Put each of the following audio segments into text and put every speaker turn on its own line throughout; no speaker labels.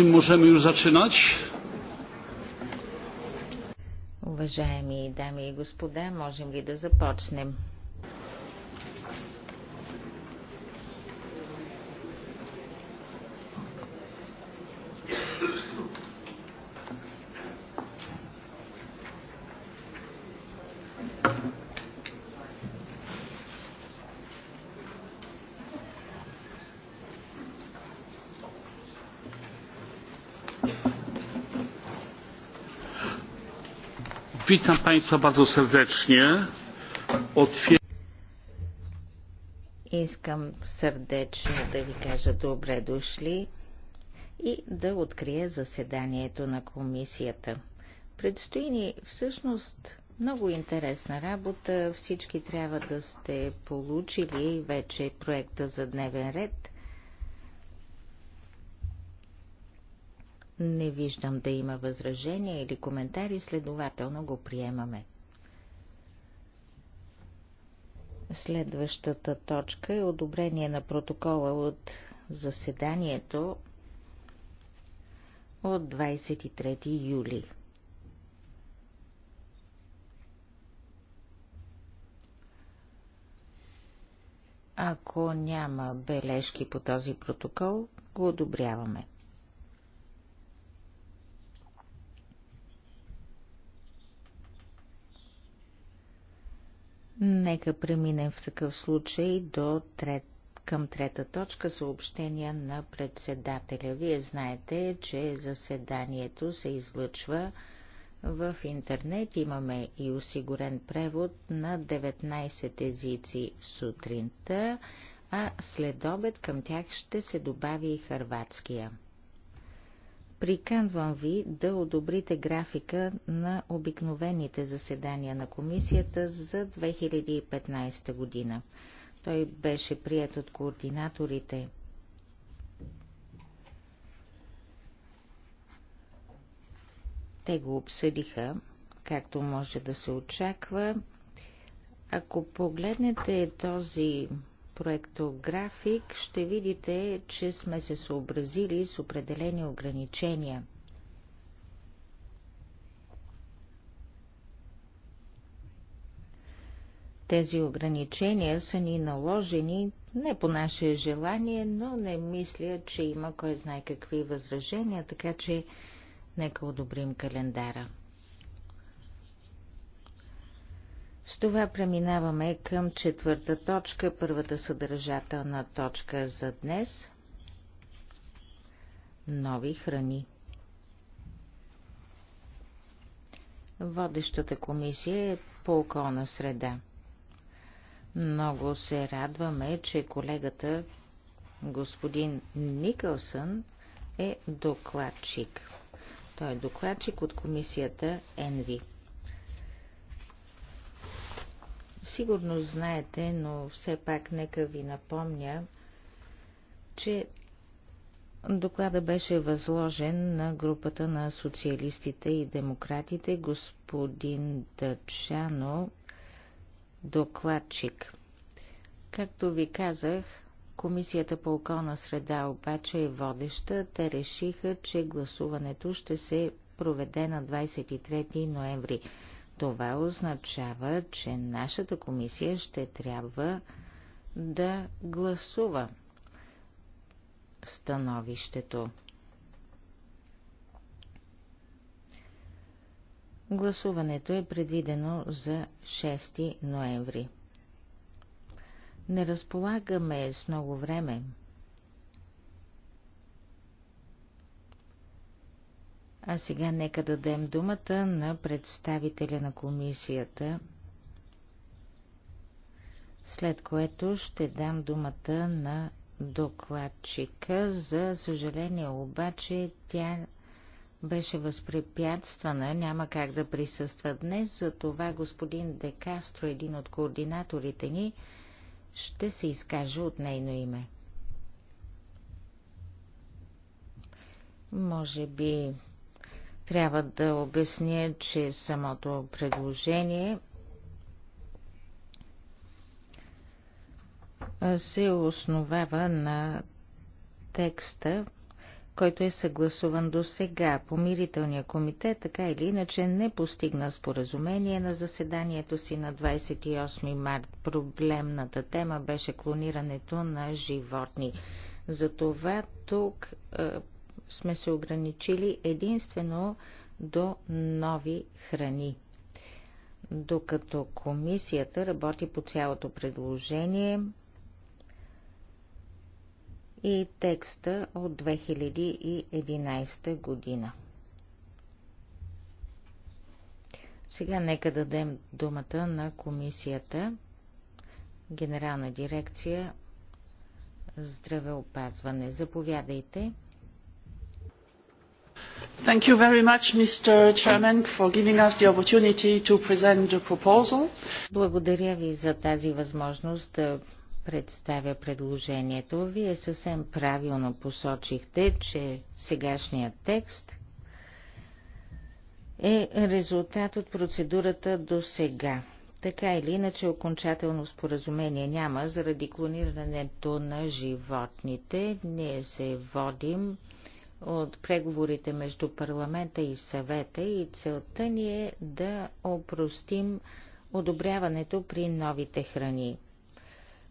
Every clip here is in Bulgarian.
Czy możemy już zaczynać?
Уважаеми дами и господа, можем ли да започнем?
witam państwa bardzo serdecznie.
Искам сърдечно да ви кажа добре дошли и да открия заседанието на комисията. Предстои ни всъщност много интересна работа. Всички трябва да сте получили вече проекта за дневен ред. Не виждам да има възражения или коментари, следователно го приемаме. Следващата точка е одобрение на протокола от заседанието от 23 юли. Ако няма бележки по този протокол, го одобряваме. Нека преминем в такъв случай до трет, към трета точка съобщения на председателя. Вие знаете, че заседанието се излъчва в интернет. Имаме и осигурен превод на 19 езици сутринта, а след обед към тях ще се добави и хърватския. Приканвам ви да одобрите графика на обикновените заседания на комисията за 2015 година. Той беше прият от координаторите. Те го обсъдиха, както може да се очаква. Ако погледнете този проекто график ще видите, че сме се съобразили с определени ограничения. Тези ограничения са ни наложени не по наше желание, но не мисля, че има кой знае какви възражения, така че нека одобрим календара. С това преминаваме към четвърта точка, първата съдържателна точка за днес. Нови храни. Водещата комисия е по околна среда. Много се радваме, че колегата господин Никълсън е докладчик. Той е докладчик от комисията ЕНВИ. Сигурно знаете, но все пак нека ви напомня, че доклада беше възложен на групата на социалистите и демократите господин Дачано, докладчик. Както ви казах, Комисията по околна среда обаче е водеща. Те решиха, че гласуването ще се проведе на 23 ноември. Това означава, че нашата комисия ще трябва да гласува становището. Гласуването е предвидено за 6 ноември. Не разполагаме с много време, А сега нека дадем думата на представителя на комисията, след което ще дам думата на докладчика. За съжаление обаче тя беше възпрепятствана, няма как да присъства днес, затова господин Декастро, един от координаторите ни, ще се изкаже от нейно име. Може би трябва да обясня, че самото предложение се основава на текста, който е съгласуван до сега. Помирителният комитет така или иначе не постигна споразумение на заседанието си на 28 март. Проблемната тема беше клонирането на животни. Затова тук е, сме се ограничили единствено до нови храни. Докато комисията работи по цялото предложение и текста от 2011 година. Сега нека дадем думата на комисията, генерална дирекция здравеопазване. Заповядайте. Thank you very much, Mr. Chairman, for giving us the opportunity to present the proposal. Благодаря ви за тази възможност да представя предложението. Вие съвсем правилно посочихте, че сегашният текст е резултат от процедурата до сега. Така или иначе окончателно споразумение няма заради клонирането на животните. Ние се водим от преговорите между парламента и съвета и целта ни е да опростим одобряването при новите храни.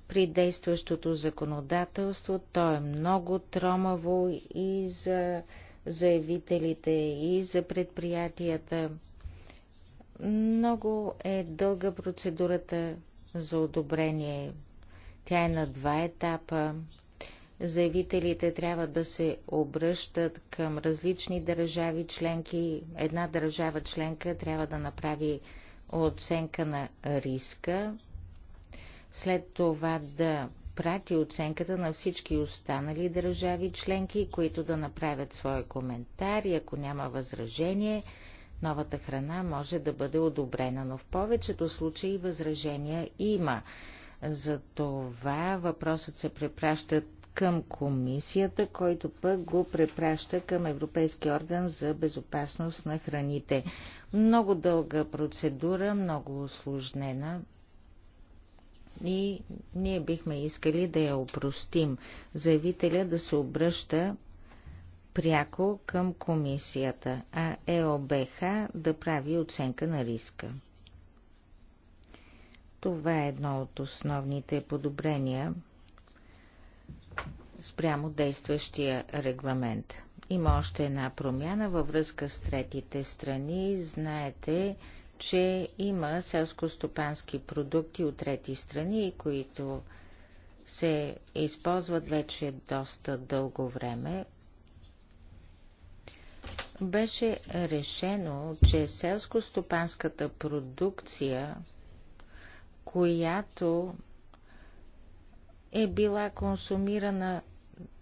При действащото законодателство то е много тромаво и за заявителите, и за предприятията. Много е дълга процедурата за одобрение. Тя е на два етапа заявителите трябва да се обръщат към различни държави членки. Една държава членка трябва да направи оценка на риска, след това да прати оценката на всички останали държави членки, които да направят своя коментар и ако няма възражение, новата храна може да бъде одобрена, но в повечето случаи възражения има. За това въпросът се препращат към комисията, който пък го препраща към Европейски орган за безопасност на храните. Много дълга процедура, много осложнена и ние бихме искали да я опростим. Заявителя да се обръща пряко към комисията, а ЕОБХ да прави оценка на риска. Това е едно от основните подобрения – спрямо действащия регламент. Има още една промяна във връзка с третите страни. Знаете, че има селско-стопански продукти от трети страни, които се използват вече доста дълго време. Беше решено, че селско-стопанската продукция, която е била консумирана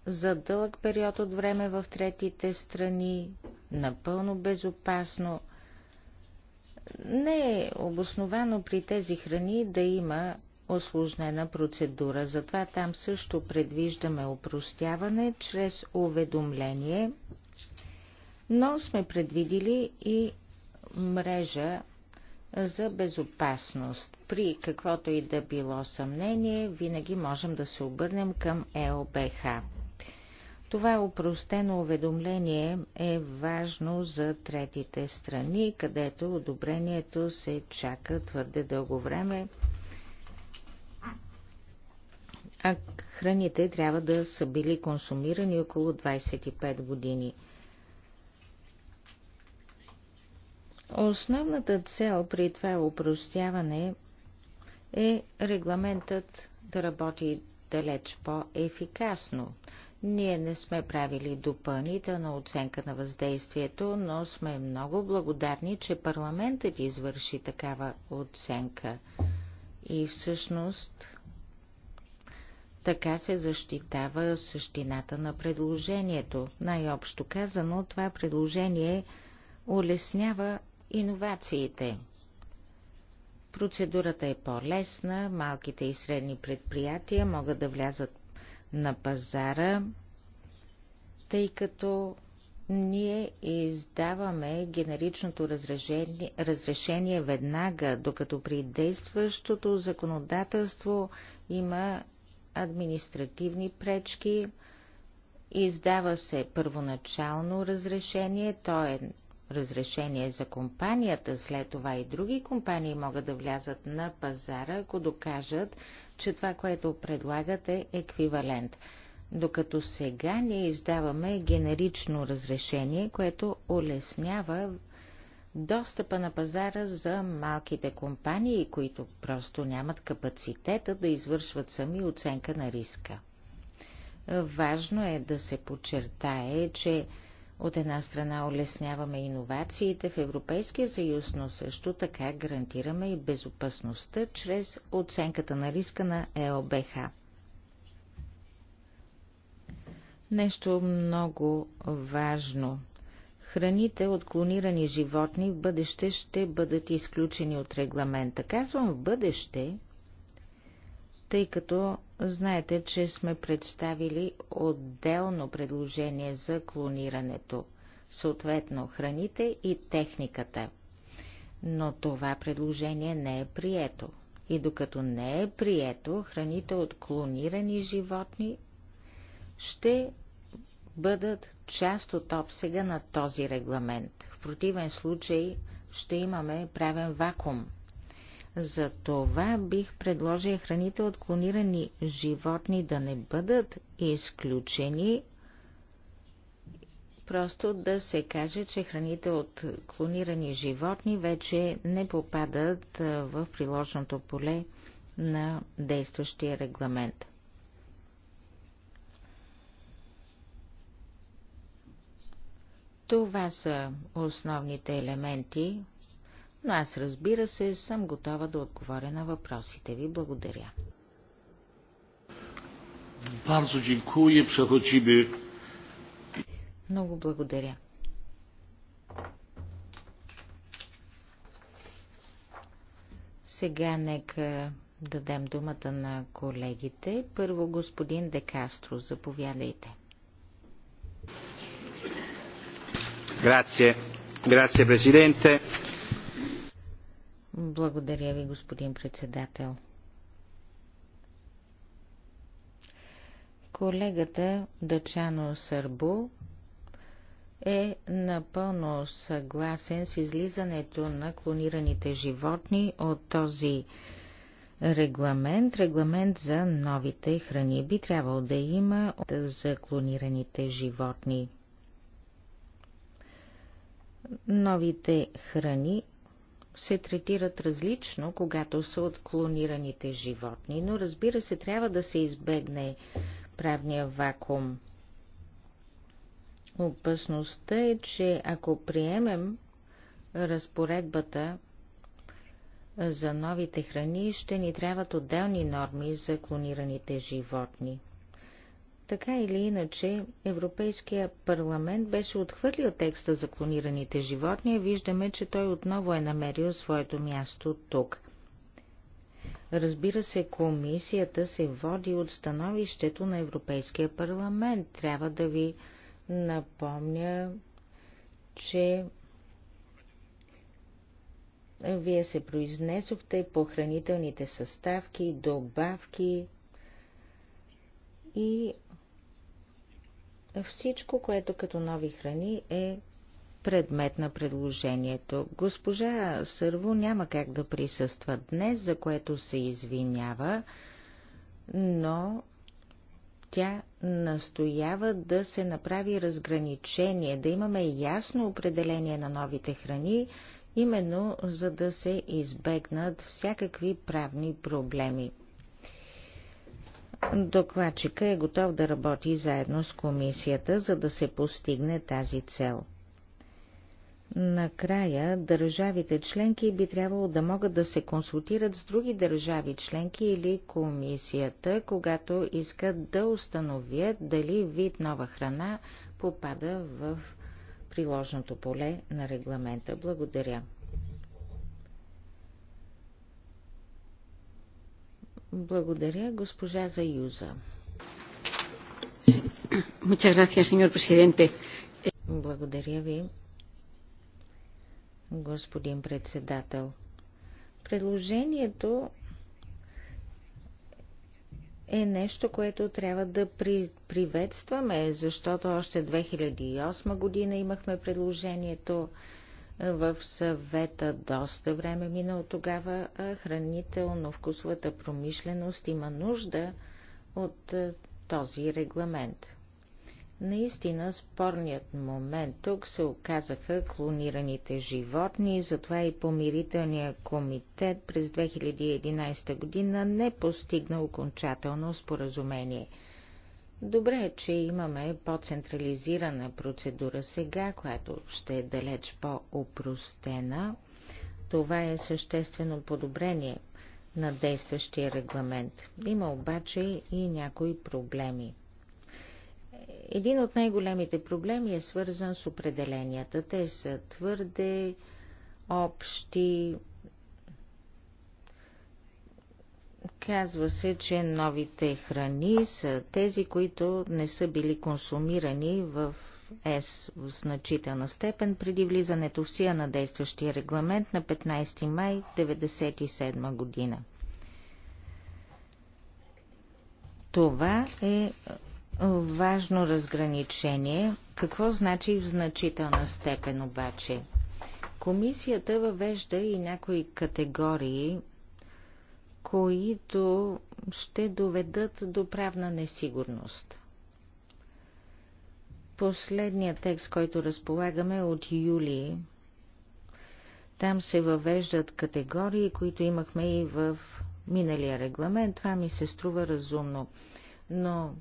за дълъг период от време в третите страни, напълно безопасно. Не е обосновано при тези храни да има осложнена процедура, затова там също предвиждаме опростяване чрез уведомление, но сме предвидили и мрежа за безопасност. При каквото и да било съмнение, винаги можем да се обърнем към ЕОБХ. Това упростено уведомление е важно за третите страни, където одобрението се чака твърде дълго време, а храните трябва да са били консумирани около 25 години – Основната цел при това упростяване е регламентът да работи далеч по-ефикасно. Ние не сме правили допълнителна оценка на въздействието, но сме много благодарни, че парламентът извърши такава оценка. И всъщност така се защитава същината на предложението. Най-общо казано, това предложение улеснява иновациите. Процедурата е по-лесна, малките и средни предприятия могат да влязат на пазара, тъй като ние издаваме генеричното разрешение, разрешение веднага, докато при действащото законодателство има административни пречки. Издава се първоначално разрешение, то е разрешение за компанията, след това и други компании могат да влязат на пазара, ако докажат, че това, което предлагат е еквивалент. Докато сега ние издаваме генерично разрешение, което улеснява достъпа на пазара за малките компании, които просто нямат капацитета да извършват сами оценка на риска. Важно е да се подчертае, че от една страна улесняваме иновациите в Европейския съюз, но също така гарантираме и безопасността чрез оценката на риска на ЕОБХ. Нещо много важно. Храните от клонирани животни в бъдеще ще бъдат изключени от регламента. Казвам в бъдеще, тъй като Знаете, че сме представили отделно предложение за клонирането, съответно храните и техниката. Но това предложение не е прието. И докато не е прието, храните от клонирани животни ще бъдат част от обсега на този регламент. В противен случай ще имаме правен вакуум – за това бих предложил храните от клонирани животни да не бъдат изключени, просто да се каже, че храните от клонирани животни вече не попадат в приложното поле на действащия регламент. Това са основните елементи но аз разбира се съм готова да отговоря на въпросите ви. Благодаря. Много благодаря. Сега нека дадем думата на колегите. Първо господин Декастро, заповядайте.
Grazie. Grazie
Presidente. Благодаря ви, господин председател. Колегата Дачано Сърбу е напълно съгласен с излизането на клонираните животни от този регламент, регламент за новите храни. Би трябвало да има за клонираните животни. Новите храни се третират различно, когато са от клонираните животни, но разбира се, трябва да се избегне правния вакуум. Опасността е, че ако приемем разпоредбата за новите храни, ще ни трябват отделни норми за клонираните животни. Така или иначе, Европейския парламент беше отхвърлил текста за клонираните животни, виждаме, че той отново е намерил своето място тук. Разбира се, комисията се води от становището на Европейския парламент. Трябва да ви напомня, че вие се произнесохте по хранителните съставки, добавки и всичко, което като нови храни е предмет на предложението. Госпожа Сърво няма как да присъства днес, за което се извинява, но тя настоява да се направи разграничение, да имаме ясно определение на новите храни, именно за да се избегнат всякакви правни проблеми. Докладчика е готов да работи заедно с комисията, за да се постигне тази цел. Накрая, държавите членки би трябвало да могат да се консултират с други държави членки или комисията, когато искат да установят дали вид нова храна попада в приложното поле на регламента. Благодаря. Благодаря, госпожа Заюза. Благодаря ви, господин председател. Предложението е нещо, което трябва да при, приветстваме, защото още 2008 година имахме предложението в съвета. Доста време мина от тогава. Хранително-вкусовата промишленост има нужда от този регламент. Наистина спорният момент тук се оказаха клонираните животни, затова и помирителният комитет през 2011 година не постигна окончателно споразумение – Добре е, че имаме по-централизирана процедура сега, която ще е далеч по-опростена. Това е съществено подобрение на действащия регламент. Има обаче и някои проблеми. Един от най-големите проблеми е свързан с определенията. Те са твърде общи, Казва се, че новите храни са тези, които не са били консумирани в ЕС в значителна степен преди влизането в сия на действащия регламент на 15 май 1997 година. Това е важно разграничение. Какво значи в значителна степен обаче? Комисията въвежда и някои категории които ще доведат до правна несигурност. Последният текст, който разполагаме е от юли. Там се въвеждат категории, които имахме и в миналия регламент. Това ми се струва разумно. Но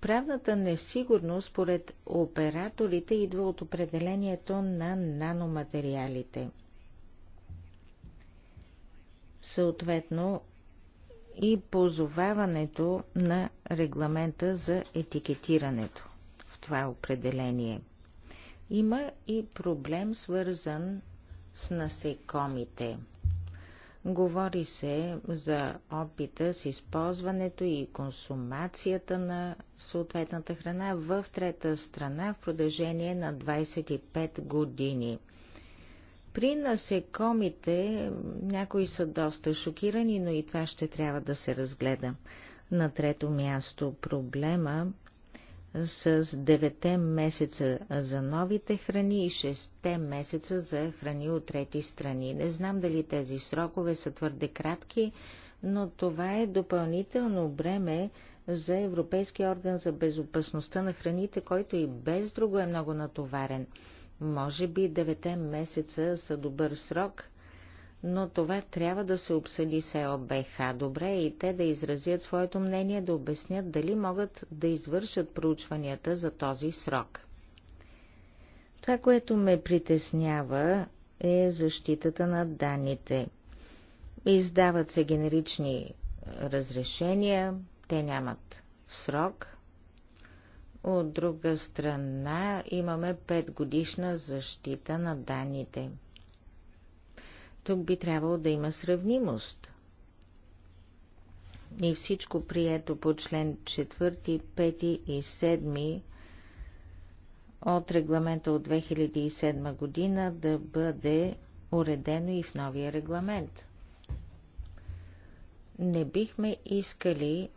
правната несигурност според операторите идва от определението на наноматериалите – съответно и позоваването на регламента за етикетирането в това определение. Има и проблем свързан с насекомите. Говори се за опита с използването и консумацията на съответната храна в трета страна в продължение на 25 години – при насекомите някои са доста шокирани, но и това ще трябва да се разгледа. На трето място проблема с 9 месеца за новите храни и 6 месеца за храни от трети страни. Не знам дали тези срокове са твърде кратки, но това е допълнително бреме за Европейския орган за безопасността на храните, който и без друго е много натоварен. Може би девете месеца са добър срок, но това трябва да се обсъди с ЕОБХ. Добре е и те да изразят своето мнение, да обяснят дали могат да извършат проучванията за този срок. Това, което ме притеснява, е защитата на данните. Издават се генерични разрешения, те нямат срок, от друга страна имаме 5 годишна защита на данните. Тук би трябвало да има сравнимост. И всичко прието по член 4, 5 и 7 от регламента от 2007 година да бъде уредено и в новия регламент. Не бихме искали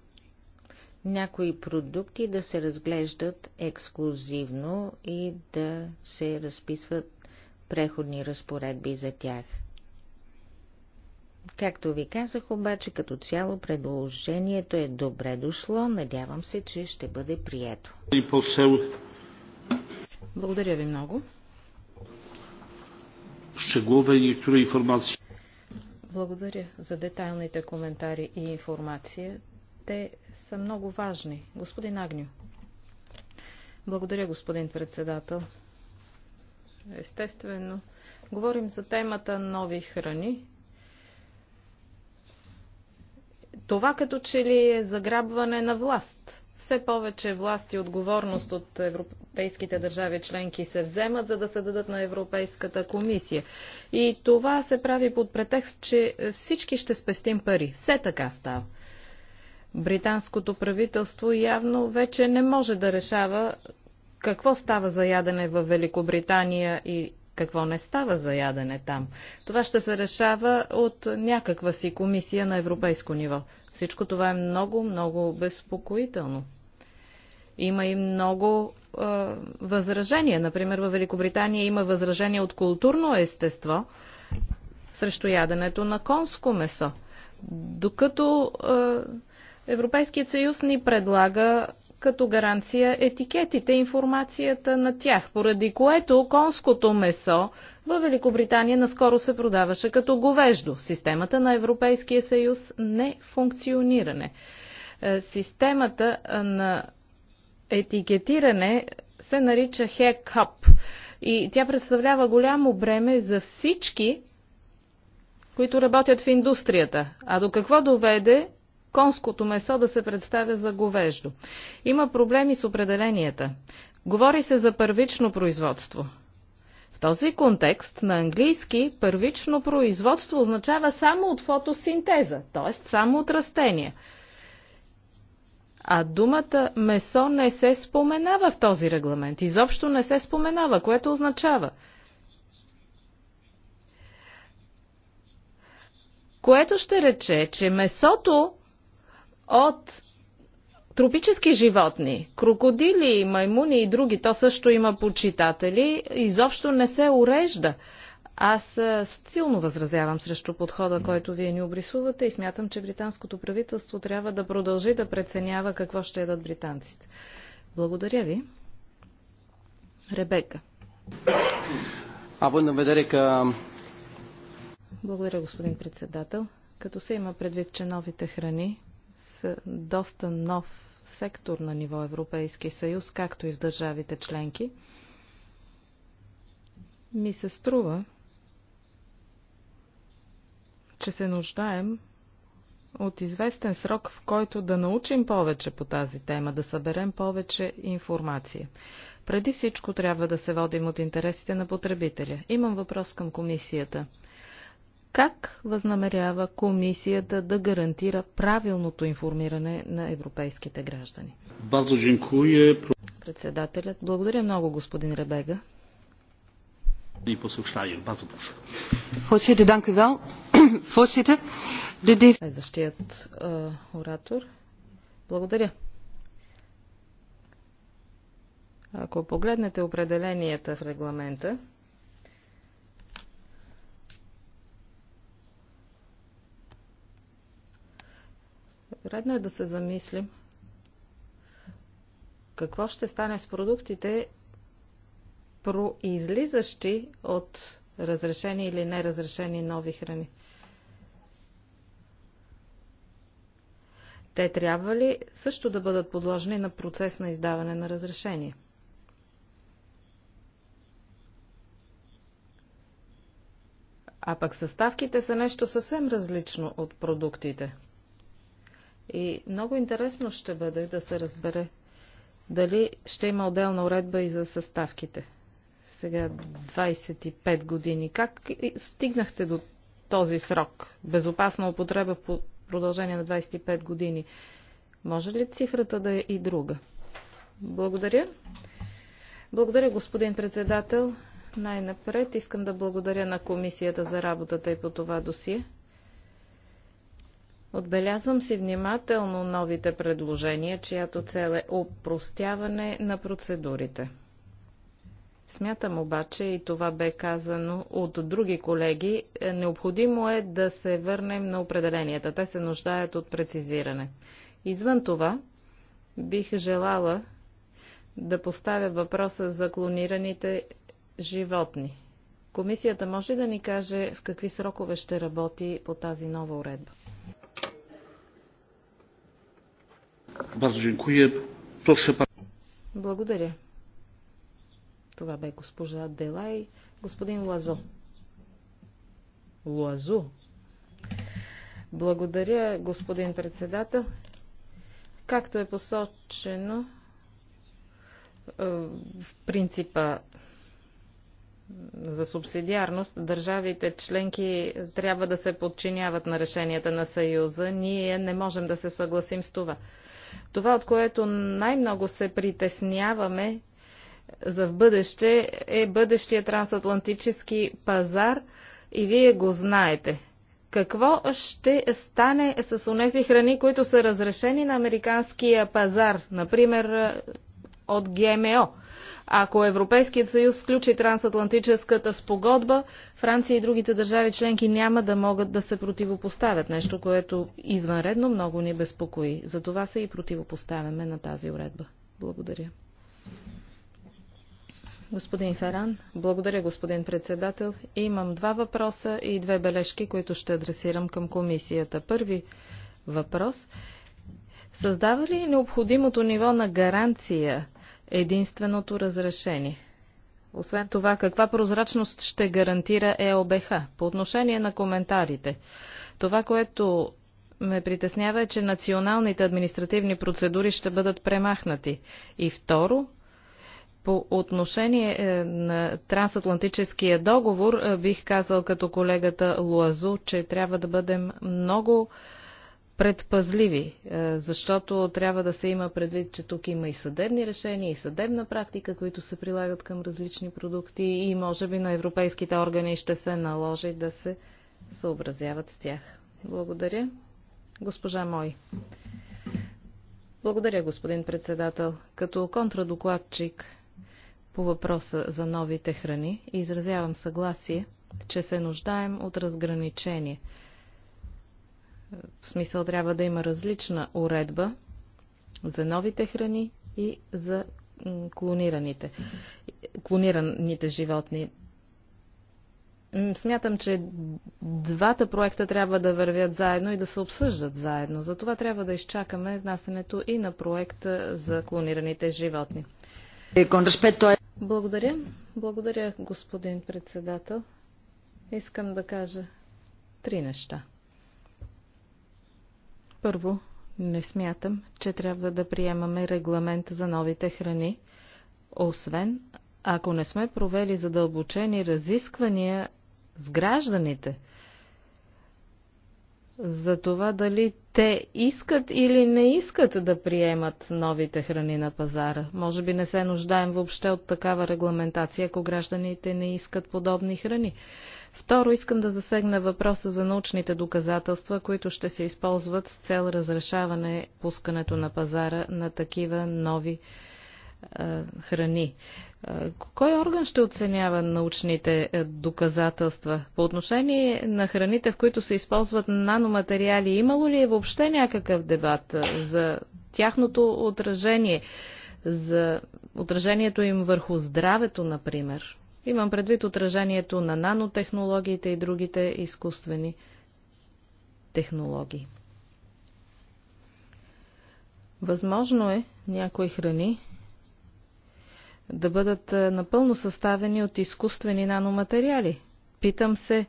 някои продукти да се разглеждат ексклюзивно и да се разписват преходни разпоредби за тях. Както ви казах, обаче като цяло предложението е добре дошло. Надявам се, че ще бъде прието. Благодаря ви много.
и Благодаря за детайлните коментари и информация. Те са много важни. Господин Агню. Благодаря, господин председател. Естествено, говорим за темата нови храни. Това като че ли е заграбване на власт. Все повече власт и отговорност от европейските държави членки се вземат, за да се дадат на Европейската комисия. И това се прави под претекст, че всички ще спестим пари. Все така става британското правителство явно вече не може да решава какво става за ядене в Великобритания и какво не става за ядене там. Това ще се решава от някаква си комисия на европейско ниво. Всичко това е много, много безпокоително. Има и много е, възражения. Например, в Великобритания има възражения от културно естество срещу яденето на конско месо. Докато е, Европейският съюз ни предлага като гаранция етикетите, информацията на тях, поради което конското месо във Великобритания наскоро се продаваше като говеждо. Системата на Европейския съюз не функциониране. Е, системата на етикетиране се нарича HECUP и тя представлява голямо бреме за всички, които работят в индустрията. А до какво доведе конското месо да се представя за говеждо. Има проблеми с определенията. Говори се за първично производство. В този контекст на английски първично производство означава само от фотосинтеза, т.е. само от растения. А думата месо не се споменава в този регламент. Изобщо не се споменава, което означава. Което ще рече, че месото от тропически животни, крокодили, маймуни и други, то също има почитатели, изобщо не се урежда. Аз силно възразявам срещу подхода, който вие ни обрисувате и смятам, че британското правителство трябва да продължи да преценява какво ще едат британците. Благодаря ви. Ребека.
Având în vedere că...
Благодаря, господин председател. Като се има предвид, че новите храни, доста нов сектор на ниво Европейски съюз, както и в държавите членки, ми се струва, че се нуждаем от известен срок, в който да научим повече по тази тема, да съберем повече информация. Преди всичко трябва да се водим от интересите на потребителя. Имам въпрос към комисията. Как възнамерява комисията да гарантира правилното информиране на европейските граждани? Председателят, благодаря много, господин Ребега.
И послушаю. Базо
прошу. Voorzitter, данки вел. wel. Следващият оратор. Благодаря. Ако погледнете определенията в регламента, Редно е да се замислим какво ще стане с продуктите, произлизащи от разрешени или неразрешени нови храни. Те трябва ли също да бъдат подложени на процес на издаване на разрешение? А пък съставките са нещо съвсем различно от продуктите – и много интересно ще бъде да се разбере дали ще има отделна уредба и за съставките. Сега 25 години. Как стигнахте до този срок? Безопасна употреба в продължение на 25 години. Може ли цифрата да е и друга? Благодаря. Благодаря, господин председател. Най-напред искам да благодаря на комисията за работата и по това досие. Отбелязвам си внимателно новите предложения, чиято цел е опростяване на процедурите. Смятам обаче, и това бе казано от други колеги, е, необходимо е да се върнем на определенията. Те се нуждаят от прецизиране. Извън това, бих желала да поставя въпроса за клонираните животни. Комисията може да ни каже в какви срокове ще работи по тази нова уредба? Благодаря. Това бе госпожа Делай. Господин Лазо. Лазо. Благодаря, господин председател. Както е посочено е, в принципа за субсидиарност, държавите членки трябва да се подчиняват на решенията на Съюза. Ние не можем да се съгласим с това. Това, от което най-много се притесняваме за в бъдеще, е бъдещия трансатлантически пазар и вие го знаете. Какво ще стане с онези храни, които са разрешени на американския пазар, например от ГМО? Ако Европейският съюз включи трансатлантическата спогодба, Франция и другите държави членки няма да могат да се противопоставят. Нещо, което извънредно много ни безпокои. За това се и противопоставяме на тази уредба. Благодаря. Господин Феран, благодаря господин председател. Имам два въпроса и две бележки, които ще адресирам към комисията. Първи въпрос. Създава ли необходимото ниво на гаранция единственото разрешение. Освен това, каква прозрачност ще гарантира ЕОБХ по отношение на коментарите? Това, което ме притеснява е, че националните административни процедури ще бъдат премахнати. И второ, по отношение е, на трансатлантическия договор, е, бих казал като колегата Луазу, че трябва да бъдем много предпазливи, е, защото трябва да се има предвид, че тук има и съдебни решения, и съдебна практика, които се прилагат към различни продукти и може би на европейските органи ще се наложи да се съобразяват с тях. Благодаря. Госпожа Мой. Благодаря, господин председател. Като контрадокладчик по въпроса за новите храни изразявам съгласие, че се нуждаем от разграничение – в смисъл трябва да има различна уредба за новите храни и за клонираните, клонираните животни. Смятам, че двата проекта трябва да вървят заедно и да се обсъждат заедно. Затова трябва да изчакаме внасянето и на проекта за клонираните животни. Благодаря. Благодаря, господин председател. Искам да кажа три неща. Първо, не смятам, че трябва да приемаме регламент за новите храни, освен ако не сме провели задълбочени разисквания с гражданите за това дали те искат или не искат да приемат новите храни на пазара. Може би не се нуждаем въобще от такава регламентация, ако гражданите не искат подобни храни. Второ, искам да засегна въпроса за научните доказателства, които ще се използват с цел разрешаване пускането на пазара на такива нови е, храни. Е, кой орган ще оценява научните е, доказателства? По отношение на храните, в които се използват наноматериали, имало ли е въобще някакъв дебат за тяхното отражение, за отражението им върху здравето, например? Имам предвид отражението на нанотехнологиите и другите изкуствени технологии. Възможно е някои храни да бъдат е, напълно съставени от изкуствени наноматериали. Питам се,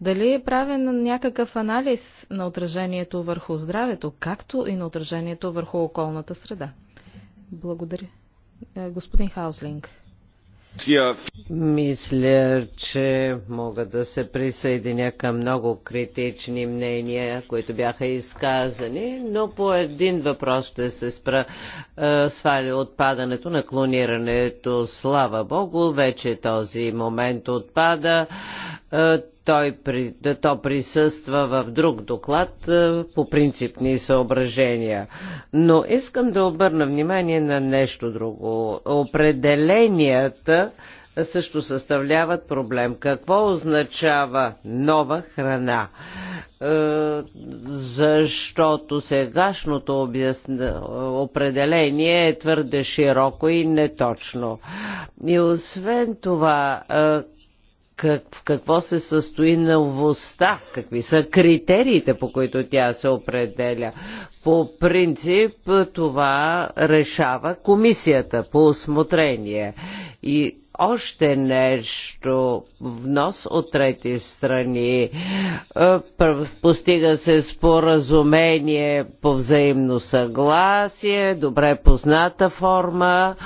дали е правен някакъв анализ на отражението върху здравето, както и на отражението върху околната среда? Благодаря. Е, господин Хауслинг.
Мисля, че мога да се присъединя към много критични мнения, които бяха изказани, но по един въпрос ще се спра. Е, свали отпадането на клонирането. Слава Богу, вече този момент отпада. Е, той, да то присъства в друг доклад е, по принципни съображения. Но искам да обърна внимание на нещо друго. Определенията също съставляват проблем. Какво означава нова храна? Е, защото сегашното определение е твърде широко и неточно. И освен това, как, в какво се състои новостта, какви са критериите, по които тя се определя. По принцип това решава комисията по осмотрение. И още нещо внос от трети страни. Е, постига се споразумение по взаимно съгласие, добре позната форма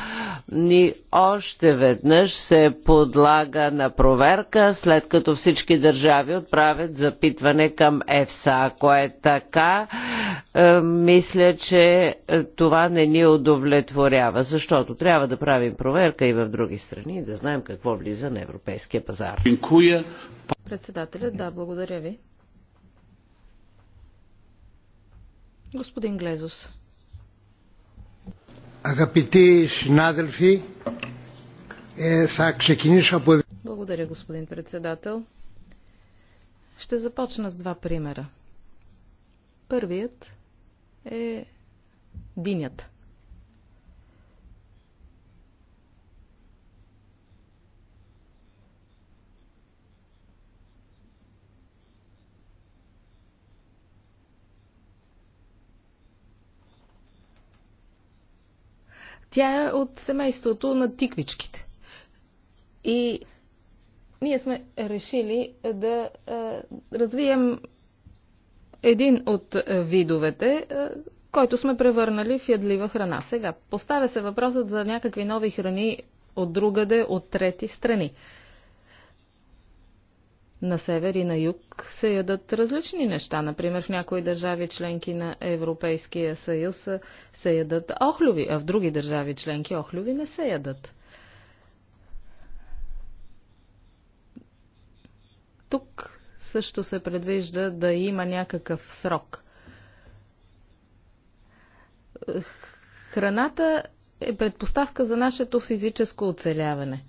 ни още веднъж се подлага на проверка, след като всички държави отправят запитване към ЕФСА. Ако е така, е, мисля, че е, това не ни удовлетворява, защото трябва да правим проверка и в други страни и да знаем какво влиза на европейския пазар.
Председателя, да, благодаря ви. Господин Глезус.
Αγαπητοί συνάδελφοι, θα ξεκινήσω по...
Благодаря, господин председател. Ще започна с два примера. Първият е динята. Тя е от семейството на тиквичките. И ние сме решили да развием един от видовете, който сме превърнали в ядлива храна. Сега, поставя се въпросът за някакви нови храни от другаде, от трети страни на север и на юг се ядат различни неща. Например, в някои държави членки на Европейския съюз се ядат охлюви, а в други държави членки охлюви не се ядат. Тук също се предвижда да има някакъв срок. Храната е предпоставка за нашето физическо оцеляване.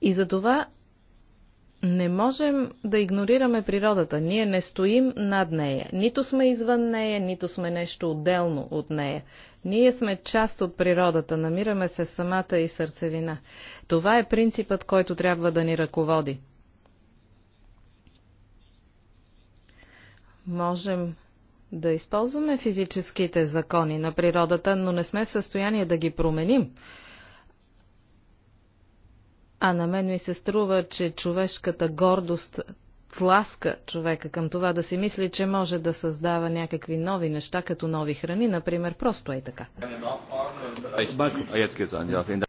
И за това не можем да игнорираме природата. Ние не стоим над нея. Нито сме извън нея, нито сме нещо отделно от нея. Ние сме част от природата, намираме се самата и сърцевина. Това е принципът, който трябва да ни ръководи. Можем да използваме физическите закони на природата, но не сме в състояние да ги променим. А на мен ми се струва, че човешката гордост тласка човека към това да си мисли, че може да създава някакви нови неща, като нови храни, например, просто е така.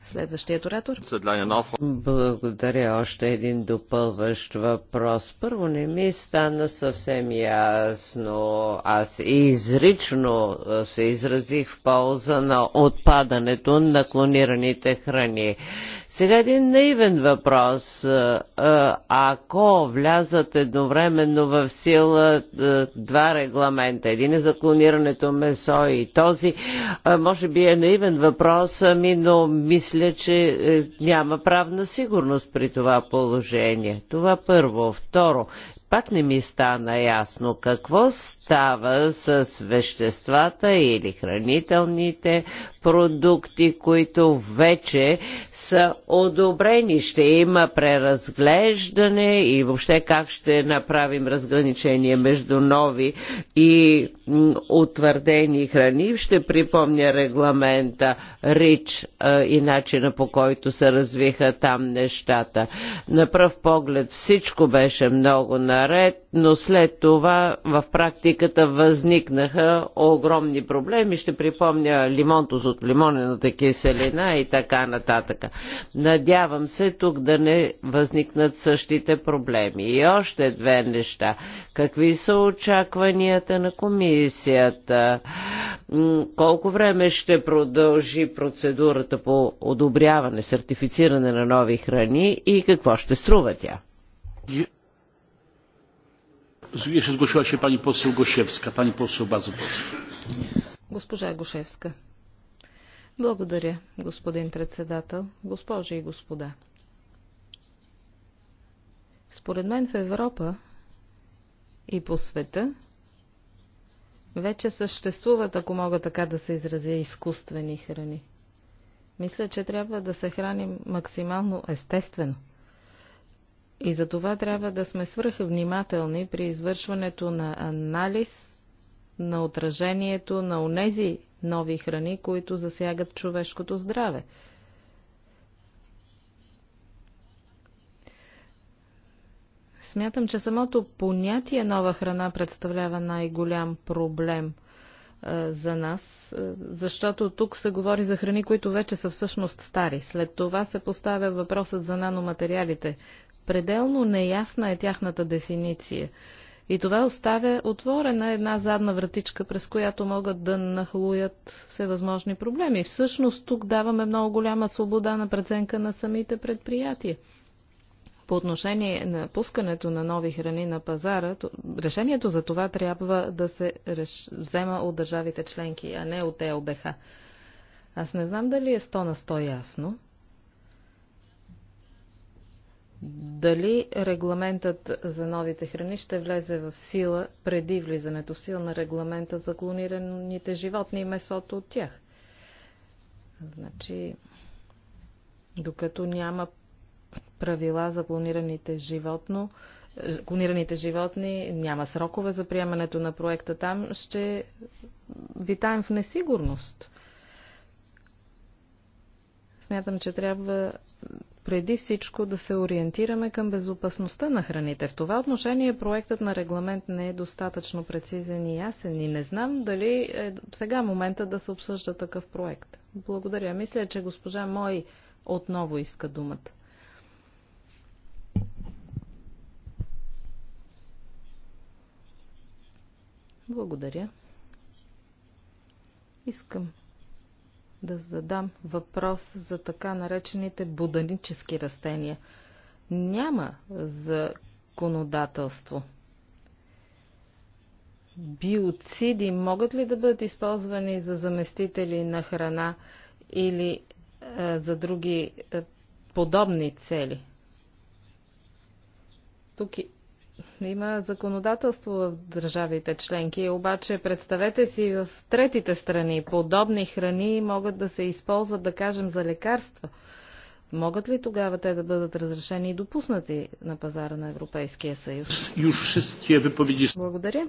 Следващият оратор.
Благодаря. Още един допълващ въпрос. Първо не ми стана съвсем ясно. Аз изрично се изразих в полза на отпадането на клонираните храни. Сега един наивен въпрос. Е, е, ако влязат едновременно в сила е, два регламента, един е за клонирането месо и този, може би е наивен въпрос, ами, но мисля, че няма правна сигурност при това положение. Това първо. Второ, пак не ми стана ясно какво става с веществата или хранителните продукти, които вече са одобрени. Ще има преразглеждане и въобще как ще направим разграничение между нови и утвърдени храни. Ще припомня регламента РИЧ и начина по който се развиха там нещата. На пръв поглед всичко беше много на наред, но след това в практиката възникнаха огромни проблеми. Ще припомня лимонтоз от лимонената киселина и така нататък. Надявам се тук да не възникнат същите проблеми. И още две неща. Какви са очакванията на комисията? Колко време ще продължи процедурата по одобряване, сертифициране на нови храни и какво ще струва тя?
Jeszcze zgłosiła się pani poseł Gosiewska. Pani poseł, bardzo proszę. Госпожа Гошевска. Благодаря, господин председател, госпожи и господа. Според мен в Европа и по света вече съществуват, ако мога така да се изразя, изкуствени храни. Мисля, че трябва да се храним максимално естествено. И за това трябва да сме свръхвнимателни при извършването на анализ на отражението на онези нови храни, които засягат човешкото здраве. Смятам, че самото понятие нова храна представлява най-голям проблем а, за нас, защото тук се говори за храни, които вече са всъщност стари. След това се поставя въпросът за наноматериалите, Пределно неясна е тяхната дефиниция. И това оставя отворена една задна вратичка, през която могат да нахлуят всевъзможни проблеми. Всъщност тук даваме много голяма свобода на преценка на самите предприятия. По отношение на пускането на нови храни на пазара, решението за това трябва да се реш... взема от държавите членки, а не от ЕЛБХ. Аз не знам дали е 100 на 100 ясно, дали регламентът за новите храни ще влезе в сила преди влизането в сила на регламента за клонираните животни и месото от тях. Значи, докато няма правила за клонираните животно, клонираните животни, няма срокове за приемането на проекта там, ще витаем в несигурност. Смятам, че трябва преди всичко да се ориентираме към безопасността на храните. В това отношение проектът на регламент не е достатъчно прецизен и ясен и не знам дали е сега момента да се обсъжда такъв проект. Благодаря. Мисля, че госпожа Мой отново иска думата. Благодаря. Искам да задам въпрос за така наречените буданически растения. Няма законодателство. Биоциди могат ли да бъдат използвани за заместители на храна или е, за други е, подобни цели? Тук има законодателство в държавите членки, обаче представете си в третите страни подобни храни могат да се използват, да кажем, за лекарства. Могат ли тогава те да бъдат разрешени и допуснати на пазара на Европейския съюз? Благодаря.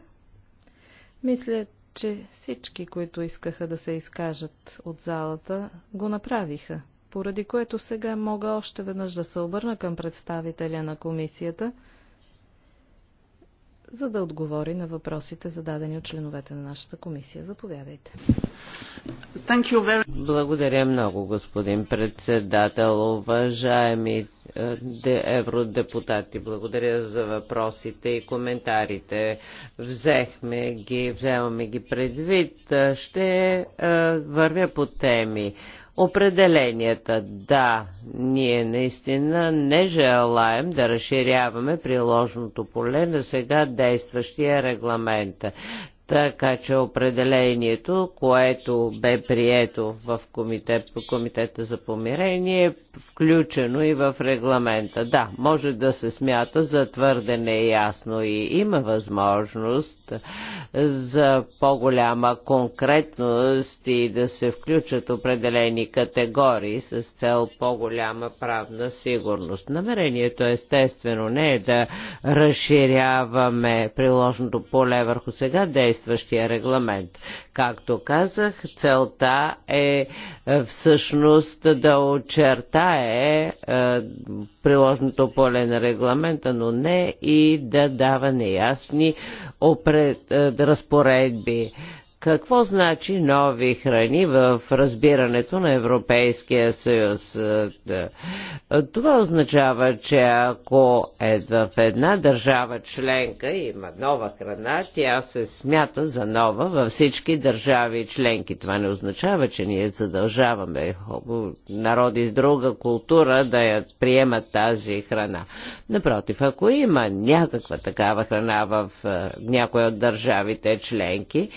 Мисля, че всички, които искаха да се изкажат от залата, го направиха, поради което сега мога още веднъж да се обърна към представителя на комисията – за да отговори на въпросите, зададени от членовете на нашата комисия. Заповядайте.
Благодаря много, господин председател. Уважаеми е, евродепутати, благодаря за въпросите и коментарите. Взехме ги, вземаме ги предвид. Ще е, вървя по теми определенията. Да, ние наистина не желаем да разширяваме приложното поле на сега действащия регламент. Така че определението, което бе прието в комитет, Комитета за помирение, е включено и в регламента. Да, може да се смята за твърде неясно и има възможност за по-голяма конкретност и да се включат определени категории с цел по-голяма правна сигурност. Намерението естествено не е да разширяваме приложното поле върху сега действието, действащия регламент. Както казах, целта е, е всъщност да очертае е, приложното поле на регламента, но не и да дава неясни опред, е, разпоредби какво значи нови храни в разбирането на Европейския съюз? Е, Това означава, че ако е в една държава членка има нова храна, тя се смята за нова във всички държави членки. Това не означава, че ние задължаваме народи с друга култура да я приемат тази храна. Напротив, ако има някаква такава храна в е, някоя от държавите членки,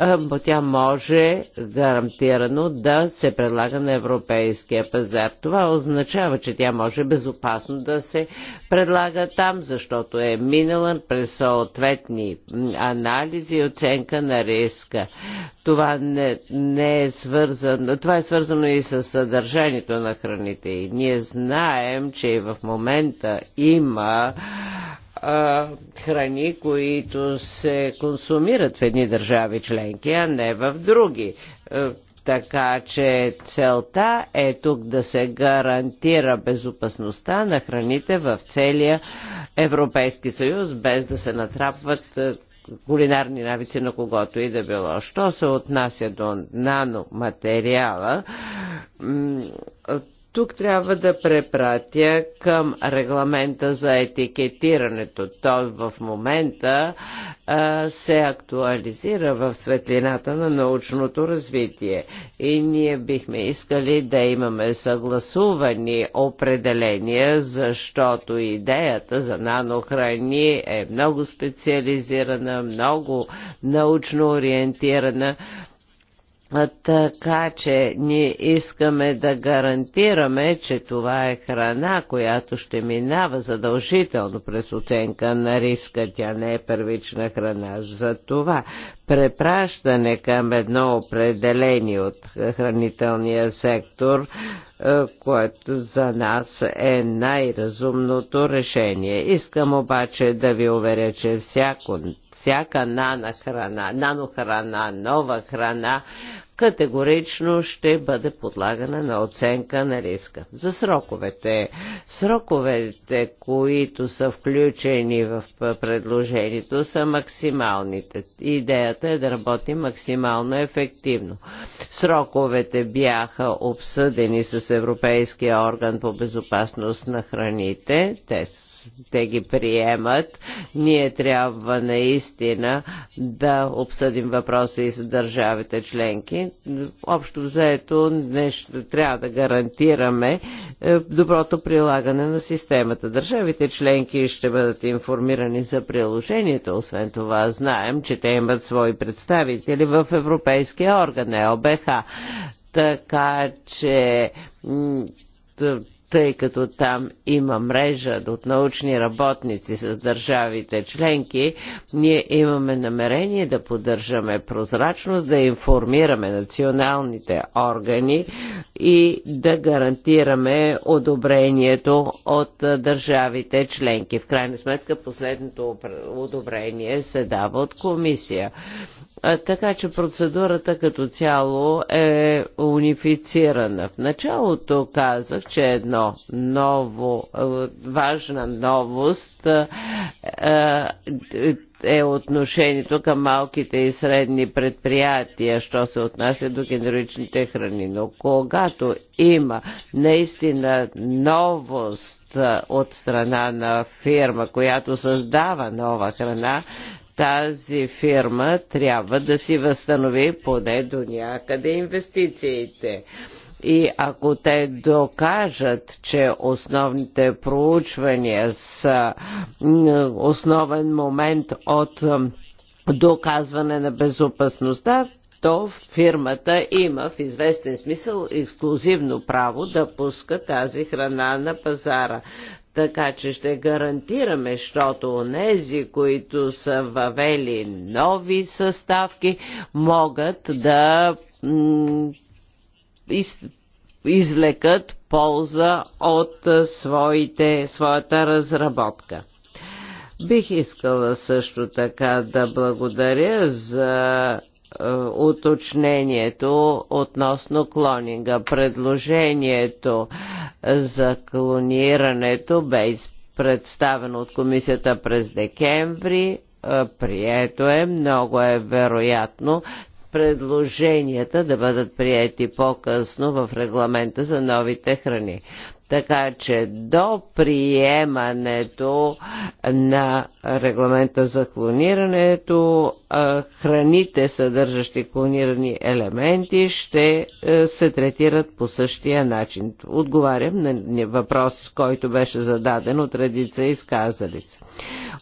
е, тя може гарантирано да се предлага на европейския пазар. Това означава, че тя може безопасно да се предлага там, защото е минала през съответни анализи и оценка на риска. Това не, не е свързано, това е свързано и с съдържанието на храните. И ние знаем, че и в момента има а, храни, които се консумират в едни държави членки, а не в други. Така че целта е тук да се гарантира безопасността на храните в целия Европейски съюз, без да се натрапват кулинарни навици на когото и да било. Що се отнася до наноматериала, тук трябва да препратя към регламента за етикетирането. Той в момента а, се актуализира в светлината на научното развитие. И ние бихме искали да имаме съгласувани определения, защото идеята за нанохрани е много специализирана, много научно ориентирана така че ние искаме да гарантираме, че това е храна, която ще минава задължително през оценка на риска. Тя не е първична храна. За това препращане към едно определение от хранителния сектор, което за нас е най-разумното решение. Искам обаче да ви уверя, че всяко всяка нанохрана, нанохрана, нова храна категорично ще бъде подлагана на оценка на риска. За сроковете. Сроковете, които са включени в предложението, са максималните. Идеята е да работи максимално ефективно. Сроковете бяха обсъдени с Европейския орган по безопасност на храните. Те те ги приемат. Ние трябва наистина да обсъдим въпроса и с държавите членки. Общо взето нещо, трябва да гарантираме е, доброто прилагане на системата. Държавите членки ще бъдат информирани за приложението. Освен това знаем, че те имат свои представители в Европейския орган, ЕОБХ. Така че тъй като там има мрежа от научни работници с държавите членки, ние имаме намерение да поддържаме прозрачност, да информираме националните органи и да гарантираме одобрението от държавите членки. В крайна сметка последното одобрение се дава от комисия така че процедурата като цяло е унифицирана. В началото казах, че е едно ново, е, важна новост е, е отношението към малките и средни предприятия, що се отнася до генеричните храни. Но когато има наистина новост от страна на фирма, която създава нова храна, тази фирма трябва да си възстанови поне до някъде инвестициите. И ако те докажат, че основните проучвания са основен момент от доказване на безопасността, то фирмата има в известен смисъл ексклюзивно право да пуска тази храна на пазара. Така че ще гарантираме, защото онези, които са въвели нови съставки, могат да из, извлекат полза от своите, своята разработка. Бих искала също така да благодаря за е, уточнението относно клонинга. Предложението за клонирането бе представено от комисията през декември. Е, прието е, много е вероятно предложенията да бъдат приети по-късно в регламента за новите храни. Така че до приемането на регламента за клонирането, храните, съдържащи клонирани елементи, ще е, се третират по същия начин. Отговарям на въпрос, който беше зададен от редица изказали се.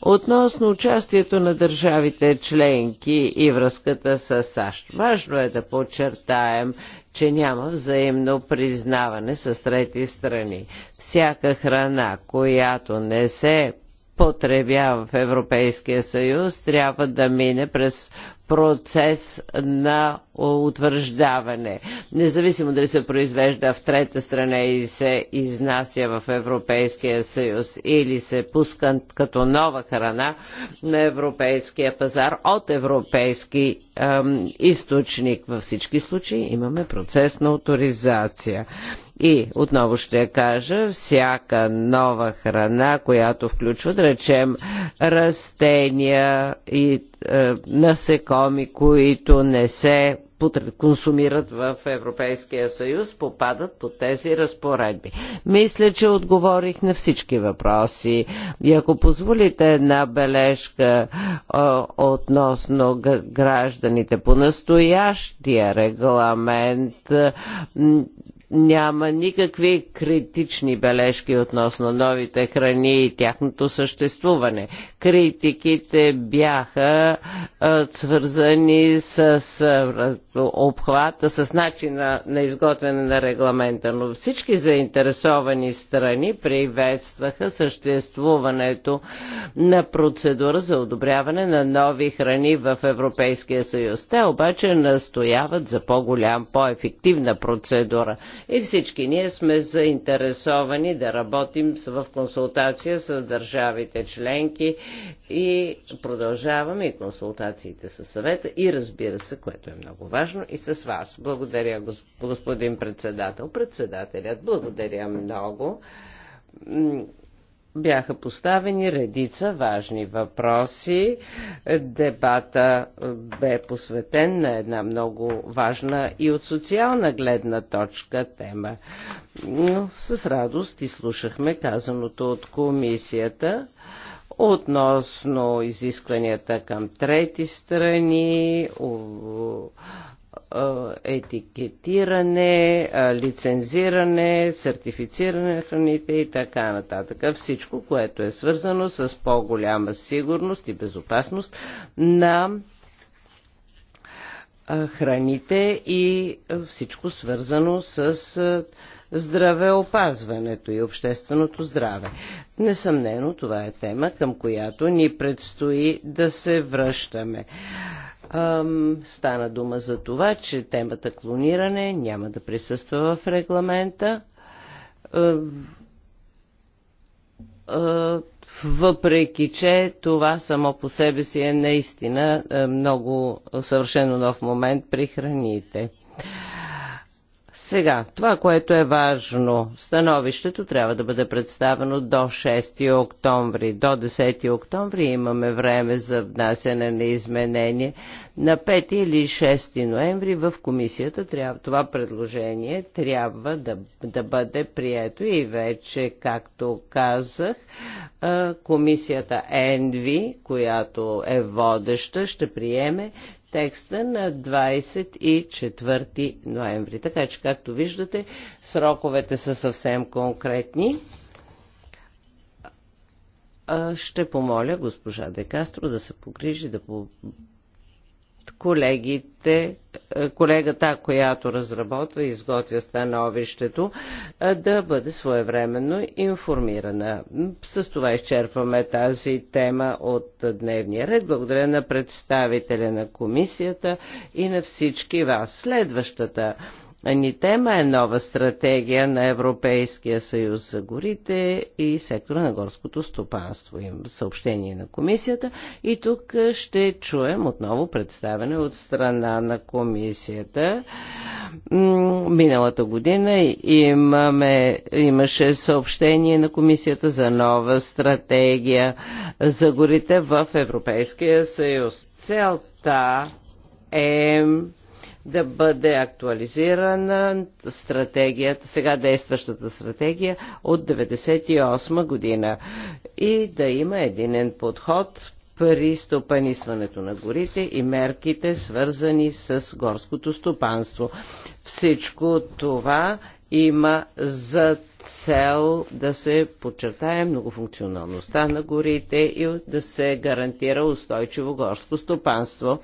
Относно участието на държавите членки и връзката с САЩ, важно е да подчертаем, че няма взаимно признаване с трети страни. Всяка храна, която не се потребява в Европейския съюз, трябва да мине през процес на утвърждаване. Независимо дали се произвежда в трета страна и се изнася в Европейския съюз или се пуска като нова храна на европейския пазар от европейски ем, източник. Във всички случаи имаме процес на авторизация. И отново ще кажа, всяка нова храна, която включва, да речем, растения и е, насекоми, които не се консумират в Европейския съюз, попадат по тези разпоредби. Мисля, че отговорих на всички въпроси. И ако позволите една бележка а, е, относно гражданите по настоящия регламент, а, няма никакви критични бележки относно новите храни и тяхното съществуване. Критиките бяха а, свързани с а, обхвата, с начина на изготвяне на регламента, но всички заинтересовани страни приветстваха съществуването на процедура за одобряване на нови храни в Европейския съюз. Те обаче настояват за по-голям, по-ефективна процедура и всички ние сме заинтересовани да работим в консултация с държавите членки и продължаваме и консултациите с съвета и разбира се, което е много важно, и с вас. Благодаря, господин председател. Председателят, благодаря много бяха поставени редица важни въпроси. Дебата е, бе посветен на една много важна и от социална гледна точка тема. Но с радост изслушахме казаното от комисията относно изискванията към трети страни, е, етикетиране, е, лицензиране, сертифициране на храните и така нататък. Всичко, което е свързано с по-голяма сигурност и безопасност на е, храните и всичко свързано с здравеопазването и общественото здраве. Несъмнено това е тема, към която ни предстои да се връщаме. Ам, стана дума за това, че темата клониране няма да присъства в регламента. въпреки че това само по себе си е наистина е, много съвършено нов момент при храните. Сега, това, което е важно, становището трябва да бъде представено до 6 октомври. До 10 октомври имаме време за внасяне на изменение. На 5 или 6 ноември в комисията трябва, това предложение трябва да, да бъде прието и вече, както казах, комисията ЕНВИ, която е водеща, ще приеме текста на 24 ноември. Така че, както виждате, сроковете са съвсем конкретни. Ще помоля госпожа Декастро да се погрижи да колегите, е, колегата, която разработва и изготвя становището, е, да бъде своевременно информирана. С това изчерпваме тази тема от дневния ред. Благодаря на представителя на комисията и на всички вас. Следващата ни тема е нова стратегия на Европейския съюз за горите и сектора на горското стопанство. Им съобщение на комисията и тук ще чуем отново представяне от страна на комисията. Миналата година имаме, имаше съобщение на комисията за нова стратегия за горите в Европейския съюз. Целта е да бъде актуализирана стратегията, сега действащата стратегия от 1998 година и да има единен подход при стопанисването на горите и мерките свързани с горското стопанство. Всичко това има за цел да се подчертае многофункционалността на горите и да се гарантира устойчиво горско стопанство.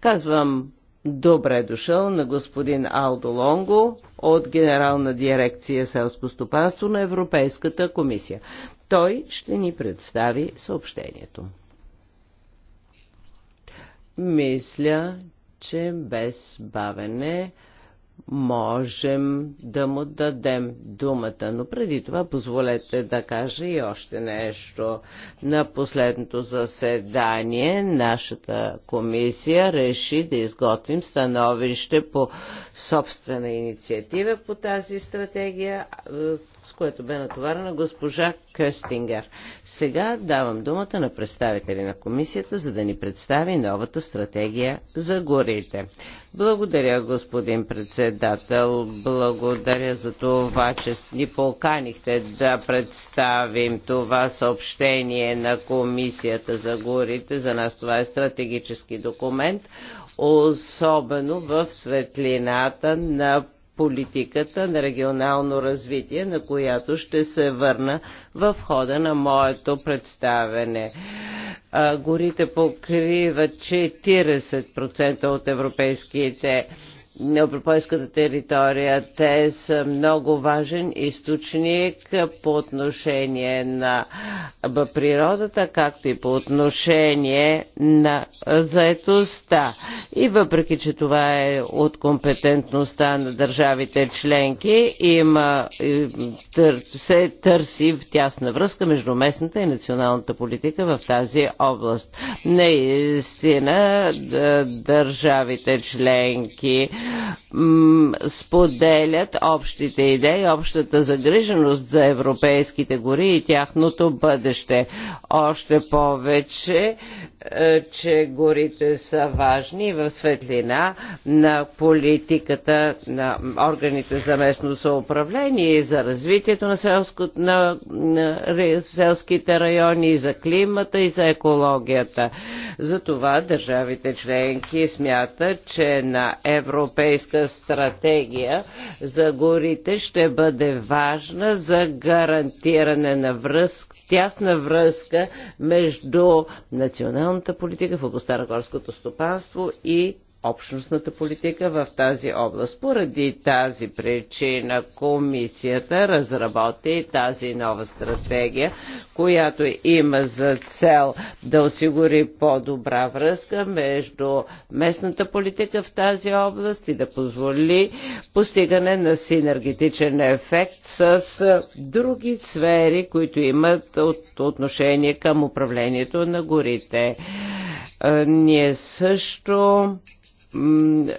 Казвам Добре дошъл на господин Алдо Лонго от Генерална дирекция селско стопанство на Европейската комисия. Той ще ни представи съобщението. Мисля, че без бавене можем да му дадем думата. Но преди това позволете да кажа и още нещо. На последното заседание нашата комисия реши да изготвим становище по собствена инициатива по тази стратегия, с което бе натоварена госпожа Къстингер. Сега давам думата на представители на комисията, за да ни представи новата стратегия за горите. Благодаря, господин председател. Благодаря за това, че ни поканихте да представим това съобщение на комисията за горите. За нас това е стратегически документ, особено в светлината на политиката на регионално развитие, на която ще се върна в хода на моето представене. Горите покриват 40% от европейските Неопропойската територия. Те са много важен източник по отношение на природата, както и по отношение на заетостта. И въпреки, че това е от компетентността на държавите членки, има, се търси в тясна връзка между местната и националната политика в тази област. Наистина, държавите членки споделят общите идеи, общата загриженост за европейските гори и тяхното бъдеще. Още повече, е, че горите са важни в светлина на политиката на органите за местно съуправление и за развитието на, селско, на, на селските райони, и за климата и за екологията. Затова държавите членки смятат, че на европейските европейска стратегия за горите ще бъде важна за гарантиране на връзк, тясна връзка между националната политика в областта на горското стопанство и общностната политика в тази област. Поради тази причина комисията разработи тази нова стратегия, която има за цел да осигури по-добра връзка между местната политика в тази област и да позволи постигане на синергетичен ефект с други сфери, които имат от отношение към управлението на горите. Е, ние също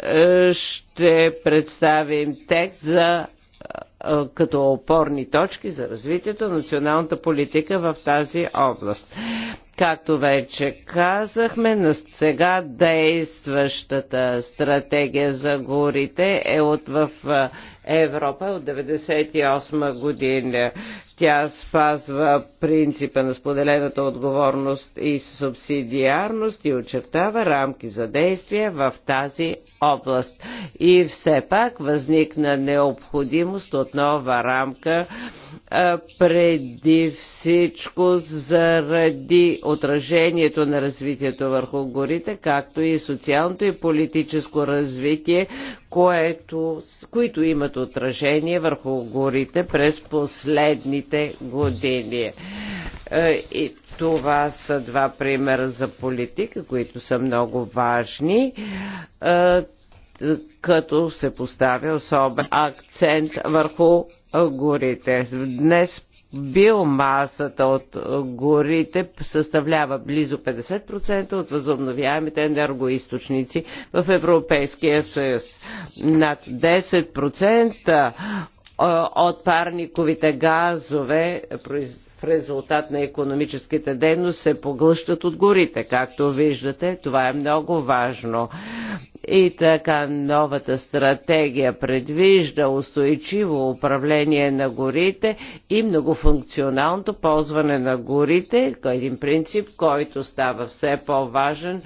е, ще представим текст за като опорни точки за развитието на националната политика в тази област. Както вече казахме, на сега действащата стратегия за горите е от в Европа от 1998 година. Тя спазва принципа на споделената отговорност и субсидиарност и очертава рамки за действия в тази област. И все пак възникна необходимост от от нова рамка, преди всичко заради отражението на развитието върху горите, както и социалното и политическо развитие, което, които имат отражение върху горите през последните години. И това са два примера за политика, които са много важни като се поставя особен акцент върху горите. Днес биомасата от горите съставлява близо 50% от възобновяемите енергоисточници в Европейския съюз. Над 10% от парниковите газове резултат на економическите дейности се поглъщат от горите. Както виждате, това е много важно. И така новата стратегия предвижда устойчиво управление на горите и многофункционалното ползване на горите, един принцип, който става все по-важен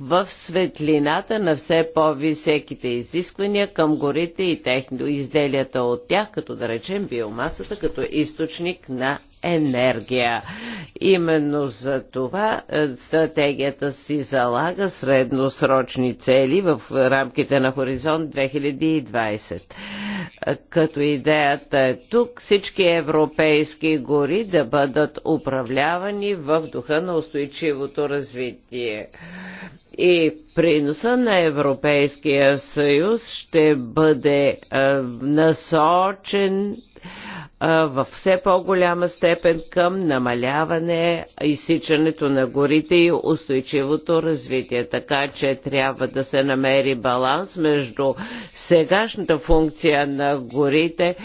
в светлината на все по-високите изисквания към горите и техни, изделията от тях, като да речем биомасата, като източник на енергия. Именно за това е, стратегията си залага средносрочни цели в рамките на Хоризонт 2020 като идеята е тук всички европейски гори да бъдат управлявани в духа на устойчивото развитие. И приноса на Европейския съюз ще бъде насочен в все по-голяма степен към намаляване изсичането на горите и устойчивото развитие. Така че трябва да се намери баланс между сегашната функция на горите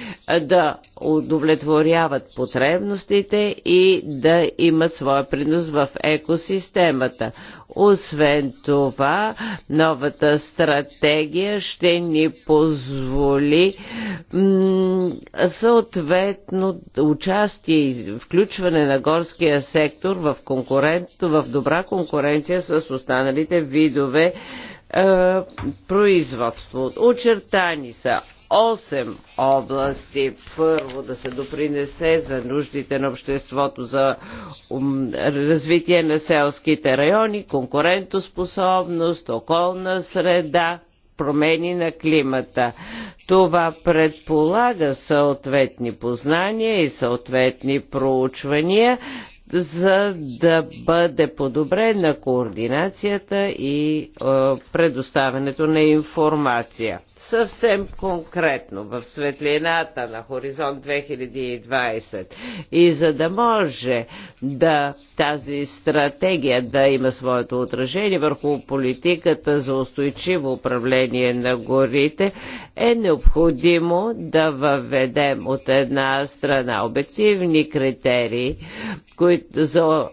да удовлетворяват потребностите и да имат своя принос в екосистемата. Освен това, новата стратегия ще ни позволи съответно участие и включване на горския сектор в, конкурент, в добра конкуренция с останалите видове е, производство. Очертани са Осем области. Първо да се допринесе за нуждите на обществото за развитие на селските райони, конкурентоспособност, околна среда, промени на климата. Това предполага съответни познания и съответни проучвания, за да бъде подобрена координацията и е, предоставянето на информация. Съвсем конкретно в светлината на Хоризонт 2020 и за да може да тази стратегия да има своето отражение върху политиката за устойчиво управление на горите, е необходимо да въведем от една страна обективни критерии които за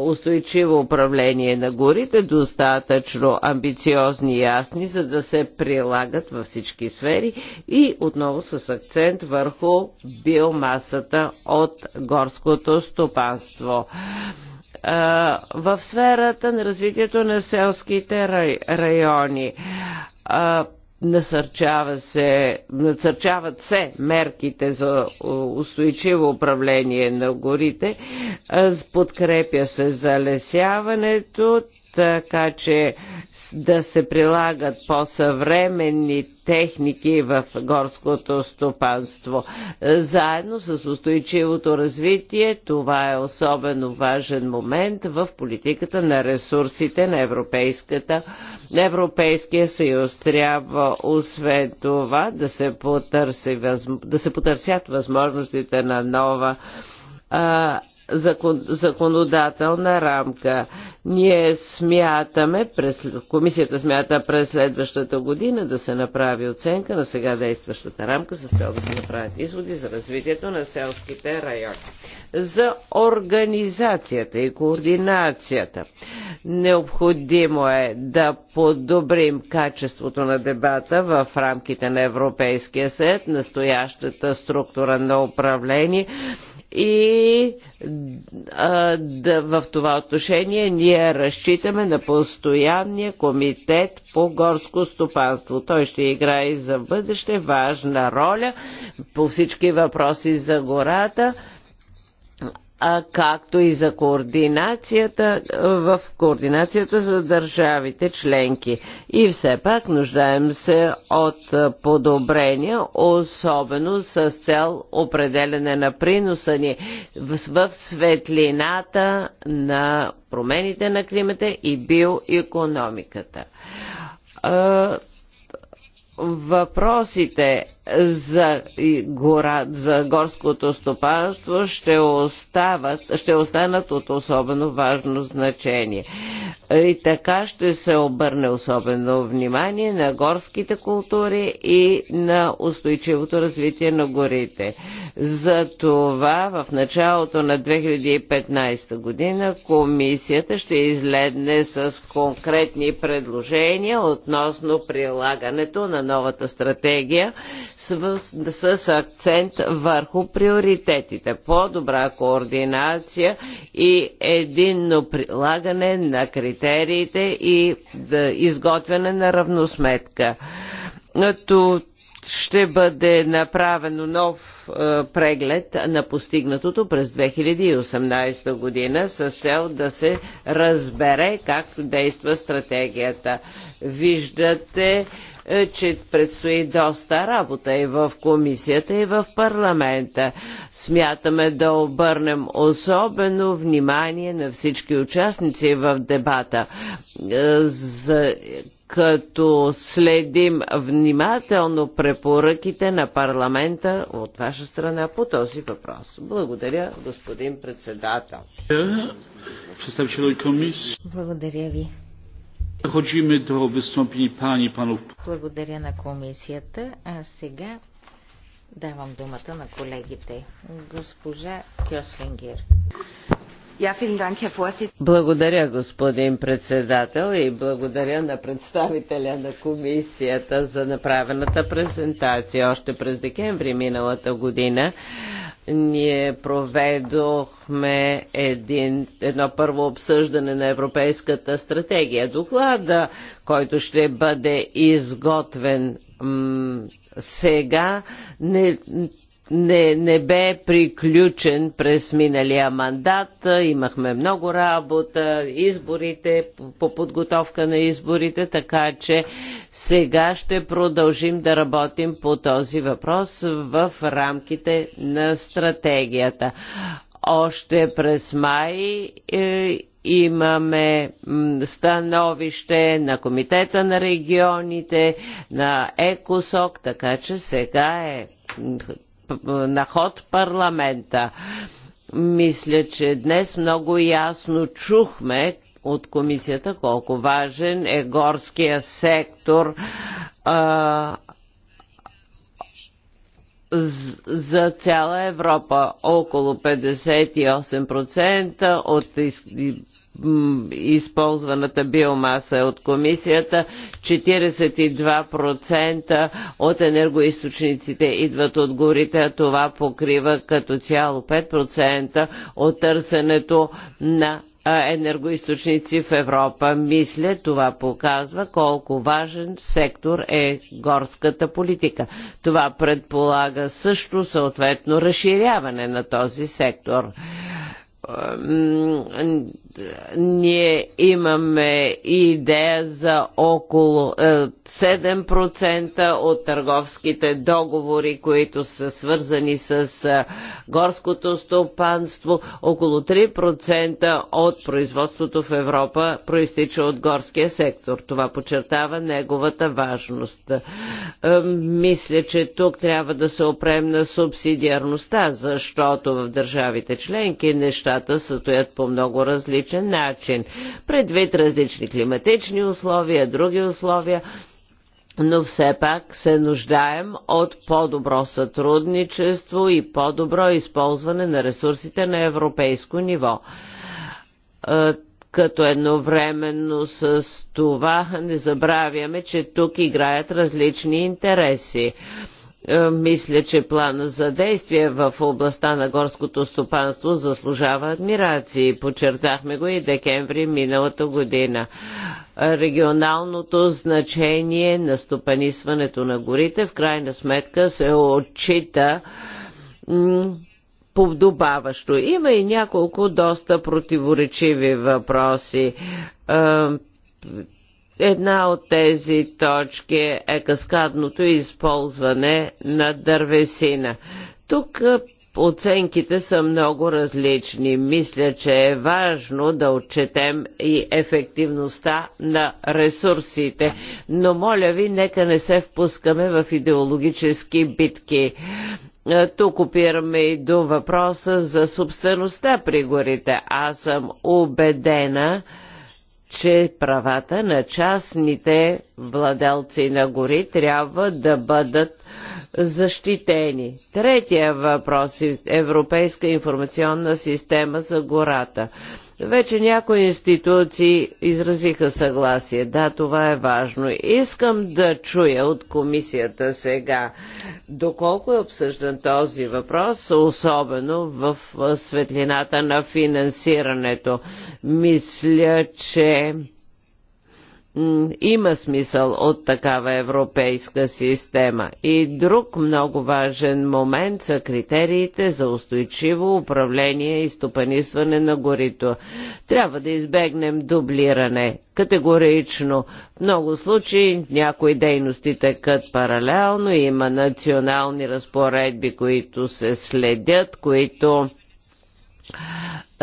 устойчиво управление на горите, достатъчно амбициозни и ясни, за да се прилагат в във всички сфери и отново с акцент върху биомасата от горското стопанство в сферата на развитието на селските райони. Насърчава се, насърчават се мерките за устойчиво управление на горите, подкрепя се залесяването, така че да се прилагат по-съвременни техники в горското стопанство. Заедно с устойчивото развитие, това е особено важен момент в политиката на ресурсите на Европейската, на Европейския съюз. Трябва освен това да се, потърси, да се потърсят възможностите на нова а, закон, законодателна рамка. Ние смятаме, през, комисията смята през следващата година да се направи оценка на сега действащата рамка с цел да се направят изводи за развитието на селските райони. За организацията и координацията необходимо е да подобрим качеството на дебата в рамките на Европейския съд, настоящата структура на управление и а, да, в това отношение ние разчитаме на постоянния комитет по горско стопанство. Той ще играе за бъдеще важна роля по всички въпроси за гората както и за координацията в координацията за държавите членки. И все пак нуждаем се от подобрения, особено с цел определене на приноса ни в, в светлината на промените на климата и биоекономиката въпросите за, гора, за горското стопанство ще, остават, ще останат от особено важно значение. И така ще се обърне особено внимание на горските култури и на устойчивото развитие на горите. Затова в началото на 2015 година комисията ще изледне с конкретни предложения относно прилагането на новата стратегия с, с акцент върху приоритетите, по-добра координация и единно прилагане на критериите и да изготвяне на равносметка. То ще бъде направено нов преглед на постигнатото през 2018 година с цел да се разбере как действа стратегията. Виждате е, че предстои доста работа и в комисията, и в парламента. Смятаме да обърнем особено внимание на всички участници в дебата. Е, за като следим внимателно препоръките на парламента от ваша страна по този въпрос. Благодаря, господин председател.
Е,
Благодаря ви. Благодаря на комисията. А сега давам думата на колегите. Госпожа Кьослингер.
Благодаря, господин председател, и благодаря на представителя на комисията за направената презентация. Още през декември миналата година ние проведохме един, едно първо обсъждане на Европейската стратегия. Доклада, който ще бъде изготвен сега, не, не, не бе приключен през миналия мандат. Имахме много работа, изборите, по подготовка на изборите, така че сега ще продължим да работим по този въпрос в рамките на стратегията. Още през май е, имаме становище на Комитета на регионите, на ЕКОСОК, така че сега е на ход парламента. Мисля, че днес много ясно чухме от комисията колко важен е горския сектор а, за цяла Европа. Около 58% от използваната биомаса от комисията. 42% от енергоисточниците идват от горите, а това покрива като цяло 5% от търсенето на енергоисточници в Европа. Мисля, това показва колко важен сектор е горската политика. Това предполага също съответно разширяване на този сектор ние имаме идея за около 7% е, от търговските договори, които са свързани с е, горското стопанство. Около 3% от производството в Европа проистича от горския сектор. Това подчертава неговата важност. Мисля, че тук трябва да се опрем на субсидиарността, защото в държавите членки неща нещата състоят по много различен начин. Предвид различни климатични условия, други условия, но все пак се нуждаем от по-добро сътрудничество и по-добро използване на ресурсите на европейско ниво като едновременно с това не забравяме, че тук играят различни интереси. Е, мисля, че плана за действие в областта на горското стопанство заслужава адмирации. Почертахме го и декември миналата година. Регионалното значение на стопанисването на горите в крайна сметка се отчита подобаващо. Има и няколко доста противоречиви въпроси е, Една от тези точки е каскадното използване на дървесина. Тук Оценките са много различни. Мисля, че е важно да отчетем и ефективността на ресурсите, но моля ви, нека не се впускаме в идеологически битки. Тук опираме и до въпроса за собствеността при горите. Аз съм убедена, че правата на частните владелци на гори трябва да бъдат защитени. Третия въпрос е Европейска информационна система за гората. Вече някои институции изразиха съгласие. Да, това е важно. Искам да чуя от комисията сега доколко е обсъждан този въпрос, особено в светлината на финансирането. Мисля, че има смисъл от такава европейска система. И друг много важен момент са критериите за устойчиво управление и стопанисване на горито. Трябва да избегнем дублиране. Категорично. В много случаи някои дейности текат паралелно, има национални разпоредби, които се следят, които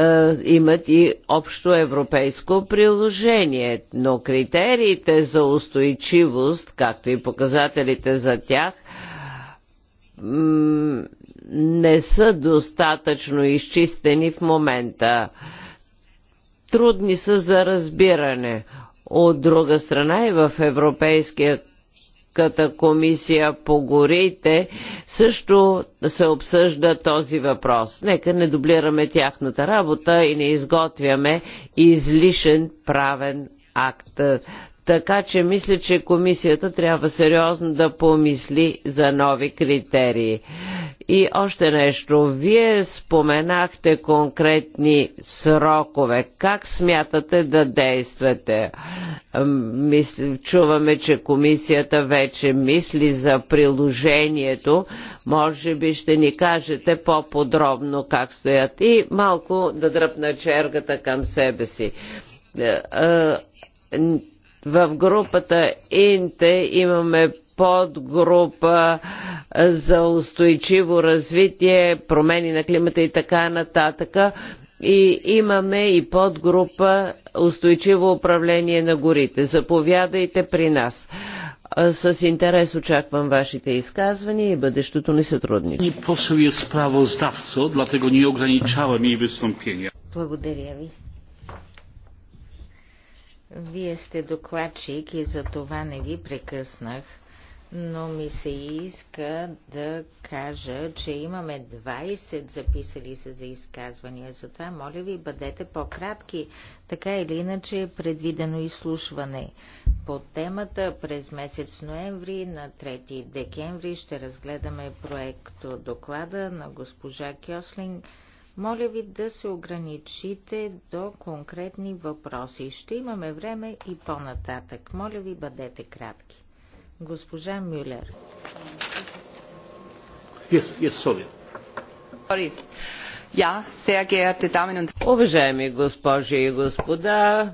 е, имат и общо европейско приложение, но критериите за устойчивост, както и показателите за тях, не са достатъчно изчистени в момента. Трудни са за разбиране. От друга страна и в Европейския Европейската комисия по горите също се обсъжда този въпрос. Нека не дублираме тяхната работа и не изготвяме излишен правен акт. Така че мисля, че комисията трябва сериозно да помисли за нови критерии. И още нещо. Вие споменахте конкретни срокове. Как смятате да действате? Мисли, чуваме, че комисията вече мисли за приложението. Може би ще ни кажете по-подробно как стоят. И малко да дръпна чергата към себе си е, е, в групата Инте имаме подгрупа за устойчиво развитие, промени на климата и така нататък. И имаме и подгрупа устойчиво управление на горите. Заповядайте при нас. С интерес очаквам вашите изказвания и бъдещото ни сътрудничество.
Благодаря ви. Вие сте докладчик и за това не ви прекъснах, но ми се иска да кажа, че имаме 20 записали се за изказвания, затова моля ви бъдете по-кратки. Така или иначе е предвидено изслушване. По темата през месец ноември на 3 декември ще разгледаме проекто доклада на госпожа Кьослинг моля ви да се ограничите до конкретни въпроси. Ще имаме време и по-нататък. Моля ви, бъдете кратки. Госпожа Мюлер.
Yes, yes, sorry.
Sorry. Уважаеми госпожи и господа,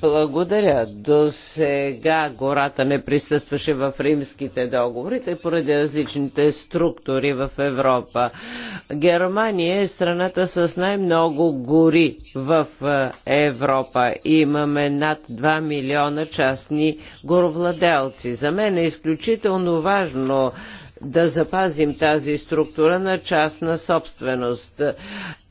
благодаря. До сега гората не присъстваше в римските договори, тъй поради различните структури в Европа. Германия е страната с най-много гори в е, Европа. Имаме над 2 милиона частни горовладелци. За мен е изключително важно да запазим тази структура на частна собственост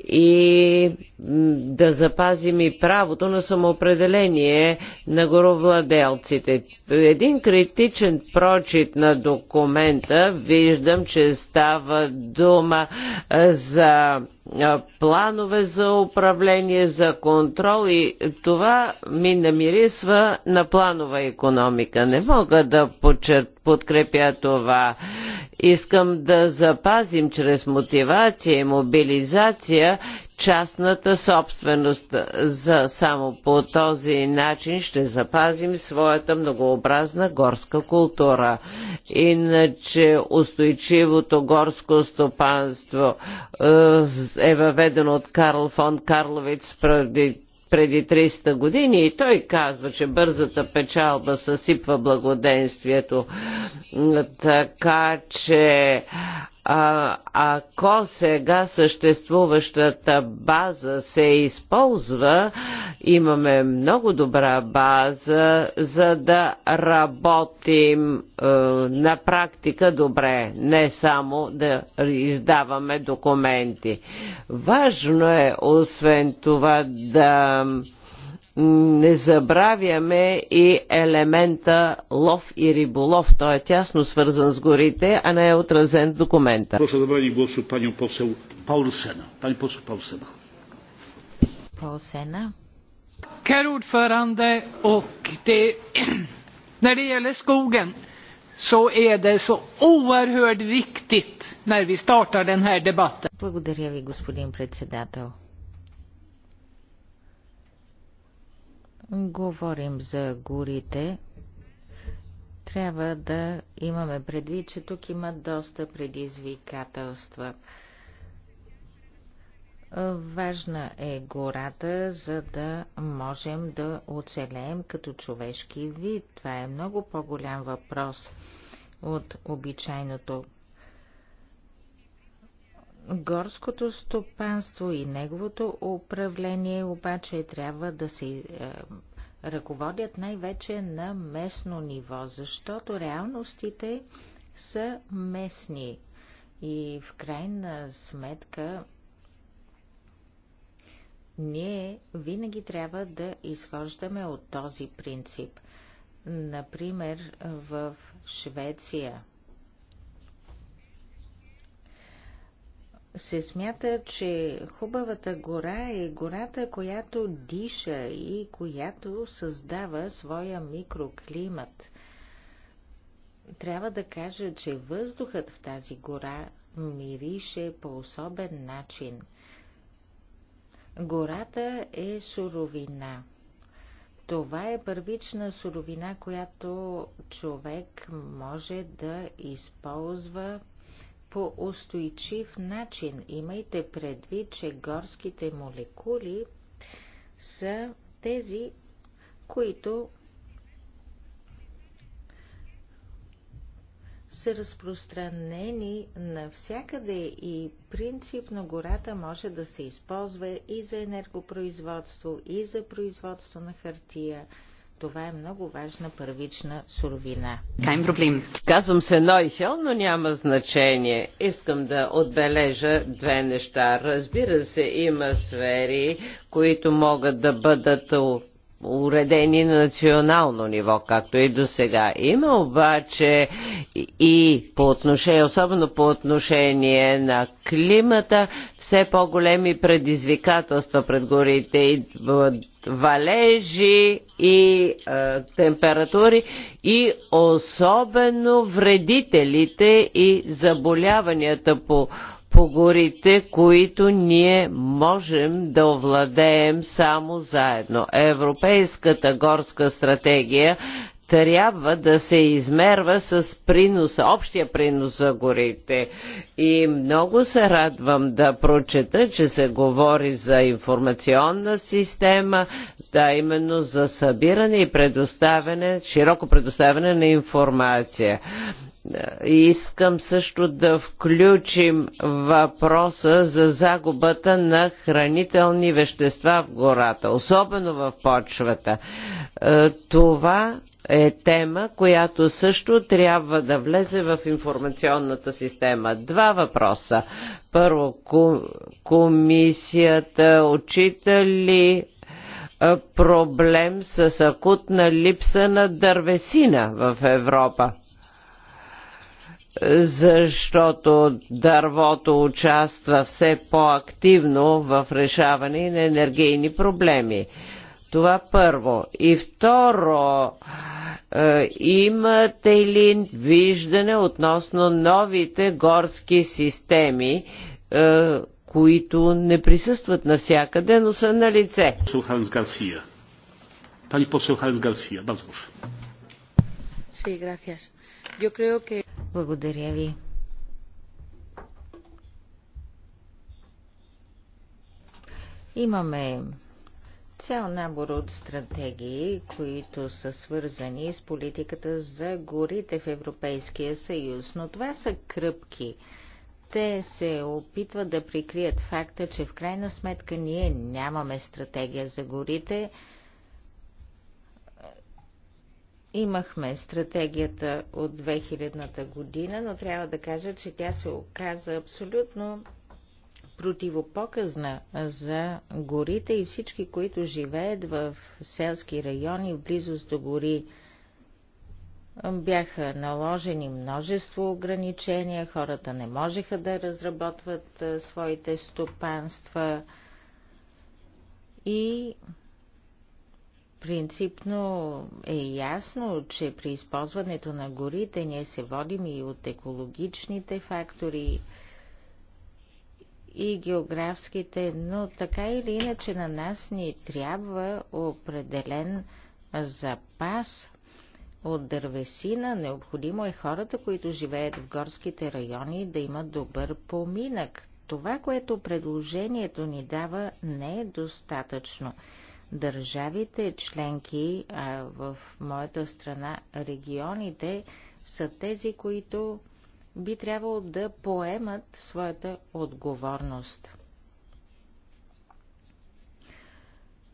и да запазим и правото на самоопределение на горовладелците. Един критичен прочит на документа виждам, че става дума за планове за управление, за контрол и това ми намирисва на планова економика. Не мога да подкрепя това. Искам да запазим чрез мотивация и мобилизация частната собственост. За само по този начин ще запазим своята многообразна горска култура. Иначе устойчивото горско стопанство е, е въведено от Карл фон Карловиц преди преди 300 години и той казва, че бързата печалба съсипва благоденствието. Така че а, ако сега съществуващата база се използва, имаме много добра база, за да работим е, на практика добре, не само да издаваме документи. Важно е, освен това, да не забравяме и елемента лов и риболов. Той е тясно свързан с горите, а не е отразен в документа.
Прошу да брани гласу пани посел
Паулсена. Пани посел Паулсена.
Паулсена. Herr ordförande och det, när det gäller skogen så är det så oerhört viktigt när vi startar den här debatten. Благодаря ви, господин председател. говорим за горите, трябва да имаме предвид, че тук има доста предизвикателства. Важна е гората, за да можем да оцелеем като човешки вид. Това е много по-голям въпрос от обичайното Горското стопанство и неговото управление обаче трябва да се е, ръководят най-вече на местно ниво, защото реалностите са местни. И в крайна сметка ние винаги трябва да изхождаме от този принцип. Например, в Швеция се смята, че хубавата гора е гората, която диша и която създава своя микроклимат. Трябва да кажа, че въздухът в тази гора мирише по особен начин. Гората е суровина. Това е първична суровина, която човек може да използва по устойчив начин. Имайте предвид, че горските молекули са тези, които са разпространени навсякъде и принципно гората може да се използва и за енергопроизводство, и за производство на хартия – това е много важна първична суровина. Кайм проблем.
Казвам се Нойхел, но няма значение. Искам да отбележа две неща. Разбира се, има сфери, които могат да бъдат уредени на национално ниво, както и до сега. Има обаче и по отношение, особено по отношение на климата, все по-големи предизвикателства пред горите и валежи и е, температури и особено вредителите и заболяванията по, по горите, които ние можем да овладеем само заедно. Европейската горска стратегия трябва да се измерва с приноса, общия принос за горите. И много се радвам да прочета, че се говори за информационна система, да именно за събиране и предоставяне, широко предоставяне на информация. Искам също да включим въпроса за загубата на хранителни вещества в гората, особено в почвата. Е, това е тема, която също трябва да влезе в информационната система. Два въпроса. Първо, комисията отчита ли е, проблем с акутна липса на дървесина в Европа? защото дървото участва все по-активно в решаване на енергийни проблеми. Това първо. И второ, е, имате ли виждане относно новите горски системи, е, които не присъстват навсякъде, но са на лице? Ханс Гарсия.
посел Гарсия, бързо.
Yo creo que благодаря ви. Имаме цял набор от стратегии, които са свързани с политиката за горите в Европейския съюз, но това са кръпки. Те се опитват да прикрият факта, че в крайна сметка ние нямаме стратегия за горите, Имахме стратегията от 2000-та година, но трябва да кажа, че тя се оказа абсолютно противопоказна за горите и всички, които живеят в селски райони в близост до гори. Бяха наложени множество ограничения, хората не можеха да разработват своите стопанства и Принципно е ясно, че при използването на горите ние се водим и от екологичните фактори и географските, но така или иначе на нас ни трябва определен запас от дървесина. Необходимо е хората, които живеят в горските райони, да имат добър поминък. Това, което предложението ни дава, не е достатъчно. Държавите членки, а в моята страна регионите, са тези, които би трябвало да поемат своята отговорност.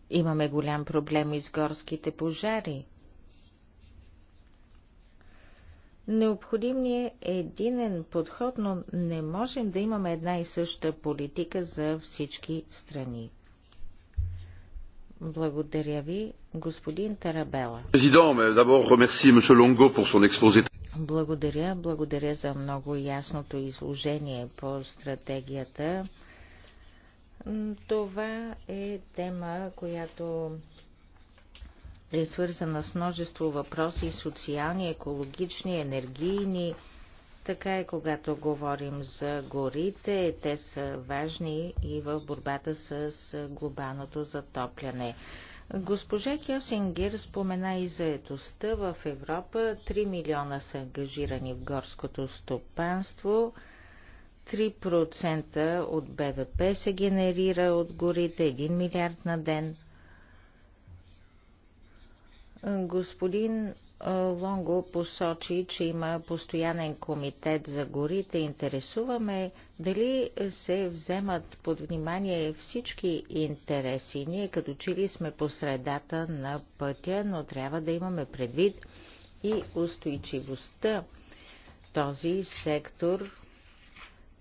Имаме голям проблем и с горските пожари. Необходим ни е единен подход, но не можем да имаме една и съща политика за всички страни. Благодаря ви, господин Тарабела. Благодаря, благодаря за много ясното изложение по стратегията. Това е тема, която е свързана с множество въпроси, социални, екологични, енергийни, така е, когато говорим за горите, те са важни и в борбата с глобалното затопляне. Госпожа Кьосингер спомена и етостта в Европа. 3 милиона са ангажирани в горското стопанство. 3% от БВП се генерира от горите, 1 милиард на ден. Господин Лонго посочи, че има постоянен комитет за горите. Интересуваме дали се вземат под внимание всички интереси. Ние като че ли сме по средата на пътя, но трябва да имаме предвид и устойчивостта. Този сектор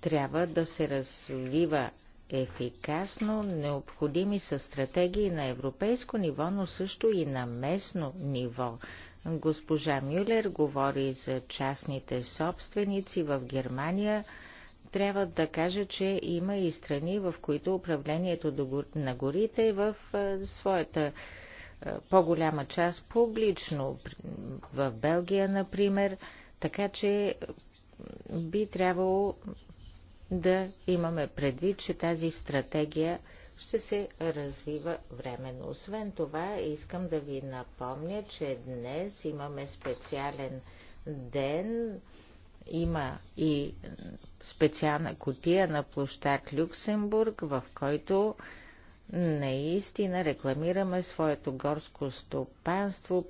трябва да се развива ефикасно, необходими са стратегии на европейско ниво, но също и на местно ниво. Госпожа Мюлер говори за частните собственици в Германия. Трябва да кажа, че има и страни, в които управлението на горите е в своята по-голяма част публично, в Белгия, например, така че би трябвало да имаме предвид, че тази стратегия ще се развива временно. Освен това, искам да ви напомня, че днес имаме специален ден. Има и специална котия на площад Люксембург, в който наистина рекламираме своето горско стопанство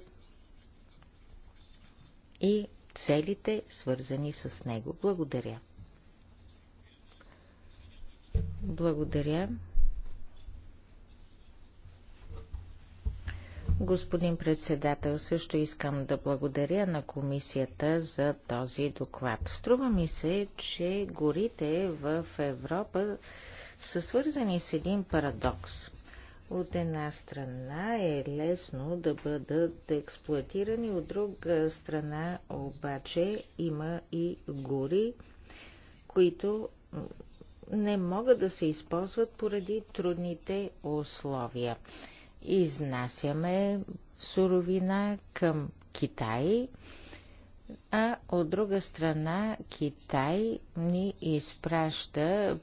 и целите, свързани с него. Благодаря. Благодаря. Господин председател, също искам да благодаря на комисията за този доклад. Струва ми се, че горите в Европа са свързани с един парадокс. От една страна е лесно да бъдат експлуатирани, от друга страна обаче има и гори, които не могат да се използват поради трудните условия изнасяме суровина към Китай, а от друга страна Китай ни изпраща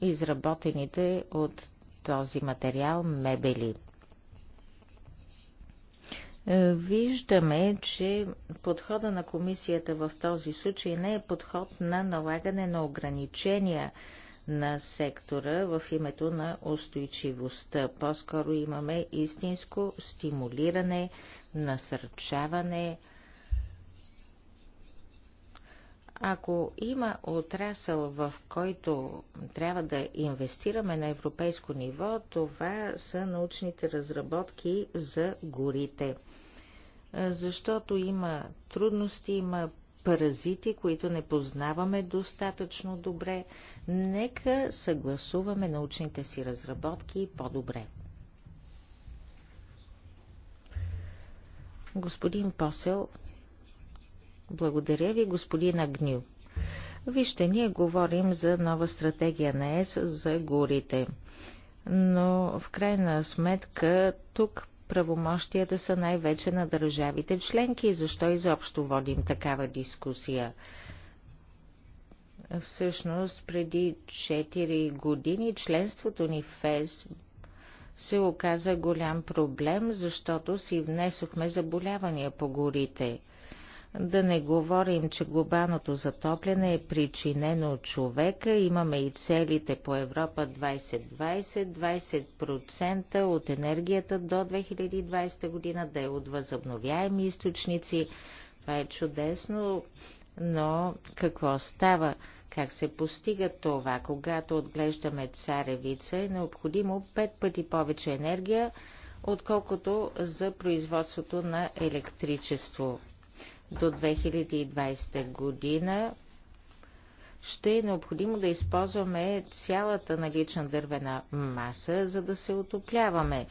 изработените от този материал мебели. Виждаме, че подхода на комисията в този случай не е подход на налагане на ограничения на сектора в името на устойчивостта. По-скоро имаме истинско стимулиране, насърчаване. Ако има отрасъл, в който трябва да инвестираме на европейско ниво, това са научните разработки за горите. Защото има трудности, има паразити, които не познаваме достатъчно добре. Нека съгласуваме научните си разработки по-добре. Господин Посел, благодаря ви, господин Агнил. Вижте, ние говорим за нова стратегия на ЕС за горите. Но в крайна сметка тук правомощията са най-вече на държавите членки и защо изобщо водим такава дискусия. Всъщност, преди 4 години членството ни в ФЕС се оказа голям проблем, защото си внесохме заболявания по горите – да не говорим, че глобалното затопляне е причинено от човека. Имаме и целите по Европа 2020, 20% от енергията до 2020 година да е от възобновяеми източници. Това е чудесно, но какво става? Как се постига това? Когато отглеждаме царевица е необходимо пет пъти повече енергия, отколкото за производството на електричество до 2020 година ще е необходимо да използваме цялата налична дървена маса, за да се отопляваме.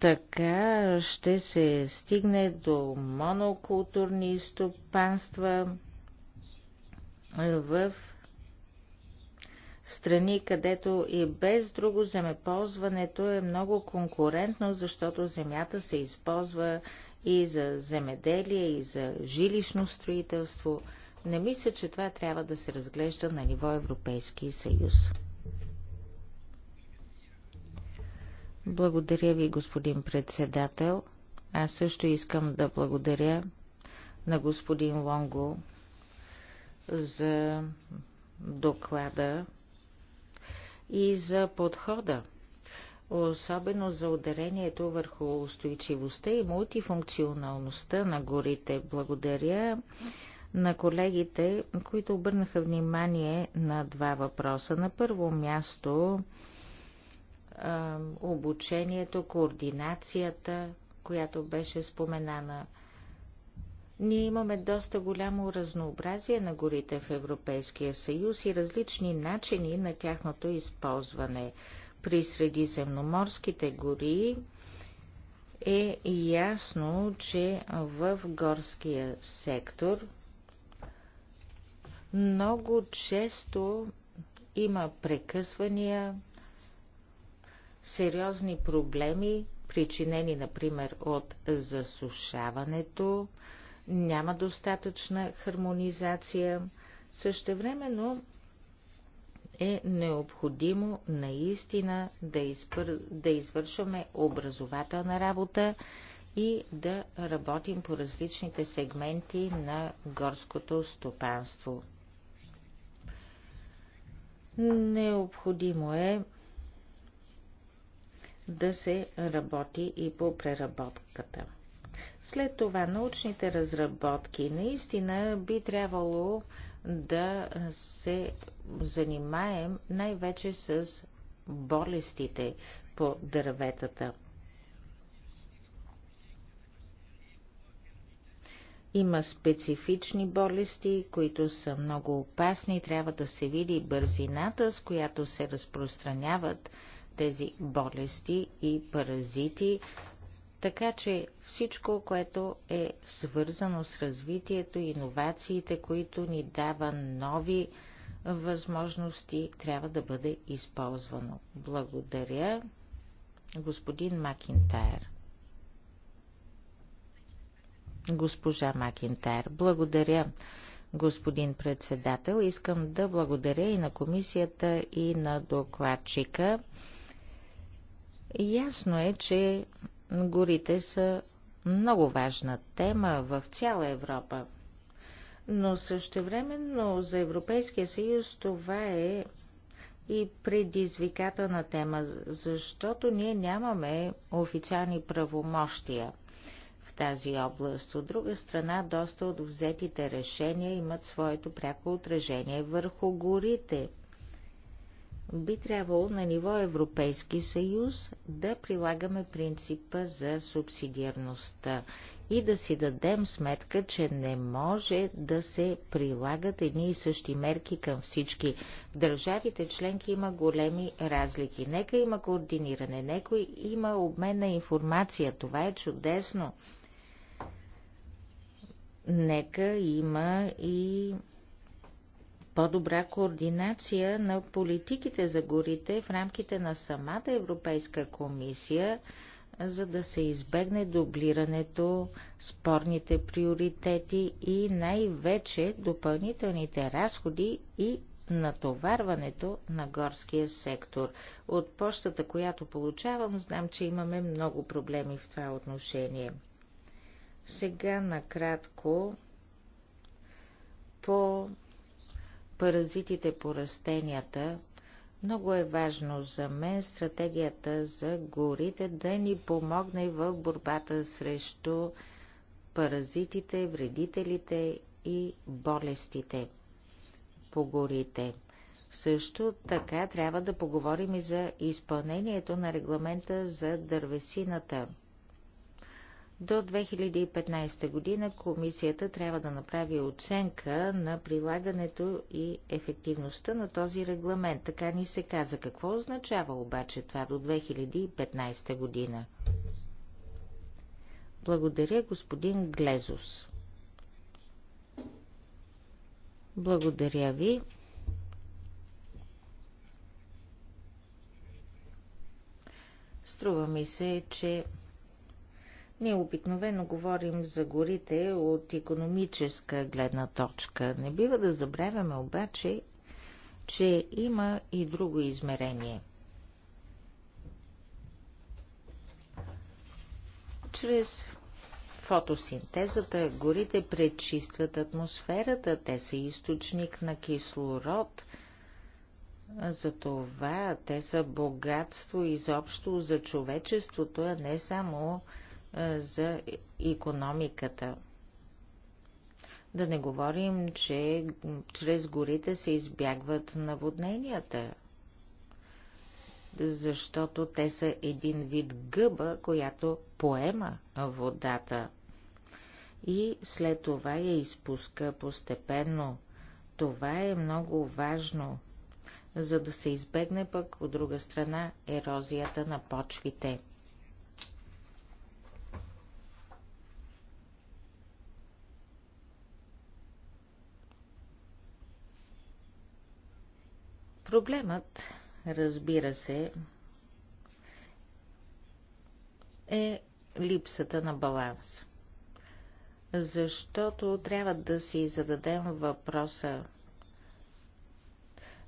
Така ще се стигне до монокултурни стопанства в страни, където и без друго земеползването е много конкурентно, защото земята се използва и за земеделие, и за жилищно строителство. Не мисля, че това трябва да се разглежда на ниво Европейски съюз. Благодаря ви, господин председател. Аз също искам да благодаря на господин Лонго за доклада и за подхода, особено за ударението върху устойчивостта и мултифункционалността на горите. Благодаря на колегите, които обърнаха внимание на два въпроса. На първо място обучението, координацията, която беше споменана. Ние имаме доста голямо разнообразие на горите в Европейския съюз и различни начини на тяхното използване – при средиземноморските гори е ясно, че в горския сектор много често има прекъсвания, сериозни проблеми, причинени, например, от засушаването, няма достатъчна хармонизация. Същевременно е необходимо наистина да, изпър... да извършваме образователна работа и да работим по различните сегменти на горското стопанство. Необходимо е да се работи и по преработката. След това научните разработки наистина би трябвало да се занимаем най-вече с болестите по дърветата. Има специфични болести, които са много опасни. Трябва да се види бързината, с която се разпространяват тези болести и паразити. Така че всичко, което е свързано с развитието, и иновациите, които ни дава нови възможности, трябва да бъде използвано. Благодаря, господин Макинтайр. Госпожа Макинтайр, благодаря, господин председател. Искам да благодаря и на комисията, и на докладчика. Ясно е, че горите са много важна тема в цяла Европа. Но същевременно за Европейския съюз това е и предизвикателна тема, защото ние нямаме официални правомощия в тази област. От друга страна, доста от взетите решения имат своето пряко отражение върху горите – би трябвало на ниво Европейски съюз да прилагаме принципа за субсидиарността и да си дадем сметка, че не може да се прилагат едни и същи мерки към всички. В държавите членки има големи разлики. Нека има координиране, нека има обмен на информация. Това е чудесно. Нека има и по-добра координация на политиките за горите в рамките на самата Европейска комисия, за да се избегне дублирането, спорните приоритети и най-вече допълнителните разходи и натоварването на горския сектор. От почтата, която получавам, знам, че имаме много проблеми в това отношение. Сега накратко по паразитите по растенията, много е важно за мен стратегията за горите да ни помогне в борбата срещу паразитите, вредителите и болестите по горите. Също така трябва да поговорим и за изпълнението на регламента за дървесината – до 2015 година комисията трябва да направи оценка на прилагането и ефективността на този регламент. Така ни се каза. Какво означава обаче това до 2015 година? Благодаря, господин Глезус. Благодаря ви. Струва ми се, че ние обикновено говорим за горите от економическа гледна точка. Не бива да забравяме обаче, че има и друго измерение. Чрез фотосинтезата горите пречистват атмосферата, те са източник на кислород, затова те са богатство изобщо за човечеството, а не само за економиката. Да не говорим, че чрез горите се избягват наводненията, защото те са един вид гъба, която поема водата и след това я изпуска постепенно. Това е много важно, за да се избегне пък от друга страна ерозията на почвите. Проблемът, разбира се, е липсата на баланс. Защото трябва да си зададем въпроса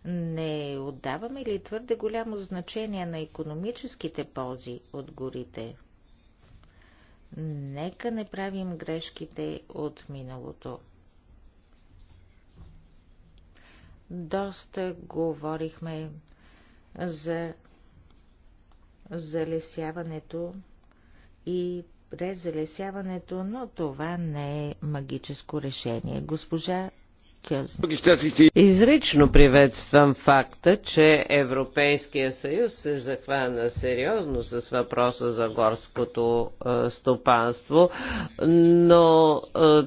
не отдаваме ли твърде голямо значение на економическите ползи от горите? Нека не правим грешките от миналото. Доста говорихме за залесяването и презалесяването, но това не е магическо решение. Госпожа
Изрично приветствам факта, че Европейския съюз се захвана сериозно с въпроса за горското е, стопанство, но е,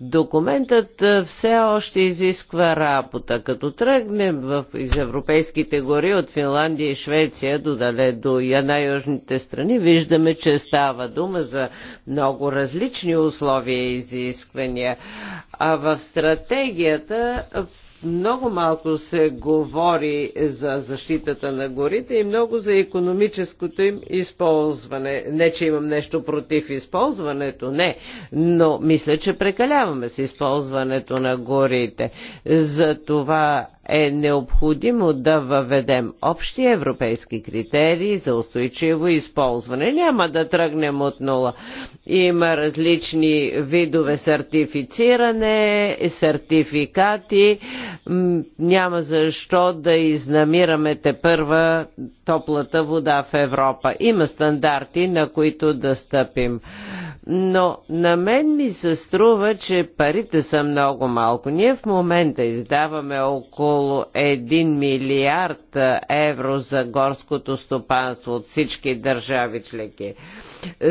Документът все още изисква работа. Като тръгнем в, из европейските гори от Финландия и Швеция до, дале, до най-южните страни, виждаме, че става дума за много различни условия и изисквания. А в стратегията много малко се говори за защитата на горите и много за економическото им използване. Не, че имам нещо против използването, не, но мисля, че прекаляваме с използването на горите. За това е необходимо да въведем общи европейски критерии за устойчиво използване. Няма да тръгнем от нула. Има различни видове сертифициране, сертификати. Няма защо да изнамираме те първа топлата вода в Европа. Има стандарти, на които да стъпим но на мен ми се струва, че парите са много малко. Ние в момента издаваме около 1 милиард евро за горското стопанство от всички държави членки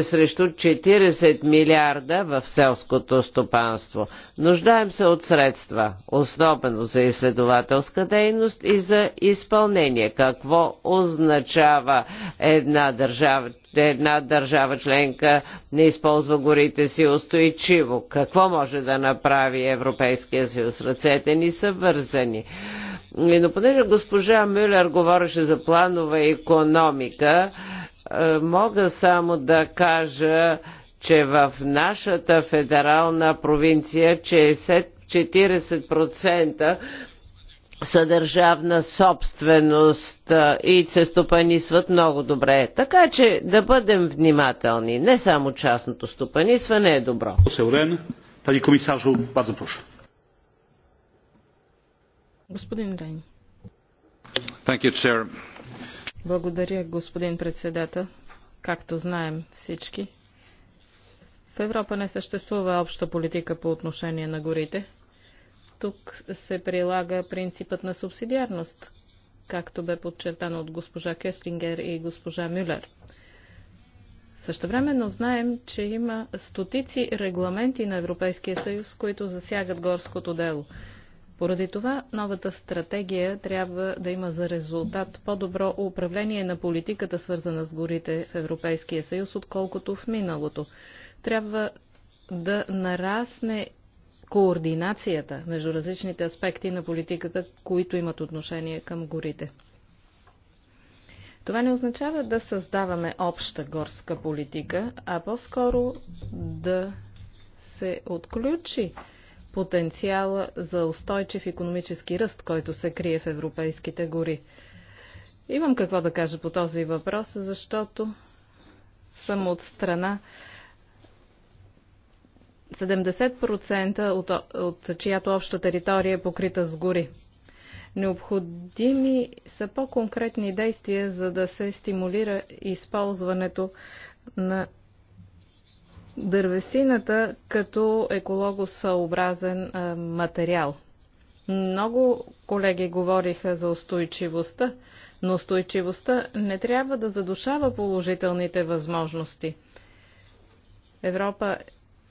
срещу 40 милиарда в селското стопанство. Нуждаем се от средства, особено за изследователска дейност и за изпълнение. Какво означава една държава, една държава членка не използва горите си устойчиво? Какво може да направи Европейския съюз? Ръцете ни са вързани. Но понеже госпожа Мюлер говореше за планова економика, е, мога само да кажа, че в нашата федерална провинция 40% са държавна собственост е, и се стопанисват много добре. Така че да бъдем внимателни. Не само частното стопанисване е добро. Пани комисажу,
бързо прошу. Господин Рейн. Благодаря, господин председател. Както знаем всички, в Европа не съществува обща политика по отношение на горите. Тук се прилага принципът на субсидиарност, както бе подчертано от госпожа Кеслингер и госпожа Мюлер. Същевременно знаем, че има стотици регламенти на Европейския съюз, които засягат горското дело. Поради това новата стратегия трябва да има за резултат по-добро управление на политиката, свързана с горите в Европейския съюз, отколкото в миналото. Трябва да нарасне координацията между различните аспекти на политиката, които имат отношение към горите. Това не означава да създаваме обща горска политика, а по-скоро да се отключи потенциала за устойчив економически ръст, който се крие в европейските гори. Имам какво да кажа по този въпрос, защото съм от страна 70% от, от чиято обща територия е покрита с гори. Необходими са по-конкретни действия, за да се стимулира използването на дървесината като екологосъобразен материал. Много колеги говориха за устойчивостта, но устойчивостта не трябва да задушава положителните възможности. Европа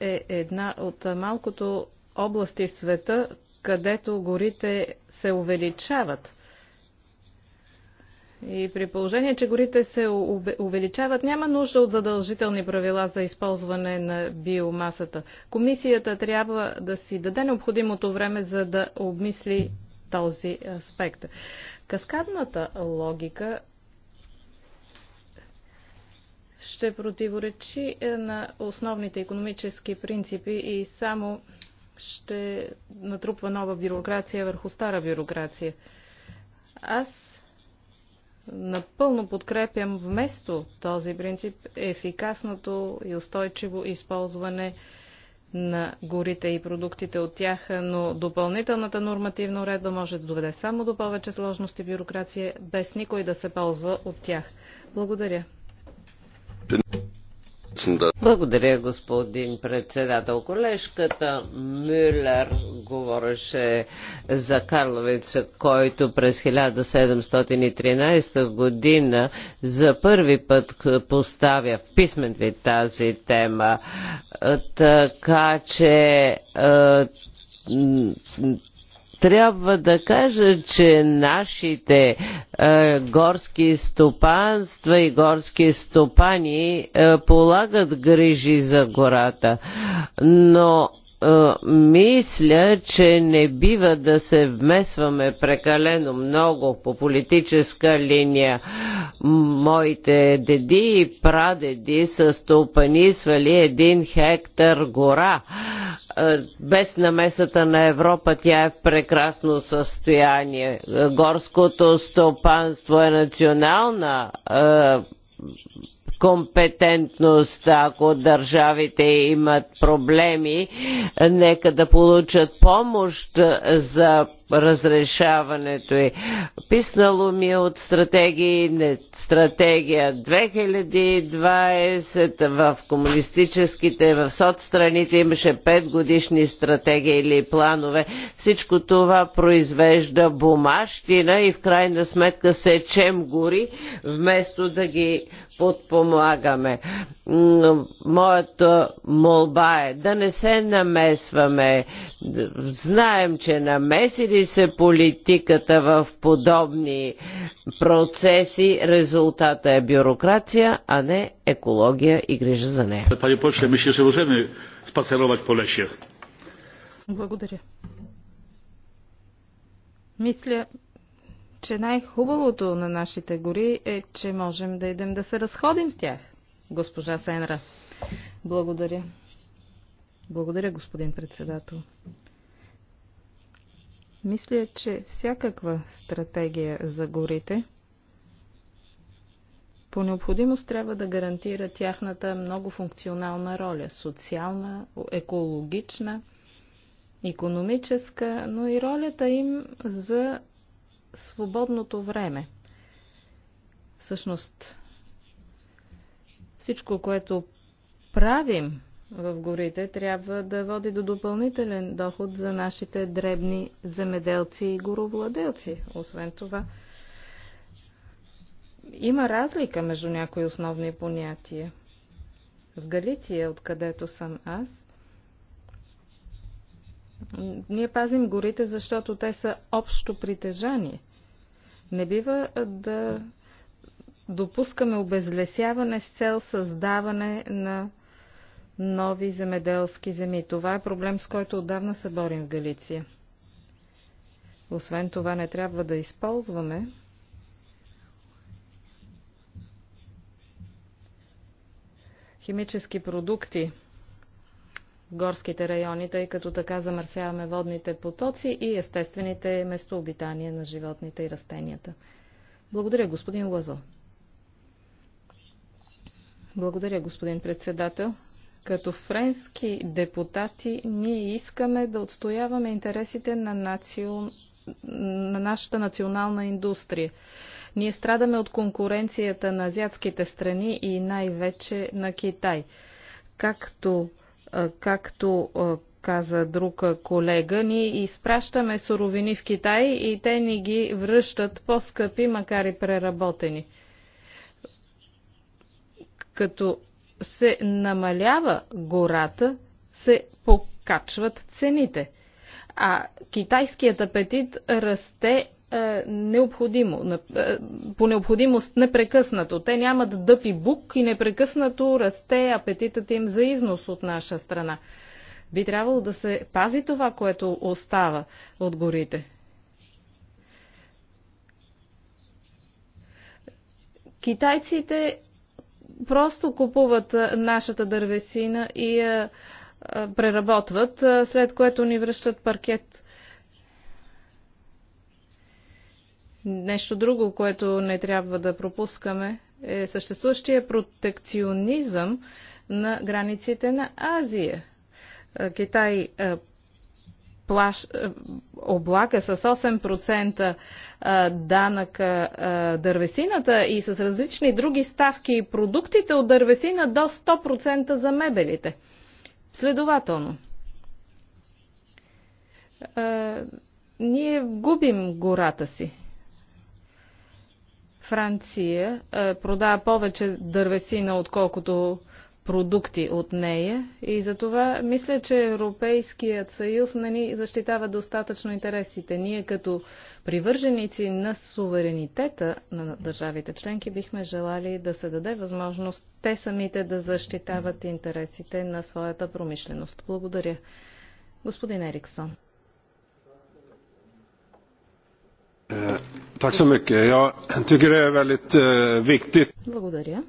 е една от малкото области в света, където горите се увеличават. И при положение, че горите се увеличават, няма нужда от задължителни правила за използване на биомасата. Комисията трябва да си даде необходимото време, за да обмисли този аспект. Каскадната логика ще противоречи е, на основните економически принципи и само ще натрупва нова бюрокрация върху стара бюрокрация. Аз Напълно подкрепям вместо този принцип ефикасното и устойчиво използване на горите и продуктите от тях, но допълнителната нормативна уредба може да доведе само до повече сложности и бюрокрация, без никой да се ползва от тях. Благодаря.
Благодаря, господин председател. Колежката Мюллер говореше за Карловица, който през 1713 година за първи път поставя в писмен вид тази тема. Е, така че е, трябва да кажа, че нашите е, горски стопанства и горски стопани е, полагат грижи за гората, но е, мисля, че не бива да се вмесваме прекалено много по политическа линия. Моите деди и прадеди са стопанисвали един хектар гора. Е, без намесата на Европа тя е в прекрасно състояние. Горското стопанство е национална е, компетентност. Ако държавите имат проблеми, нека да получат помощ за разрешаването й. Е. Писнало ми е от стратегии, не, стратегия 2020 в комунистическите, в соцстраните страните имаше 5 годишни стратегии или планове. Всичко това произвежда бумащина и в крайна сметка сечем гори, вместо да ги подпомагаме моята молба е да не се намесваме. Знаем, че намесили се политиката в подобни процеси, резултата е бюрокрация, а не екология и грижа за нея.
Пани Почте, мисля, че можем спасеровать по леше. Благодаря. Мисля, че най-хубавото на нашите гори е, че можем да идем да се разходим в тях. Госпожа Сенра. Благодаря. Благодаря, господин председател. Мисля, че всякаква стратегия за горите по необходимост трябва да гарантира тяхната многофункционална роля социална, екологична, економическа, но и ролята им за свободното време. Всъщност, всичко, което правим в горите, трябва да води до допълнителен доход за нашите дребни земеделци и горовладелци. Освен това, има разлика между някои основни понятия. В Галиция, откъдето съм аз, ние пазим горите, защото те са общо притежание. Не бива да допускаме обезлесяване с цел създаване на нови земеделски земи. Това е проблем, с който отдавна се борим в Галиция. Освен това не трябва да използваме химически продукти в горските райони, тъй като така замърсяваме водните потоци и естествените местообитания на животните и растенията. Благодаря, господин Лазо. Благодаря, господин председател. Като френски депутати ние искаме да отстояваме интересите на, национ... на нашата национална индустрия. Ние страдаме от конкуренцията на азиатските страни и най-вече на Китай. Както, както каза друг колега, ние изпращаме суровини в Китай и те ни ги връщат по-скъпи, макар и преработени като се намалява гората, се покачват цените. А китайският апетит расте е, необходимо, е, по необходимост непрекъснато. Те нямат дъпи бук и непрекъснато расте апетитът им за износ от наша страна. Би трябвало да се пази това, което остава от горите. Китайците просто купуват нашата дървесина и я преработват, след което ни връщат паркет. Нещо друго, което не трябва да пропускаме, е съществуващия протекционизъм на границите на Азия. Китай плаш, е, облака с 8% е, данък е, дървесината и с различни други ставки и продуктите от дървесина до 100% за мебелите. Следователно, ние губим гората си. Франция продава повече дървесина, отколкото продукти от нея и за това мисля, че Европейският съюз не ни защитава достатъчно интересите. Ние като привърженици на суверенитета на държавите членки бихме желали да се даде възможност те самите да защитават интересите на своята промишленост. Благодаря. Господин Ериксон. Е, е е, Благодаря.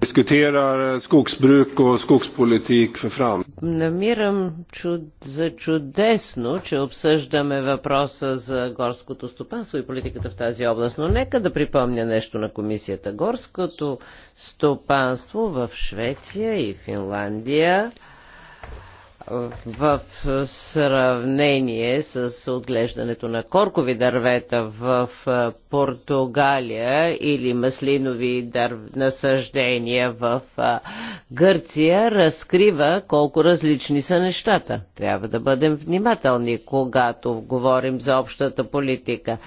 Дискутирар скоксбрук и скоксполитик в Франция.
Намирам чуд... за чудесно, че обсъждаме въпроса за горското стопанство и политиката в тази област, но нека да припомня нещо на комисията. Горското стопанство в Швеция и Финландия в сравнение с отглеждането на коркови дървета в Португалия или маслинови дърв... насъждения в Гърция, разкрива колко различни са нещата. Трябва да бъдем внимателни, когато говорим за общата политика.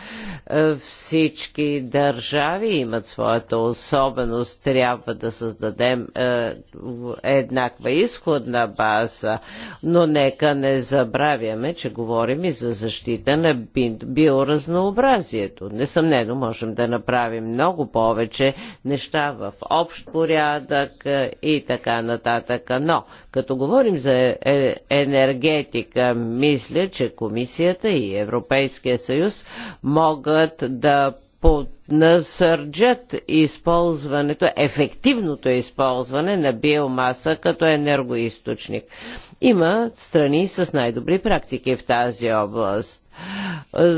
Всички държави имат своята особеност. Трябва да създадем еднаква изходна база но нека не забравяме, че говорим и за защита на биоразнообразието. Несъмнено можем да направим много повече неща в общ порядък е, и така нататък. Но, като говорим за е, е, енергетика, мисля, че комисията и Европейския съюз могат да насърджат използването, ефективното използване на биомаса като енергоисточник. Има страни с най-добри практики в тази област.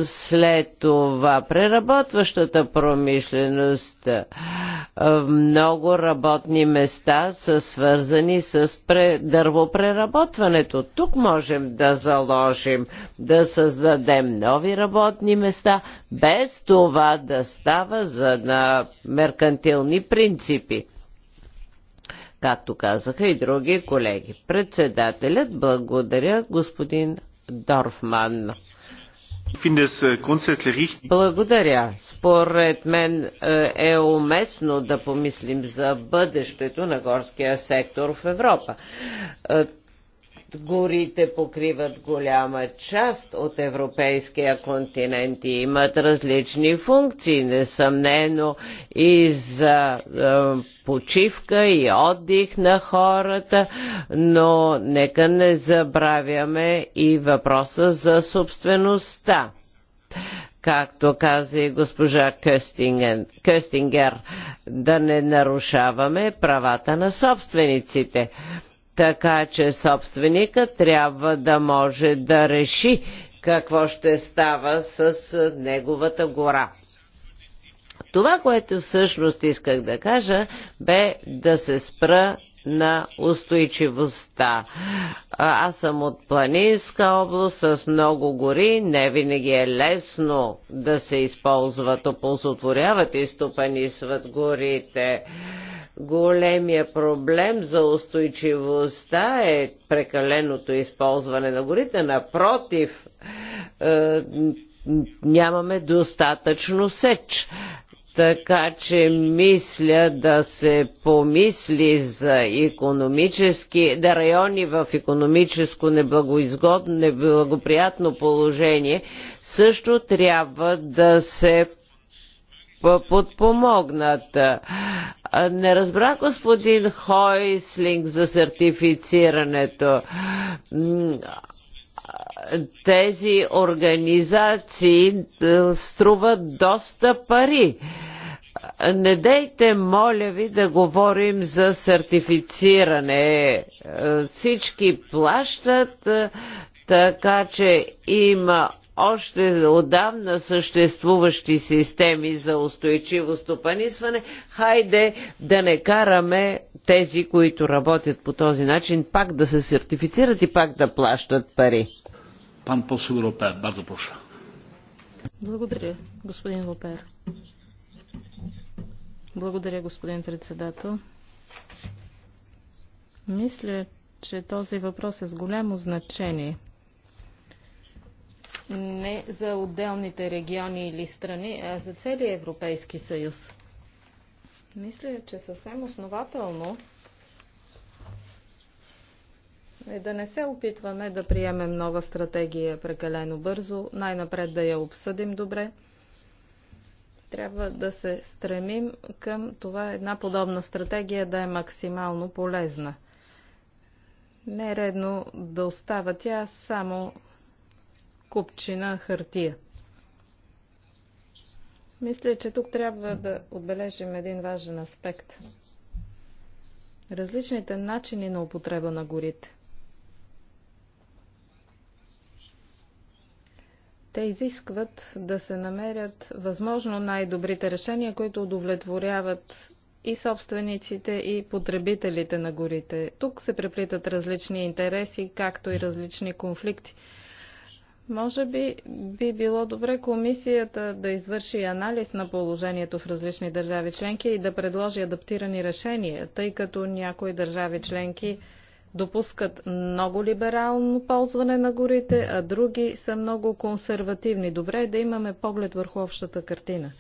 След това преработващата промишленост. Е, много работни места са свързани с дървопреработването. Тук можем да заложим, да създадем нови работни места, без това да става за на меркантилни принципи както казаха и други колеги. Председателят благодаря господин Дорфман.
Äh,
Благодаря. Според мен е, е уместно да помислим за бъдещето на горския сектор в Европа. Е, горите покриват голяма част от европейския континент и имат различни функции, несъмнено и за е, почивка и отдих на хората, но нека не забравяме и въпроса за собствеността както каза и госпожа Къстинген, Къстингер, да не нарушаваме правата на собствениците. Така че собственика трябва да може да реши какво ще става с неговата гора. Това, което всъщност исках да кажа, бе да се спра на устойчивостта. Аз съм от планинска област с много гори. Не винаги е лесно да се използват, оползотворяват и стопанисват горите. Големия проблем за устойчивостта е прекаленото използване на горите. Напротив, е, нямаме достатъчно сеч. Така че мисля да се помисли за економически, да райони в економическо неблагоизгодно, неблагоприятно положение също трябва да се подпомогнат. Не разбра господин Хойслинг за сертифицирането тези организации е, струват доста пари. Не дейте, моля ви, да говорим за сертифициране. Е, всички плащат, е, така че има още отдавна съществуващи системи за устойчиво стопанисване, хайде да не караме тези, които работят по този начин, пак да се сертифицират и пак да плащат
пари.
Благодаря, господин Лопер. Благодаря, господин председател. Мисля, че този въпрос е с голямо значение. Не за отделните региони или страни, а за целия Европейски съюз. Мисля, че съвсем основателно и е, да не се опитваме да приемем нова стратегия прекалено бързо, най-напред да я обсъдим добре. Трябва да се стремим към това една подобна стратегия да е максимално полезна. Не е редно да остава тя само купчина хартия. Мисля, че тук трябва да отбележим един важен аспект. Различните начини на употреба на горите. Те изискват да се намерят възможно най-добрите решения, които удовлетворяват и собствениците, и потребителите на горите. Тук се преплитат различни интереси, както и различни конфликти. Може би би било добре комисията да извърши анализ на положението в различни държави членки и да предложи адаптирани решения, тъй като някои държави членки допускат много либерално ползване на горите, а други са много консервативни. Добре е да имаме поглед върху общата картина.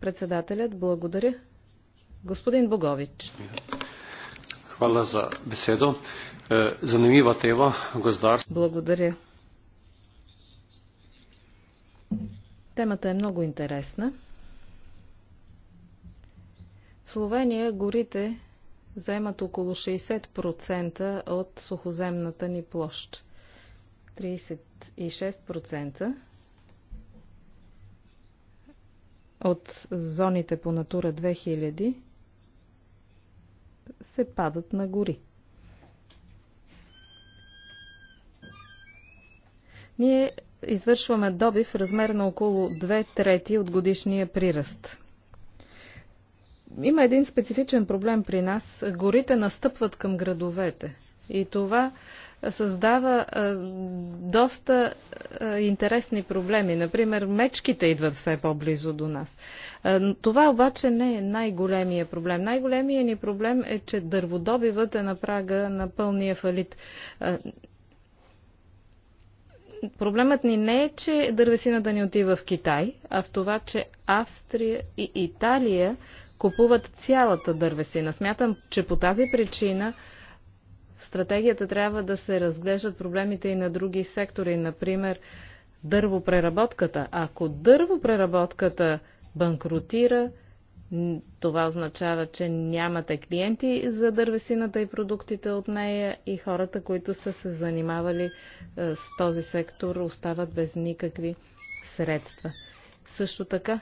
Председателят, благодаря. Господин Богович. Хвала за беседо. Е, занимива тема. Госдар. Благодаря. Темата е много интересна. В Словения горите заемат около 60% от сухоземната ни площ. 36% от зоните по Натура 2000 се падат на гори. Ние извършваме добив в размер на около 2 трети от годишния приръст има един специфичен проблем при нас. Горите настъпват към градовете. И това създава а, доста а, интересни проблеми. Например, мечките идват все по-близо до нас. А, това обаче не е най-големия проблем. Най-големия ни проблем е, че дърводобивът е на прага на пълния фалит. А, проблемът ни не е, че дървесината ни отива в Китай, а в това, че Австрия и Италия купуват цялата дървесина. Смятам, че по тази причина стратегията трябва да се разглеждат проблемите и на други сектори, например дървопреработката. Ако дървопреработката банкротира, това означава, че нямате клиенти за дървесината и продуктите от нея и хората, които са се занимавали е, с този сектор, остават без никакви средства. Също така,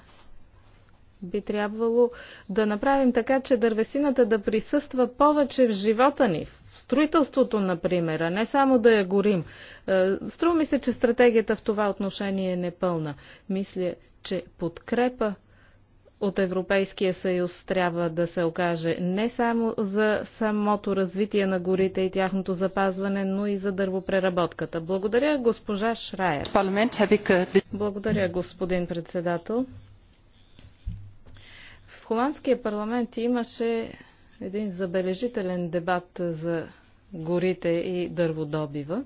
би трябвало да направим така, че дървесината да присъства повече в живота ни, в строителството, например, а не само да я горим. Е, струва ми се, че стратегията в това отношение е непълна. Мисля, че подкрепа от Европейския съюз трябва да се окаже не само за самото развитие на горите и тяхното запазване, но и за дървопреработката. Благодаря госпожа Шраер. Благодаря господин председател холандския парламент имаше един забележителен дебат за горите и дърводобива,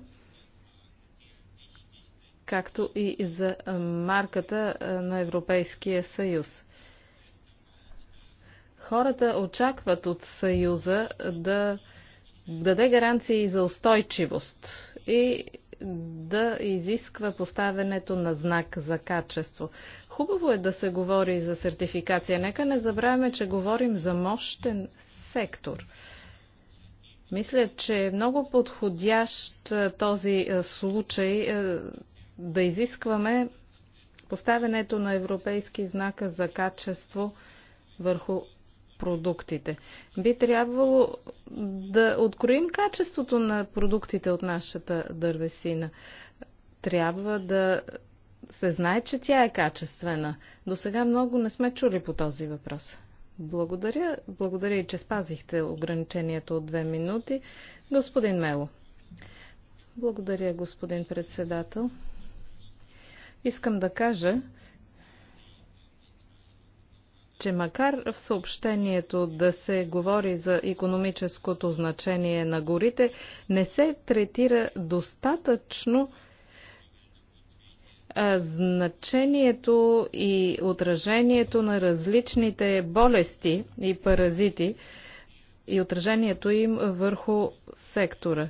както и за марката на Европейския съюз. Хората очакват от съюза да даде гаранции за устойчивост и да изисква поставянето на знак за качество. Хубаво е да се говори за сертификация. Нека не забравяме, че говорим за мощен сектор. Мисля, че е много подходящ е, този е, случай е, да изискваме поставянето на европейски знака за качество върху продуктите. Би трябвало да откроим качеството на продуктите от нашата дървесина. Трябва да се знае, че тя е качествена. До сега много не сме чули по този въпрос. Благодаря, благодаря и че спазихте ограничението от две минути. Господин Мело. Благодаря, господин председател. Искам да кажа, че макар в съобщението да се говори за економическото значение на горите, не се третира достатъчно значението и отражението на различните болести и паразити и отражението им върху сектора.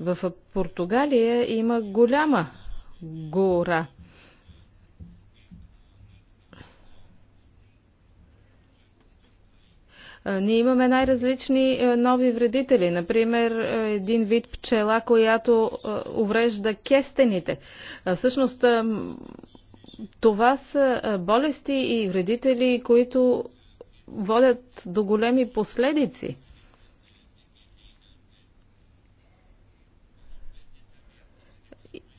В Португалия има голяма гора Ние имаме най-различни нови вредители. Например, един вид пчела, която уврежда кестените. Всъщност, това са болести и вредители, които водят до големи последици.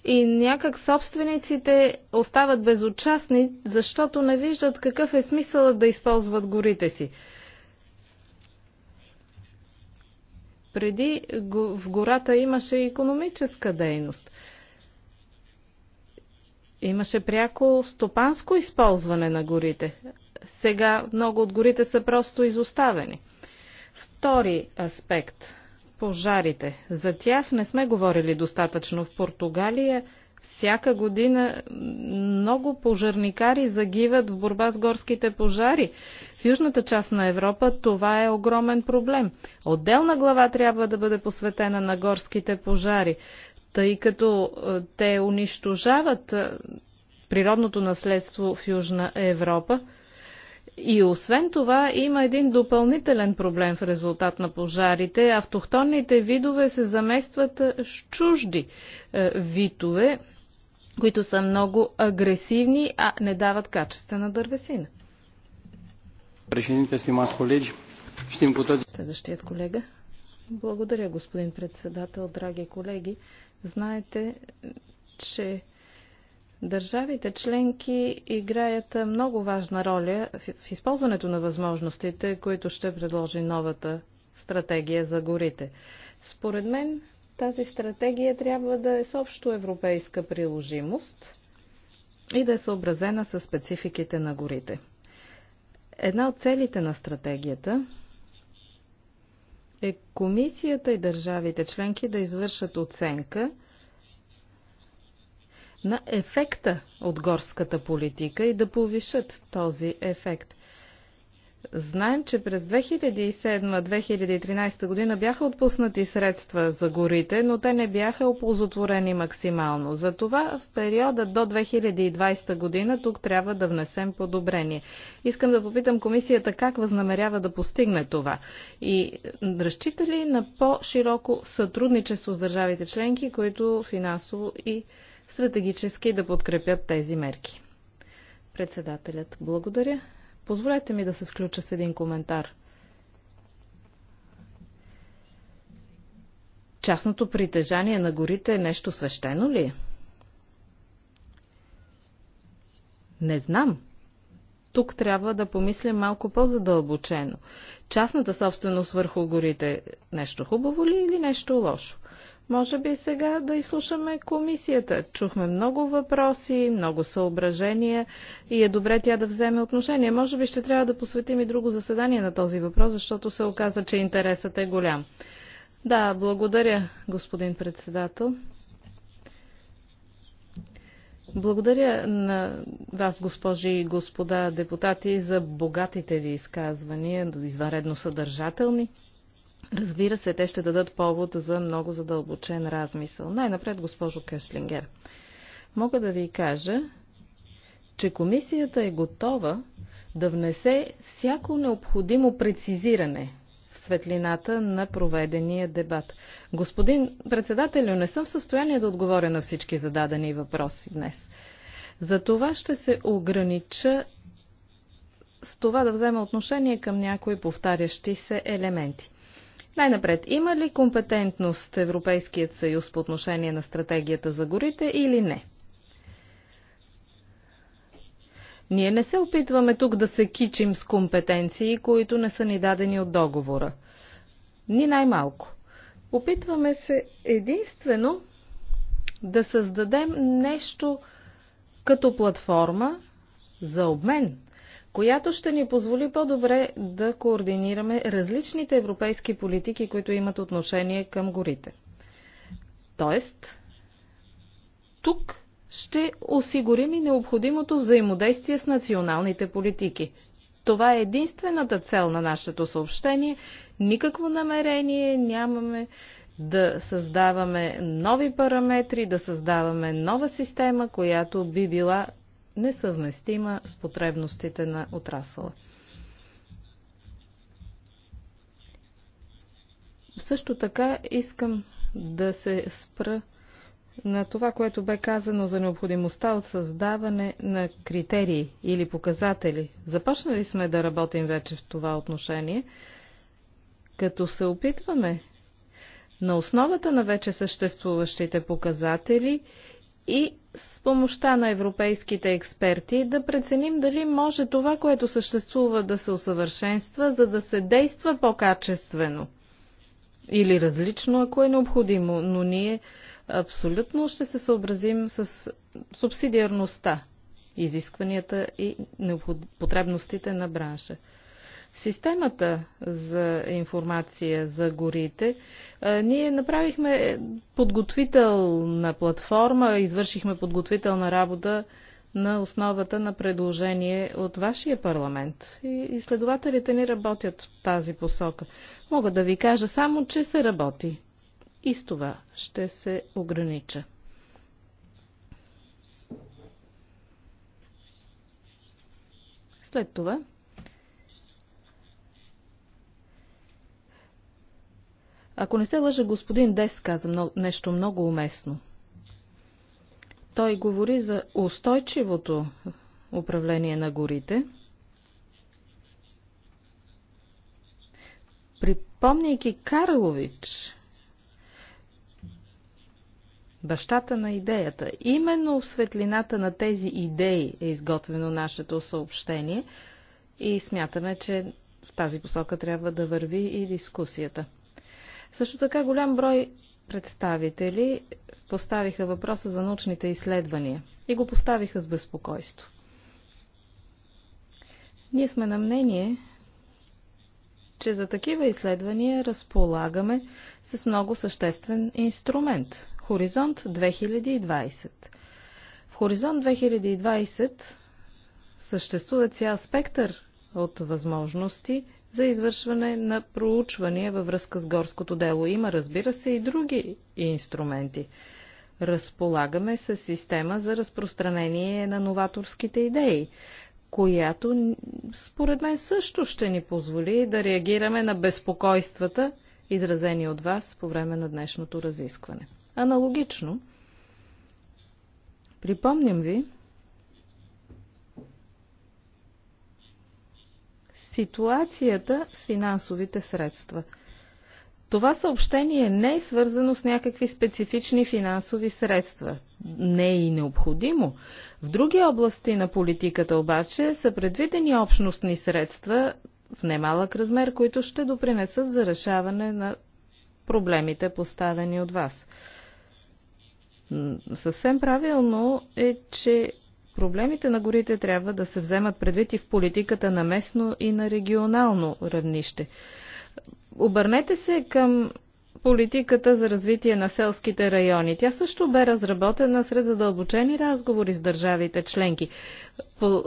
И някак собствениците остават безучастни, защото не виждат какъв е смисълът да използват горите си. Преди в гората имаше економическа дейност. Имаше пряко стопанско използване на горите. Сега много от горите са просто изоставени. Втори аспект – пожарите. За тях не сме говорили достатъчно в Португалия – всяка година много пожарникари загиват в борба с горските пожари. В южната част на Европа това е огромен проблем. Отделна глава трябва да бъде посветена на горските пожари, тъй като е, те унищожават е, природното наследство в Южна Европа и освен това има един допълнителен проблем в резултат на пожарите. Автохтонните видове се заместват е, с чужди е, витове, които са много агресивни, а не дават качествена дървесина.
си stimați колеги, ще им toți...
Следващият колега. Благодаря, господин председател, драги колеги. Знаете, че Държавите членки играят много важна роля в използването на възможностите, които ще предложи новата стратегия за горите. Според мен тази стратегия трябва да е с общо европейска приложимост и да е съобразена с спецификите на горите. Една от целите на стратегията е комисията и държавите членки да извършат оценка – на ефекта от горската политика и да повишат този ефект. Знаем, че през 2007-2013 година бяха отпуснати средства за горите, но те не бяха оползотворени максимално. Затова в периода до 2020 година тук трябва да внесем подобрение. Искам да попитам комисията как възнамерява да постигне това и разчита ли на по-широко сътрудничество с държавите членки, които финансово и стратегически да подкрепят тези мерки. Председателят, благодаря. Позволете ми да се включа с един коментар. Частното притежание на горите е нещо свещено ли Не знам. Тук трябва да помисля малко по-задълбочено. Частната собственост върху горите е нещо хубаво ли или нещо лошо? Може би сега да изслушаме комисията. Чухме много въпроси, много съображения и е добре тя да вземе отношение. Може би ще трябва да посветим и друго заседание на този въпрос, защото се оказа, че интересът е голям. Да, благодаря, господин председател. Благодаря на вас, госпожи и господа депутати, за богатите ви изказвания, извънредно съдържателни. Разбира се, те ще дадат повод за много задълбочен размисъл. Най-напред, госпожо Кешлингер, мога да ви кажа, че комисията е готова да внесе всяко необходимо прецизиране в светлината на проведения дебат. Господин председателю, не съм в състояние да отговоря на всички зададени въпроси днес. За това ще се огранича с това да взема отношение към някои повтарящи се елементи. Най-напред, има ли компетентност Европейският съюз по отношение на стратегията за горите или не? Ние не се опитваме тук да се кичим с компетенции, които не са ни дадени от договора. Ни най-малко. Опитваме се единствено да създадем нещо като платформа за обмен която ще ни позволи по-добре да координираме различните европейски политики, които имат отношение към горите. Тоест, тук ще осигурим и необходимото взаимодействие с националните политики. Това е единствената цел на нашето съобщение. Никакво намерение нямаме да създаваме нови параметри, да създаваме нова система, която би била несъвместима с потребностите на отрасъла. Също така искам да се спра на това, което бе казано за необходимостта от създаване на критерии или показатели. Започнали сме да работим вече в това отношение, като се опитваме на основата на вече съществуващите показатели и с помощта на европейските експерти да преценим дали може това, което съществува да се усъвършенства, за да се действа по-качествено или различно, ако е необходимо. Но ние абсолютно ще се съобразим с субсидиарността, изискванията и потребностите на бранша системата за информация за горите. Ние направихме подготвителна платформа, извършихме подготвителна работа на основата на предложение от вашия парламент. И изследователите ни работят в тази посока. Мога да ви кажа само, че се работи. И с това ще се огранича. След това Ако не се лъжа, господин Дес каза много, нещо много уместно. Той говори за устойчивото управление на горите, припомняйки Карлович, бащата на идеята. Именно в светлината на тези идеи е изготвено нашето съобщение и смятаме, че в тази посока трябва да върви и дискусията. Също така голям брой представители поставиха въпроса за научните изследвания и го поставиха с безпокойство. Ние сме на мнение, че за такива изследвания разполагаме с много съществен инструмент – Хоризонт 2020. В Хоризонт 2020 съществува цял спектър от възможности за извършване на проучвания във връзка с горското дело. Има, разбира се, и други инструменти. Разполагаме с система за разпространение на новаторските идеи, която според мен също ще ни позволи да реагираме на безпокойствата, изразени от вас по време на днешното разискване. Аналогично, припомням ви, ситуацията с финансовите средства. Това съобщение не е свързано с някакви специфични финансови средства. Не е и необходимо. В други области на политиката обаче са предвидени общностни средства в немалък размер, които ще допринесат за решаване на проблемите поставени от вас. Съвсем правилно е, че Проблемите на горите трябва да се вземат предвид и в политиката на местно и на регионално равнище. Обърнете се към политиката за развитие на селските райони. Тя също бе разработена сред задълбочени разговори с държавите членки. По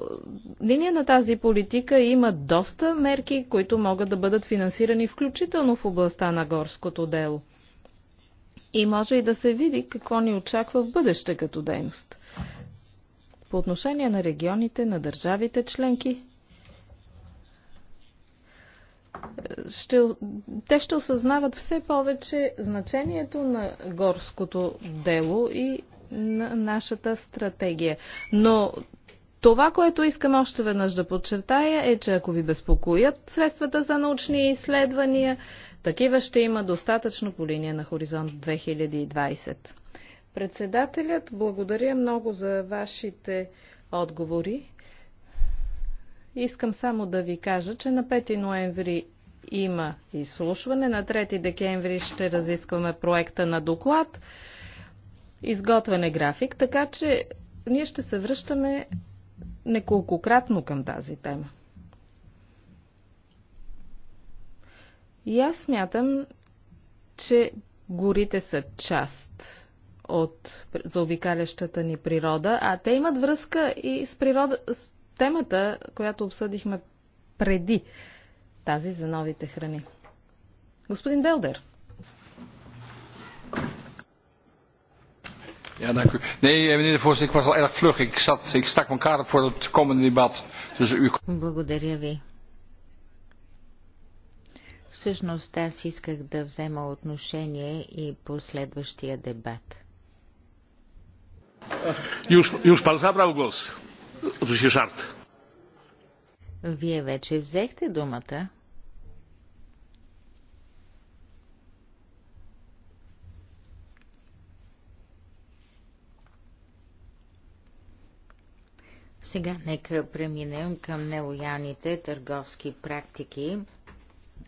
линия на тази политика има доста мерки, които могат да бъдат финансирани включително в областта на горското дело. И може и да се види какво ни очаква в бъдеще като дейност по отношение на регионите, на държавите членки, ще, те ще осъзнават все повече значението на горското дело и на нашата стратегия. Но това, което искам още веднъж да подчертая е, че ако ви безпокоят средствата за научни изследвания, такива ще има достатъчно по линия на Хоризонт 2020. Председателят, благодаря много за вашите отговори. Искам само да ви кажа, че на 5 ноември има изслушване. На 3 декември ще разискваме проекта на доклад. Изготвен е график, така че ние ще се връщаме неколкократно към тази тема. И аз смятам, че горите са част от заобикалящата ни природа, а те имат връзка и с, природа, с темата, която обсъдихме преди тази за новите храни. Господин Белдер. Ja, dank u. Nee, eh, meneer de voorzitter, ik was al erg vlug. Ik, zat, ik stak mijn kaart voor het komende debat.
Dus u... Благодаря ви. Всъщност аз исках да взема отношение и по следващия дебат.
Już, pan zabrał głos. Oczywiście żart.
Вие вече взехте думата. Сега нека преминем към нелоялните търговски практики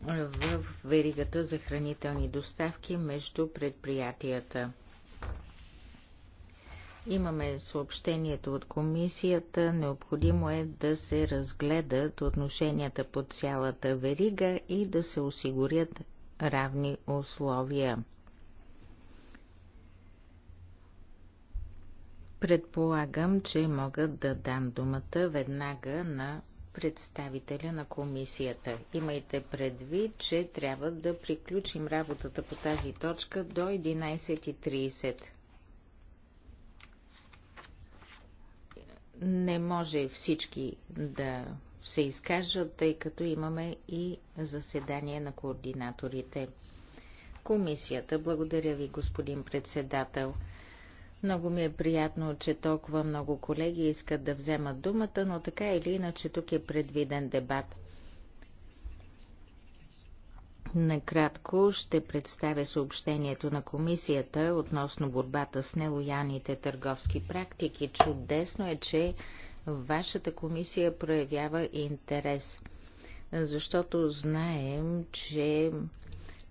в веригата за хранителни доставки между предприятията. Имаме съобщението от комисията. Необходимо е да се разгледат отношенията по цялата верига и да се осигурят равни условия. Предполагам, че мога да дам думата веднага на представителя на комисията. Имайте предвид, че трябва да приключим работата по тази точка до 11.30. Не може всички да се изкажат, тъй като имаме и заседание на координаторите. Комисията, благодаря ви, господин председател. Много ми е приятно, че толкова много колеги искат да вземат думата, но така или иначе тук е предвиден дебат. Накратко ще представя съобщението на комисията относно борбата с нелояните търговски практики. Чудесно е, че вашата комисия проявява интерес, защото знаем, че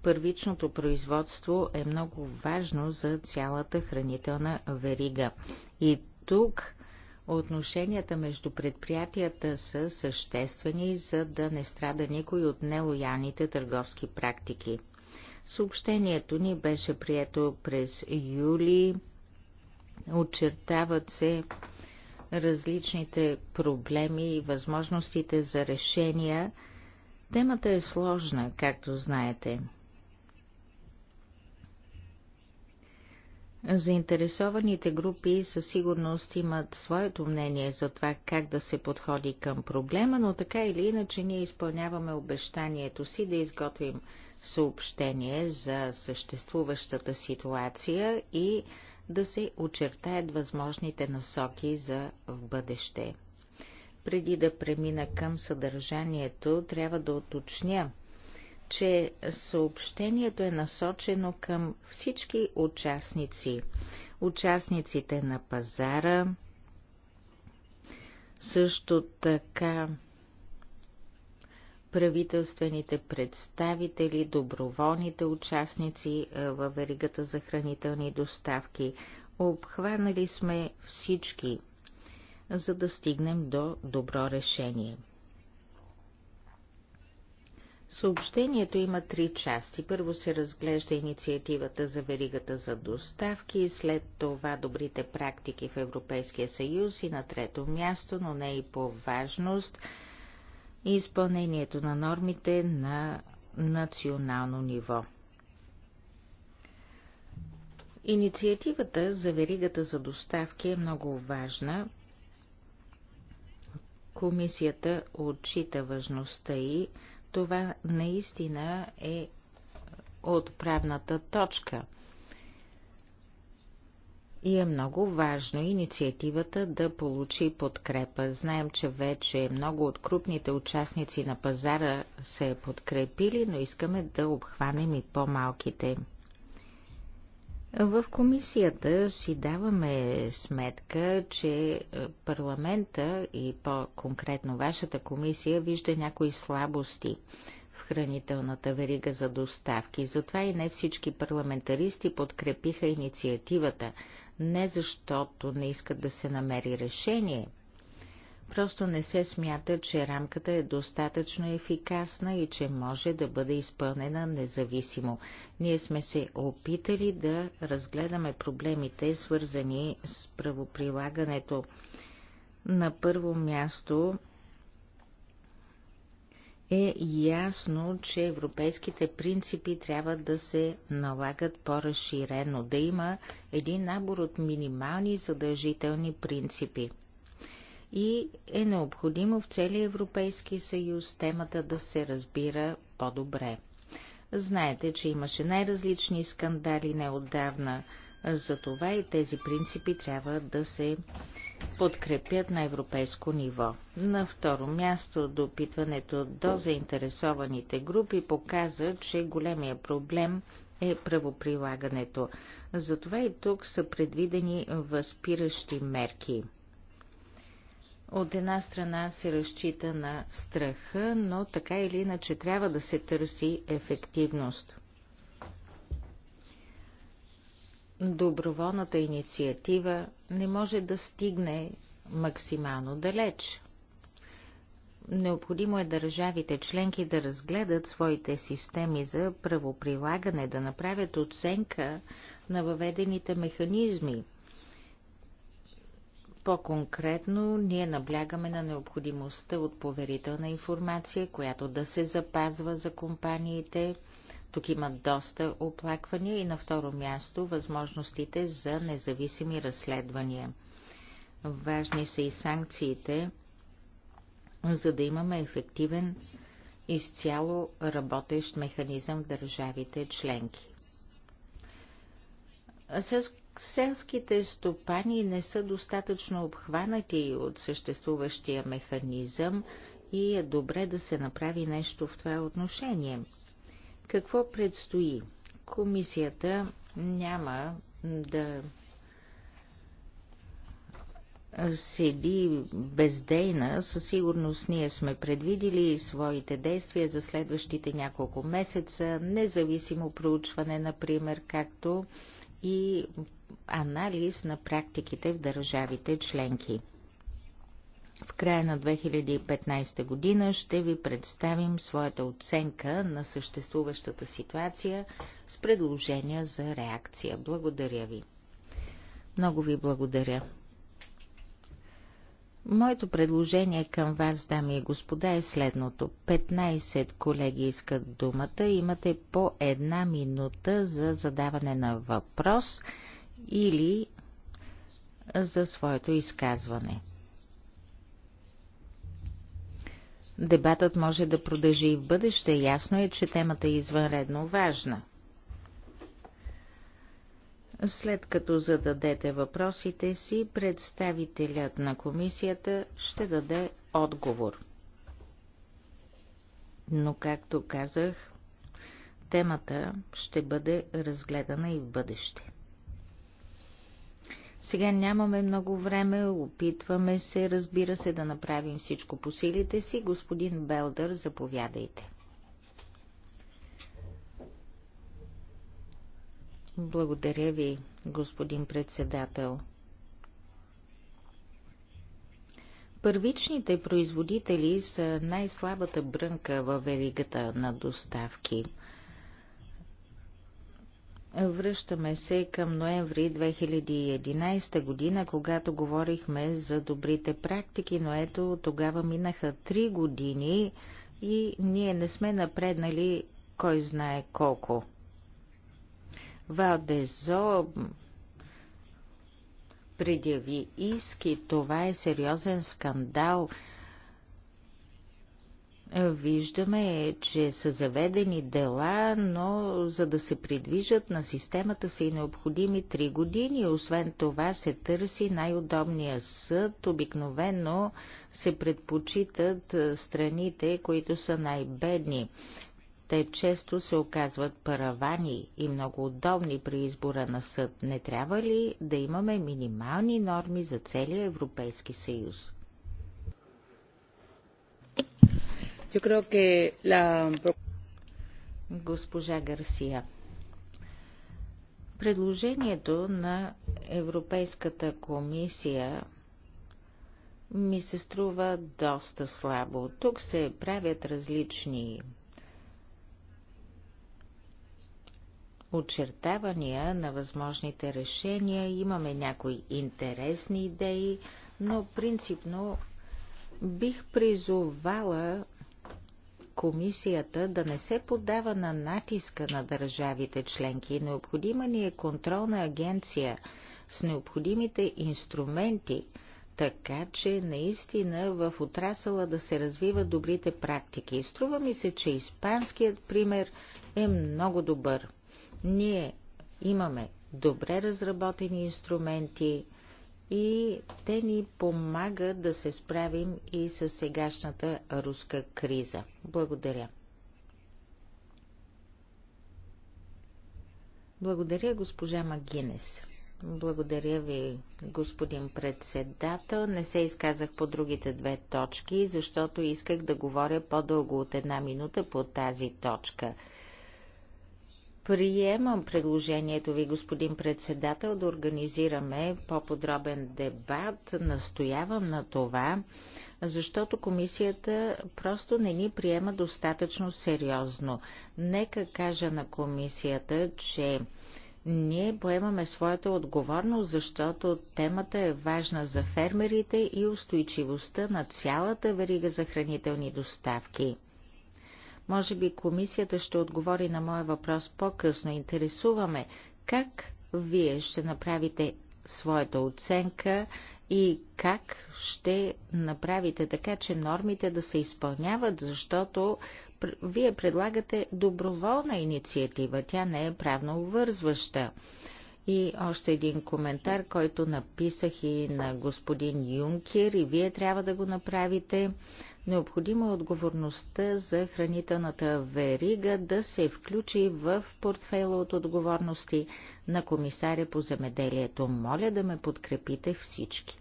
първичното производство е много важно за цялата хранителна верига. И тук Отношенията между предприятията са съществени, за да не страда никой от нелояните търговски практики. Съобщението ни беше прието през юли. Очертават се различните проблеми и възможностите за решения. Темата е сложна, както знаете. Заинтересованите групи със сигурност имат своето мнение за това как да се подходи към проблема, но така или иначе ние изпълняваме обещанието си да изготвим съобщение за съществуващата ситуация и да се очертаят възможните насоки за в бъдеще. Преди да премина към съдържанието, трябва да уточня – че съобщението е насочено към всички участници. Участниците на пазара, също така правителствените представители, доброволните участници в веригата за хранителни доставки. Обхванали сме всички, за да стигнем до добро решение. Съобщението има три части. Първо се разглежда инициативата за веригата за доставки, след това добрите практики в Европейския съюз и на трето място, но не и по важност, изпълнението на нормите на национално ниво. Инициативата за веригата за доставки е много важна. Комисията отчита важността и това наистина е отправната точка. И е много важно инициативата да получи подкрепа. Знаем, че вече много от крупните участници на пазара се е подкрепили, но искаме да обхванем и по-малките. В комисията си даваме сметка, че е, парламента и по-конкретно вашата комисия вижда някои слабости в хранителната верига за доставки. Затова и не всички парламентаристи подкрепиха инициативата, не защото не искат да се намери решение – Просто не се смята, че рамката е достатъчно ефикасна и че може да бъде изпълнена независимо. Ние сме се опитали да разгледаме проблемите, свързани с правоприлагането. На първо място е ясно, че европейските принципи трябва да се налагат по-разширено, да има един набор от минимални задължителни принципи – и е необходимо в целия Европейски съюз темата да се разбира по-добре. Знаете, че имаше най-различни скандали неотдавна, за това, и тези принципи трябва да се подкрепят на европейско ниво. На второ място, допитването до заинтересованите групи показа, че големия проблем е правоприлагането. Затова и тук са предвидени възпиращи мерки – от една страна се разчита на страха, но така или иначе трябва да се търси ефективност. Доброволната инициатива не може да стигне максимално далеч. Необходимо е държавите членки да разгледат своите системи за правоприлагане, да направят оценка на въведените механизми – по-конкретно, ние наблягаме на необходимостта от поверителна информация, която да се запазва за компаниите. Тук има доста оплаквания и на второ място възможностите за независими разследвания. Важни са и санкциите, за да имаме ефективен изцяло работещ механизъм в държавите членки. С Селските стопани не са достатъчно обхванати от съществуващия механизъм и е добре да се направи нещо в това отношение. Какво предстои? Комисията няма да седи бездейна, със сигурност ние сме предвидили своите действия за следващите няколко месеца, независимо проучване, например, както и анализ на практиките в държавите членки. В края на 2015 година ще ви представим своята оценка на съществуващата ситуация с предложения за реакция. Благодаря ви. Много ви благодаря. Моето предложение към вас, дами и господа, е следното. 15 колеги искат думата. Имате по една минута за задаване на въпрос или за своето изказване. Дебатът може да продължи и в бъдеще. Ясно е, че темата е извънредно важна. След като зададете въпросите си, представителят на комисията ще даде отговор. Но, както казах, темата ще бъде разгледана и в бъдеще. Сега нямаме много време, опитваме се, разбира се, да направим всичко по силите си. Господин Белдър, заповядайте. Благодаря ви, господин председател. Първичните производители са най-слабата брънка във веригата на доставки. Връщаме се към ноември 2011 година, когато говорихме за добрите практики, но ето тогава минаха три години и ние не сме напреднали кой знае колко. Валдезо предяви иски. Това е сериозен скандал. Виждаме, че са заведени дела, но за да се придвижат на системата са и необходими три години. Освен това се търси най-удобния съд. Обикновено се предпочитат страните, които са най-бедни. Те често се оказват паравани и много удобни при избора на съд. Не трябва ли да имаме минимални норми за целия Европейски съюз? Госпожа Гарсия. Предложението на Европейската комисия ми се струва доста слабо. Тук се правят различни очертавания на възможните решения, имаме някои интересни идеи, но принципно бих призовала комисията да не се подава на натиска на държавите членки. Необходима ни е контролна агенция с необходимите инструменти, така че наистина в отрасъла да се развиват добрите практики. Струва ми се, че испанският пример е много добър. Ние имаме добре разработени инструменти и те ни помагат да се справим и с сегашната руска криза. Благодаря. Благодаря, госпожа Магинес. Благодаря ви, господин председател. Не се изказах по другите две точки, защото исках да говоря по-дълго от една минута по тази точка. Приемам предложението ви, господин председател, да организираме по-подробен дебат. Настоявам на това, защото комисията просто не ни приема достатъчно сериозно. Нека кажа на комисията, че ние поемаме своята отговорност, защото темата е важна за фермерите и устойчивостта на цялата верига за хранителни доставки. Може би комисията ще отговори на моя въпрос по-късно. Интересуваме как вие ще направите своята оценка и как ще направите така, че нормите да се изпълняват, защото вие предлагате доброволна инициатива, тя не е правно обвързваща. И още един коментар, който написах и на господин Юнкер, и вие трябва да го направите. Необходима е отговорността за хранителната верига да се включи в портфейла от отговорности на комисаря по земеделието. Моля да ме подкрепите всички.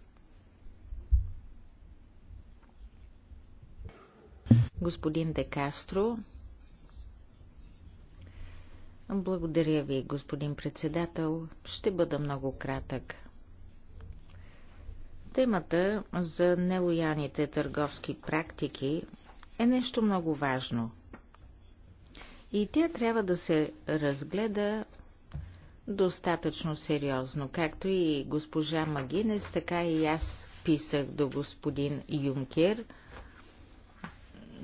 Господин Декастро, благодаря ви, господин председател. Ще бъда много кратък. Темата за нелояните търговски практики е нещо много важно. И тя трябва да се разгледа достатъчно сериозно. Както и госпожа Магинес, така и аз писах до господин Юнкер.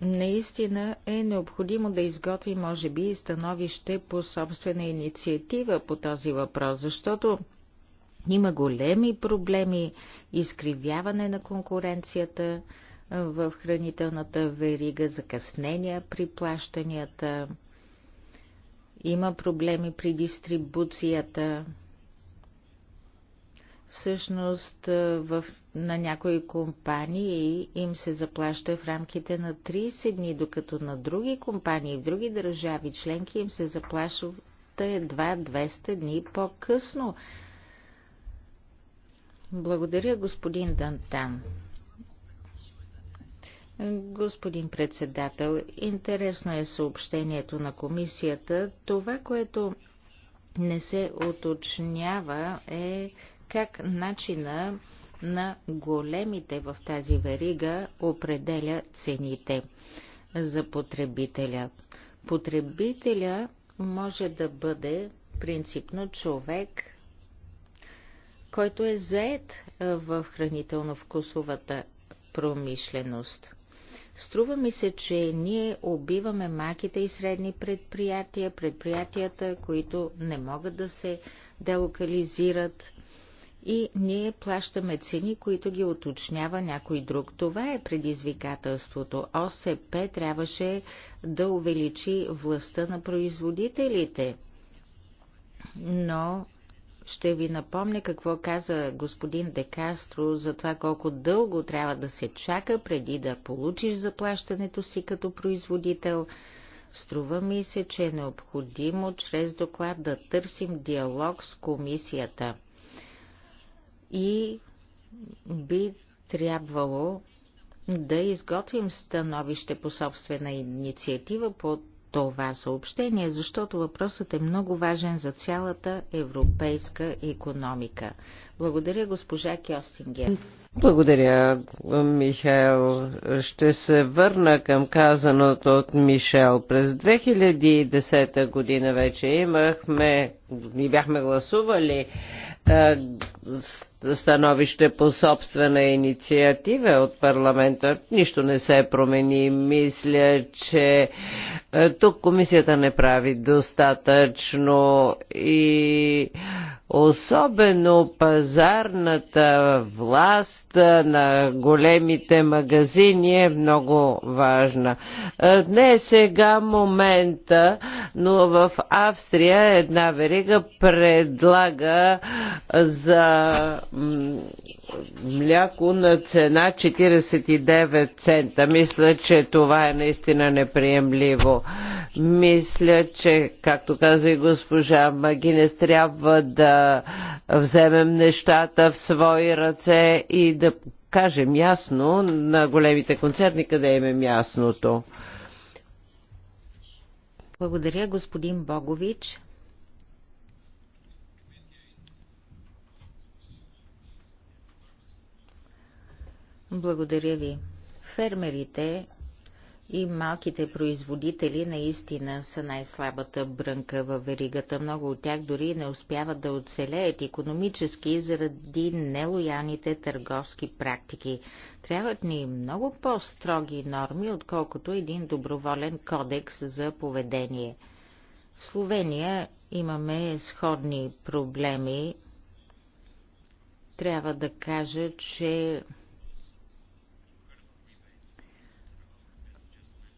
Наистина е необходимо да изготви, може би, становище по собствена инициатива по този въпрос, защото има големи проблеми, изкривяване на конкуренцията в хранителната верига, закъснения при плащанията, има проблеми при дистрибуцията. Всъщност в, на някои компании им се заплаща в рамките на 30 дни, докато на други компании в други държави членки им се заплаща едва 200 дни по-късно. Благодаря, господин Дантан. Господин председател, интересно е съобщението на комисията. Това, което не се уточнява е как начина на големите в тази верига определя цените за потребителя. Потребителя може да бъде принципно човек който е заед в хранително-вкусовата промишленост. Струва ми се, че ние убиваме маките и средни предприятия, предприятията, които не могат да се делокализират и ние плащаме цени, които ги оточнява някой друг. Това е предизвикателството. ОСП трябваше да увеличи властта на производителите, но ще ви напомня какво каза господин Декастро за това колко дълго трябва да се чака преди да получиш заплащането си като производител. Струва ми се, че е необходимо чрез доклад да търсим диалог с комисията. И би трябвало да изготвим становище по собствена инициатива под това съобщение, защото въпросът е много важен за цялата европейска економика. Благодаря, госпожа Кьостингер.
Благодаря, Михаил. Ще се върна към казаното от Мишел. През 2010 година вече имахме и бяхме гласували е, становище по собствена инициатива от парламента. Нищо не се промени. Мисля, че е, тук комисията не прави достатъчно и Особено пазарната власт на големите магазини е много важна. Е, не е сега момента, но в Австрия една верига предлага за мляко на цена 49 цента. Мисля, че това е наистина неприемливо. Мисля, че, както каза и госпожа Магинес, трябва да вземем нещата в свои ръце и да кажем ясно на големите концерни къде им е мясното.
Благодаря, господин Богович. Благодаря ви. Фермерите и малките производители наистина са най-слабата брънка във веригата. Много от тях дори не успяват да оцелеят економически заради нелоялните търговски практики. Трябват ни много по-строги норми, отколкото един доброволен кодекс за поведение. В Словения имаме сходни проблеми. Трябва да кажа, че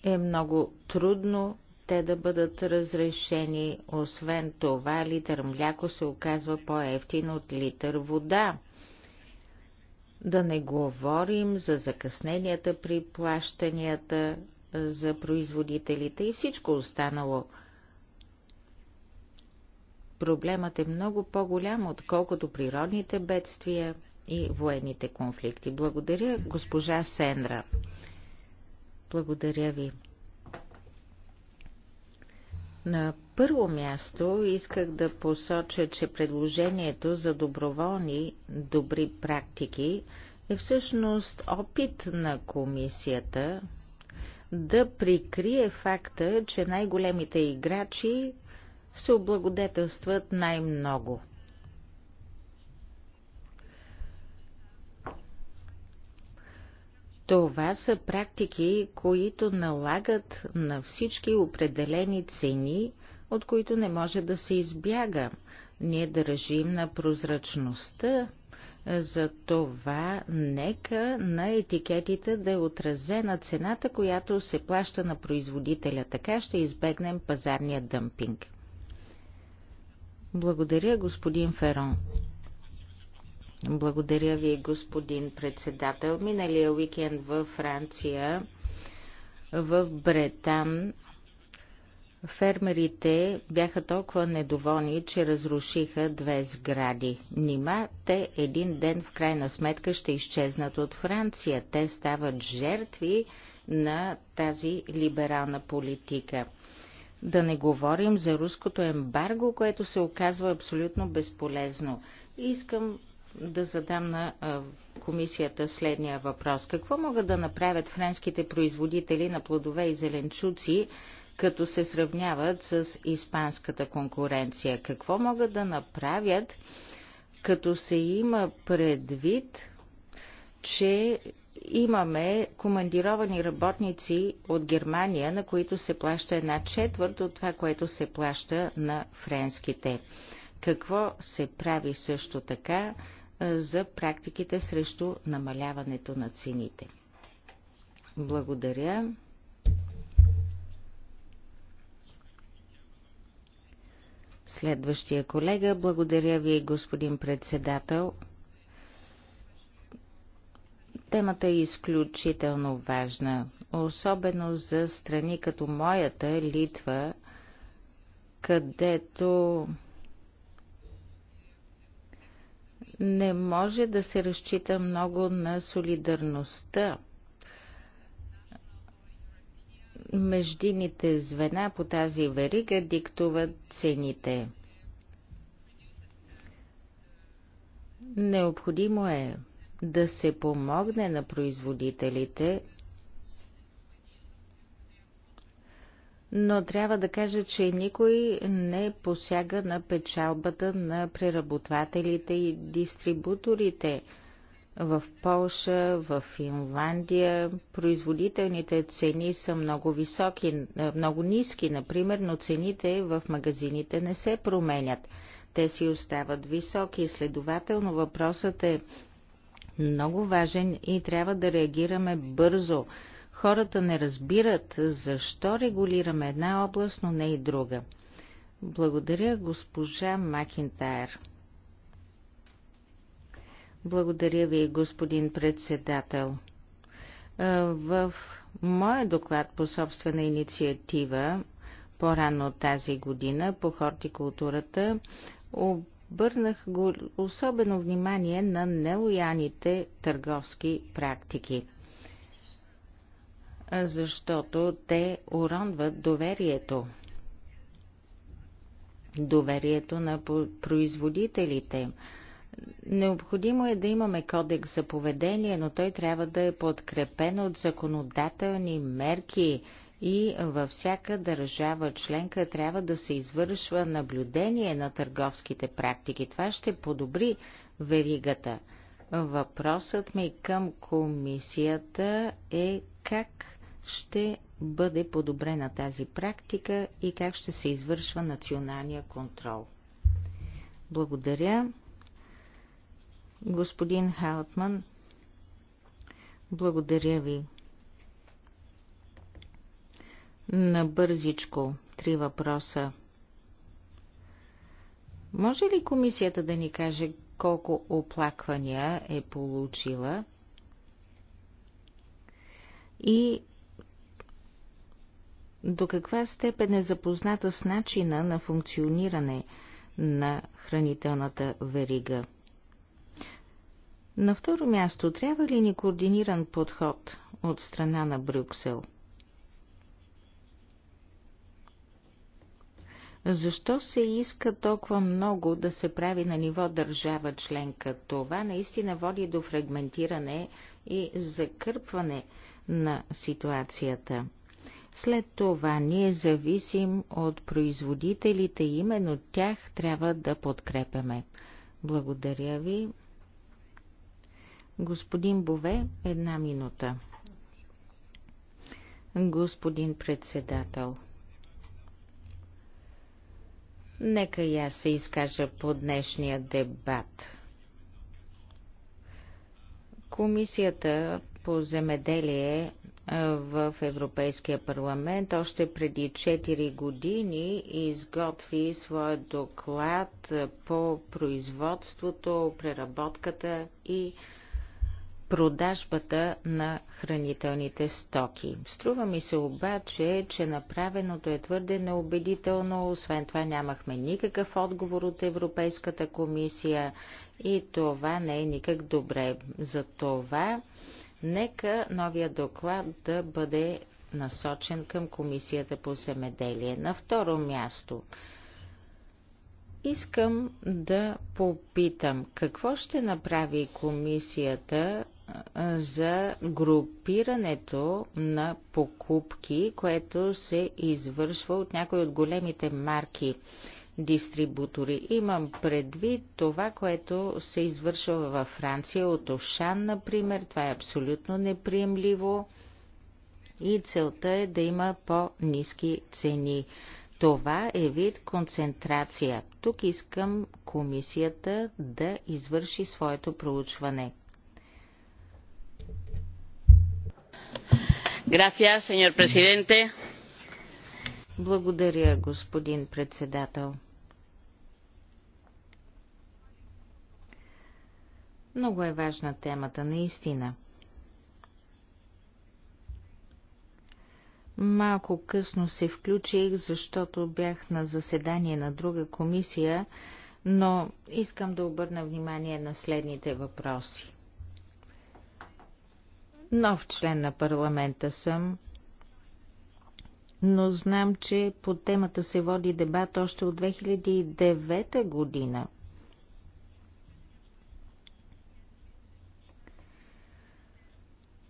е много трудно те да бъдат разрешени. Освен това, литър мляко се оказва по-ефтин от литър вода. Да не говорим за закъсненията при плащанията за производителите и всичко останало. Проблемът е много по-голям, отколкото природните бедствия и военните конфликти. Благодаря, госпожа Сендра. Благодаря ви. На първо място исках да посоча, че предложението за доброволни добри практики е всъщност опит на комисията да прикрие факта, че най-големите играчи се облагодетелстват най-много – Това са практики, които налагат на всички определени цени, от които не може да се избяга. Ние държим на прозрачността, за това нека на етикетите да е отразена цената, която се плаща на производителя. Така ще избегнем пазарния дъмпинг. Благодаря, господин Ферон. Благодаря ви, господин председател. Миналия уикенд във Франция, в Бретан, фермерите бяха толкова недоволни, че разрушиха две сгради. Нима те един ден в крайна сметка ще изчезнат от Франция. Те стават жертви на тази либерална политика. Да не говорим за руското ембарго, което се оказва абсолютно безполезно. Искам да задам на комисията следния въпрос. Какво могат да направят френските производители на плодове и зеленчуци, като се сравняват с испанската конкуренция? Какво могат да направят, като се има предвид, че имаме командировани работници от Германия, на които се плаща една четвърт от това, което се плаща на френските. Какво се прави също така за практиките срещу намаляването на цените. Благодаря. Следващия колега, благодаря ви, господин председател. Темата е изключително важна, особено за страни като моята Литва, където Не може да се разчита много на солидарността. Междините звена по тази верига диктуват цените. Необходимо е да се помогне на производителите но трябва да кажа, че никой не посяга на печалбата на преработвателите и дистрибуторите. В Полша, в Финландия производителните цени са много високи, е, много ниски, например, но цените в магазините не се променят. Те си остават високи. Следователно въпросът е много важен и трябва да реагираме бързо. Хората не разбират защо регулираме една област, но не и друга. Благодаря, госпожа Макинтайр. Благодаря ви, господин председател. В моя доклад по собствена инициатива по-рано тази година по хортикултурата обърнах особено внимание на нелояните търговски практики защото те уронват доверието. Доверието на производителите. Необходимо е да имаме кодекс за поведение, но той трябва да е подкрепен от законодателни мерки и във всяка държава членка трябва да се извършва наблюдение на търговските практики. Това ще подобри веригата. Въпросът ми към комисията е как ще бъде подобрена тази практика и как ще се извършва националния контрол. Благодаря. Господин Хаутман, благодаря ви. На бързичко, три въпроса. Може ли комисията да ни каже колко оплаквания е получила и до каква степен е запозната с начина на функциониране на хранителната верига. На второ място, трябва ли ни координиран подход от страна на Брюксел? Защо се иска толкова много да се прави на ниво държава членка? Това наистина води до фрагментиране и закърпване на ситуацията – след това ние зависим от производителите и именно тях трябва да подкрепяме. Благодаря ви. Господин Бове, една минута. Господин председател, нека и аз се изкажа по днешния дебат. Комисията по земеделие в Европейския парламент още преди 4 години изготви своя доклад по производството, преработката и продажбата на хранителните стоки. Струва ми се обаче, че направеното е твърде неубедително, освен това нямахме никакъв отговор от Европейската комисия и това не е никак добре. За това Нека новия доклад да бъде насочен към Комисията по земеделие. На второ място, искам да попитам какво ще направи Комисията за групирането на покупки, което се извършва от някои от големите марки дистрибутори. Имам предвид това, което се извършва във Франция от Ошан, например. Това е абсолютно неприемливо и целта е да има по-низки цени. Това е вид концентрация. Тук искам комисията да извърши своето проучване. Gracias, señor presidente. Благодаря, господин председател. Много е важна темата, наистина. Малко късно се включих, защото бях на заседание на друга комисия, но искам да обърна внимание на следните въпроси. Нов член на парламента съм, но знам, че по темата се води дебат още от 2009 година.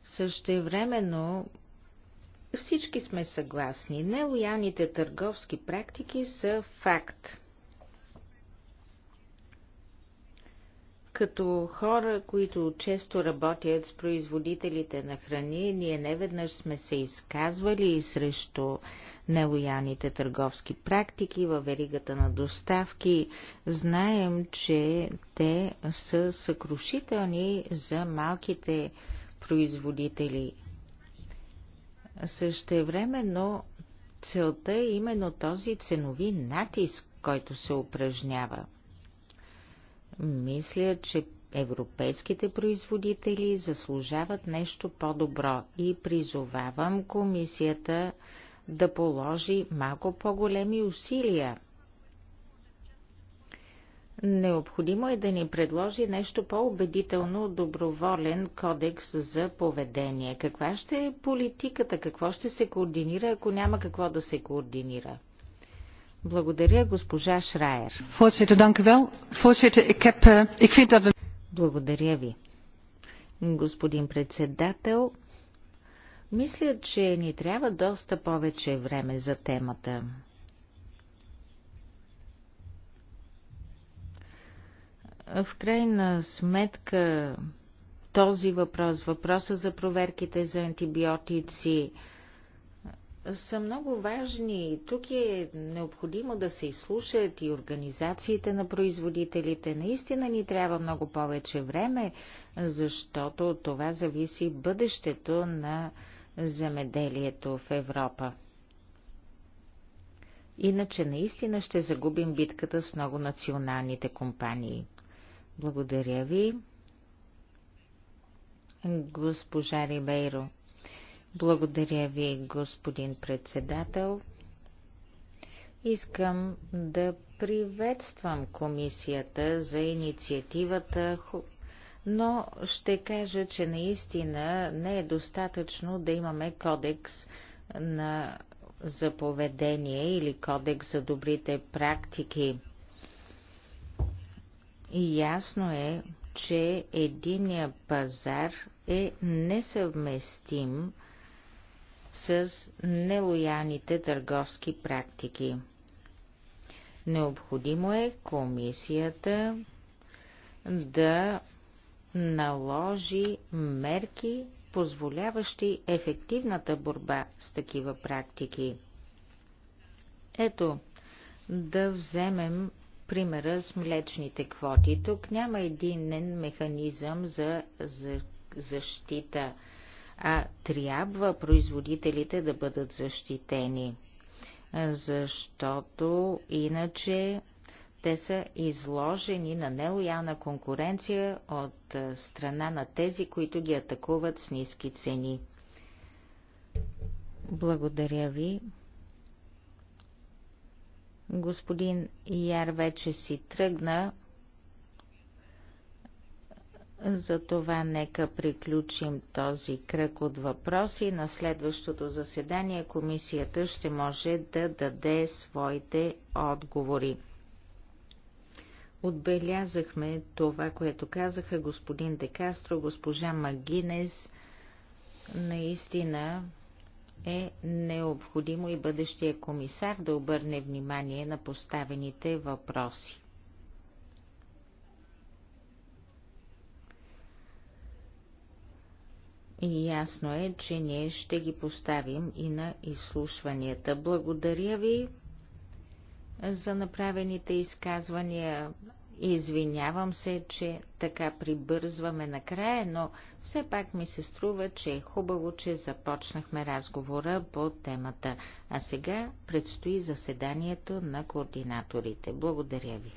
Същевременно всички сме съгласни. Нелояните търговски практики са факт. Като хора, които често работят с производителите на храни, ние неведнъж сме се изказвали срещу нелоялните търговски практики във веригата на доставки. Знаем, че те са съкрушителни за малките производители. Същевременно целта е именно този ценови натиск, който се упражнява. Мисля, че европейските производители заслужават нещо по-добро и призовавам комисията да положи малко по-големи усилия. Необходимо е да ни предложи нещо по-убедително доброволен кодекс за поведение. Каква ще е политиката? Какво ще се координира, ако няма какво да се координира? Благодаря, госпожа Шраер. Благодаря ви. Господин председател, мисля, че ни трябва доста повече време за темата. В крайна сметка този въпрос, въпроса за проверките за антибиотици, са много важни. Тук е необходимо да се изслушат и организациите на производителите. Наистина ни трябва много повече време, защото от това зависи бъдещето на земеделието в Европа. Иначе наистина ще загубим битката с много националните компании. Благодаря ви, госпожа Рибейро. Благодаря ви, господин председател. Искам да приветствам комисията за инициативата, но ще кажа, че наистина не е достатъчно да имаме кодекс на за поведение или кодекс за добрите практики. И ясно е, че единия пазар е несъвместим с с нелояните търговски практики. Необходимо е комисията да наложи мерки, позволяващи ефективната борба с такива практики. Ето, да вземем примера с млечните квоти. Тук няма единен механизъм за, за защита а трябва производителите да бъдат защитени, защото иначе те са изложени на нелоялна конкуренция от страна на тези, които ги атакуват с ниски цени. Благодаря ви. Господин Яр вече си тръгна, затова нека приключим този кръг от въпроси. На следващото заседание комисията ще може да даде своите отговори. Отбелязахме това, което казаха господин Декастро, госпожа Магинес. Наистина е необходимо и бъдещия комисар да обърне внимание на поставените въпроси. И ясно е, че ние ще ги поставим и на изслушванията. Благодаря ви за направените изказвания. Извинявам се, че така прибързваме накрая, но все пак ми се струва, че е хубаво, че започнахме разговора по темата. А сега предстои заседанието на координаторите. Благодаря ви.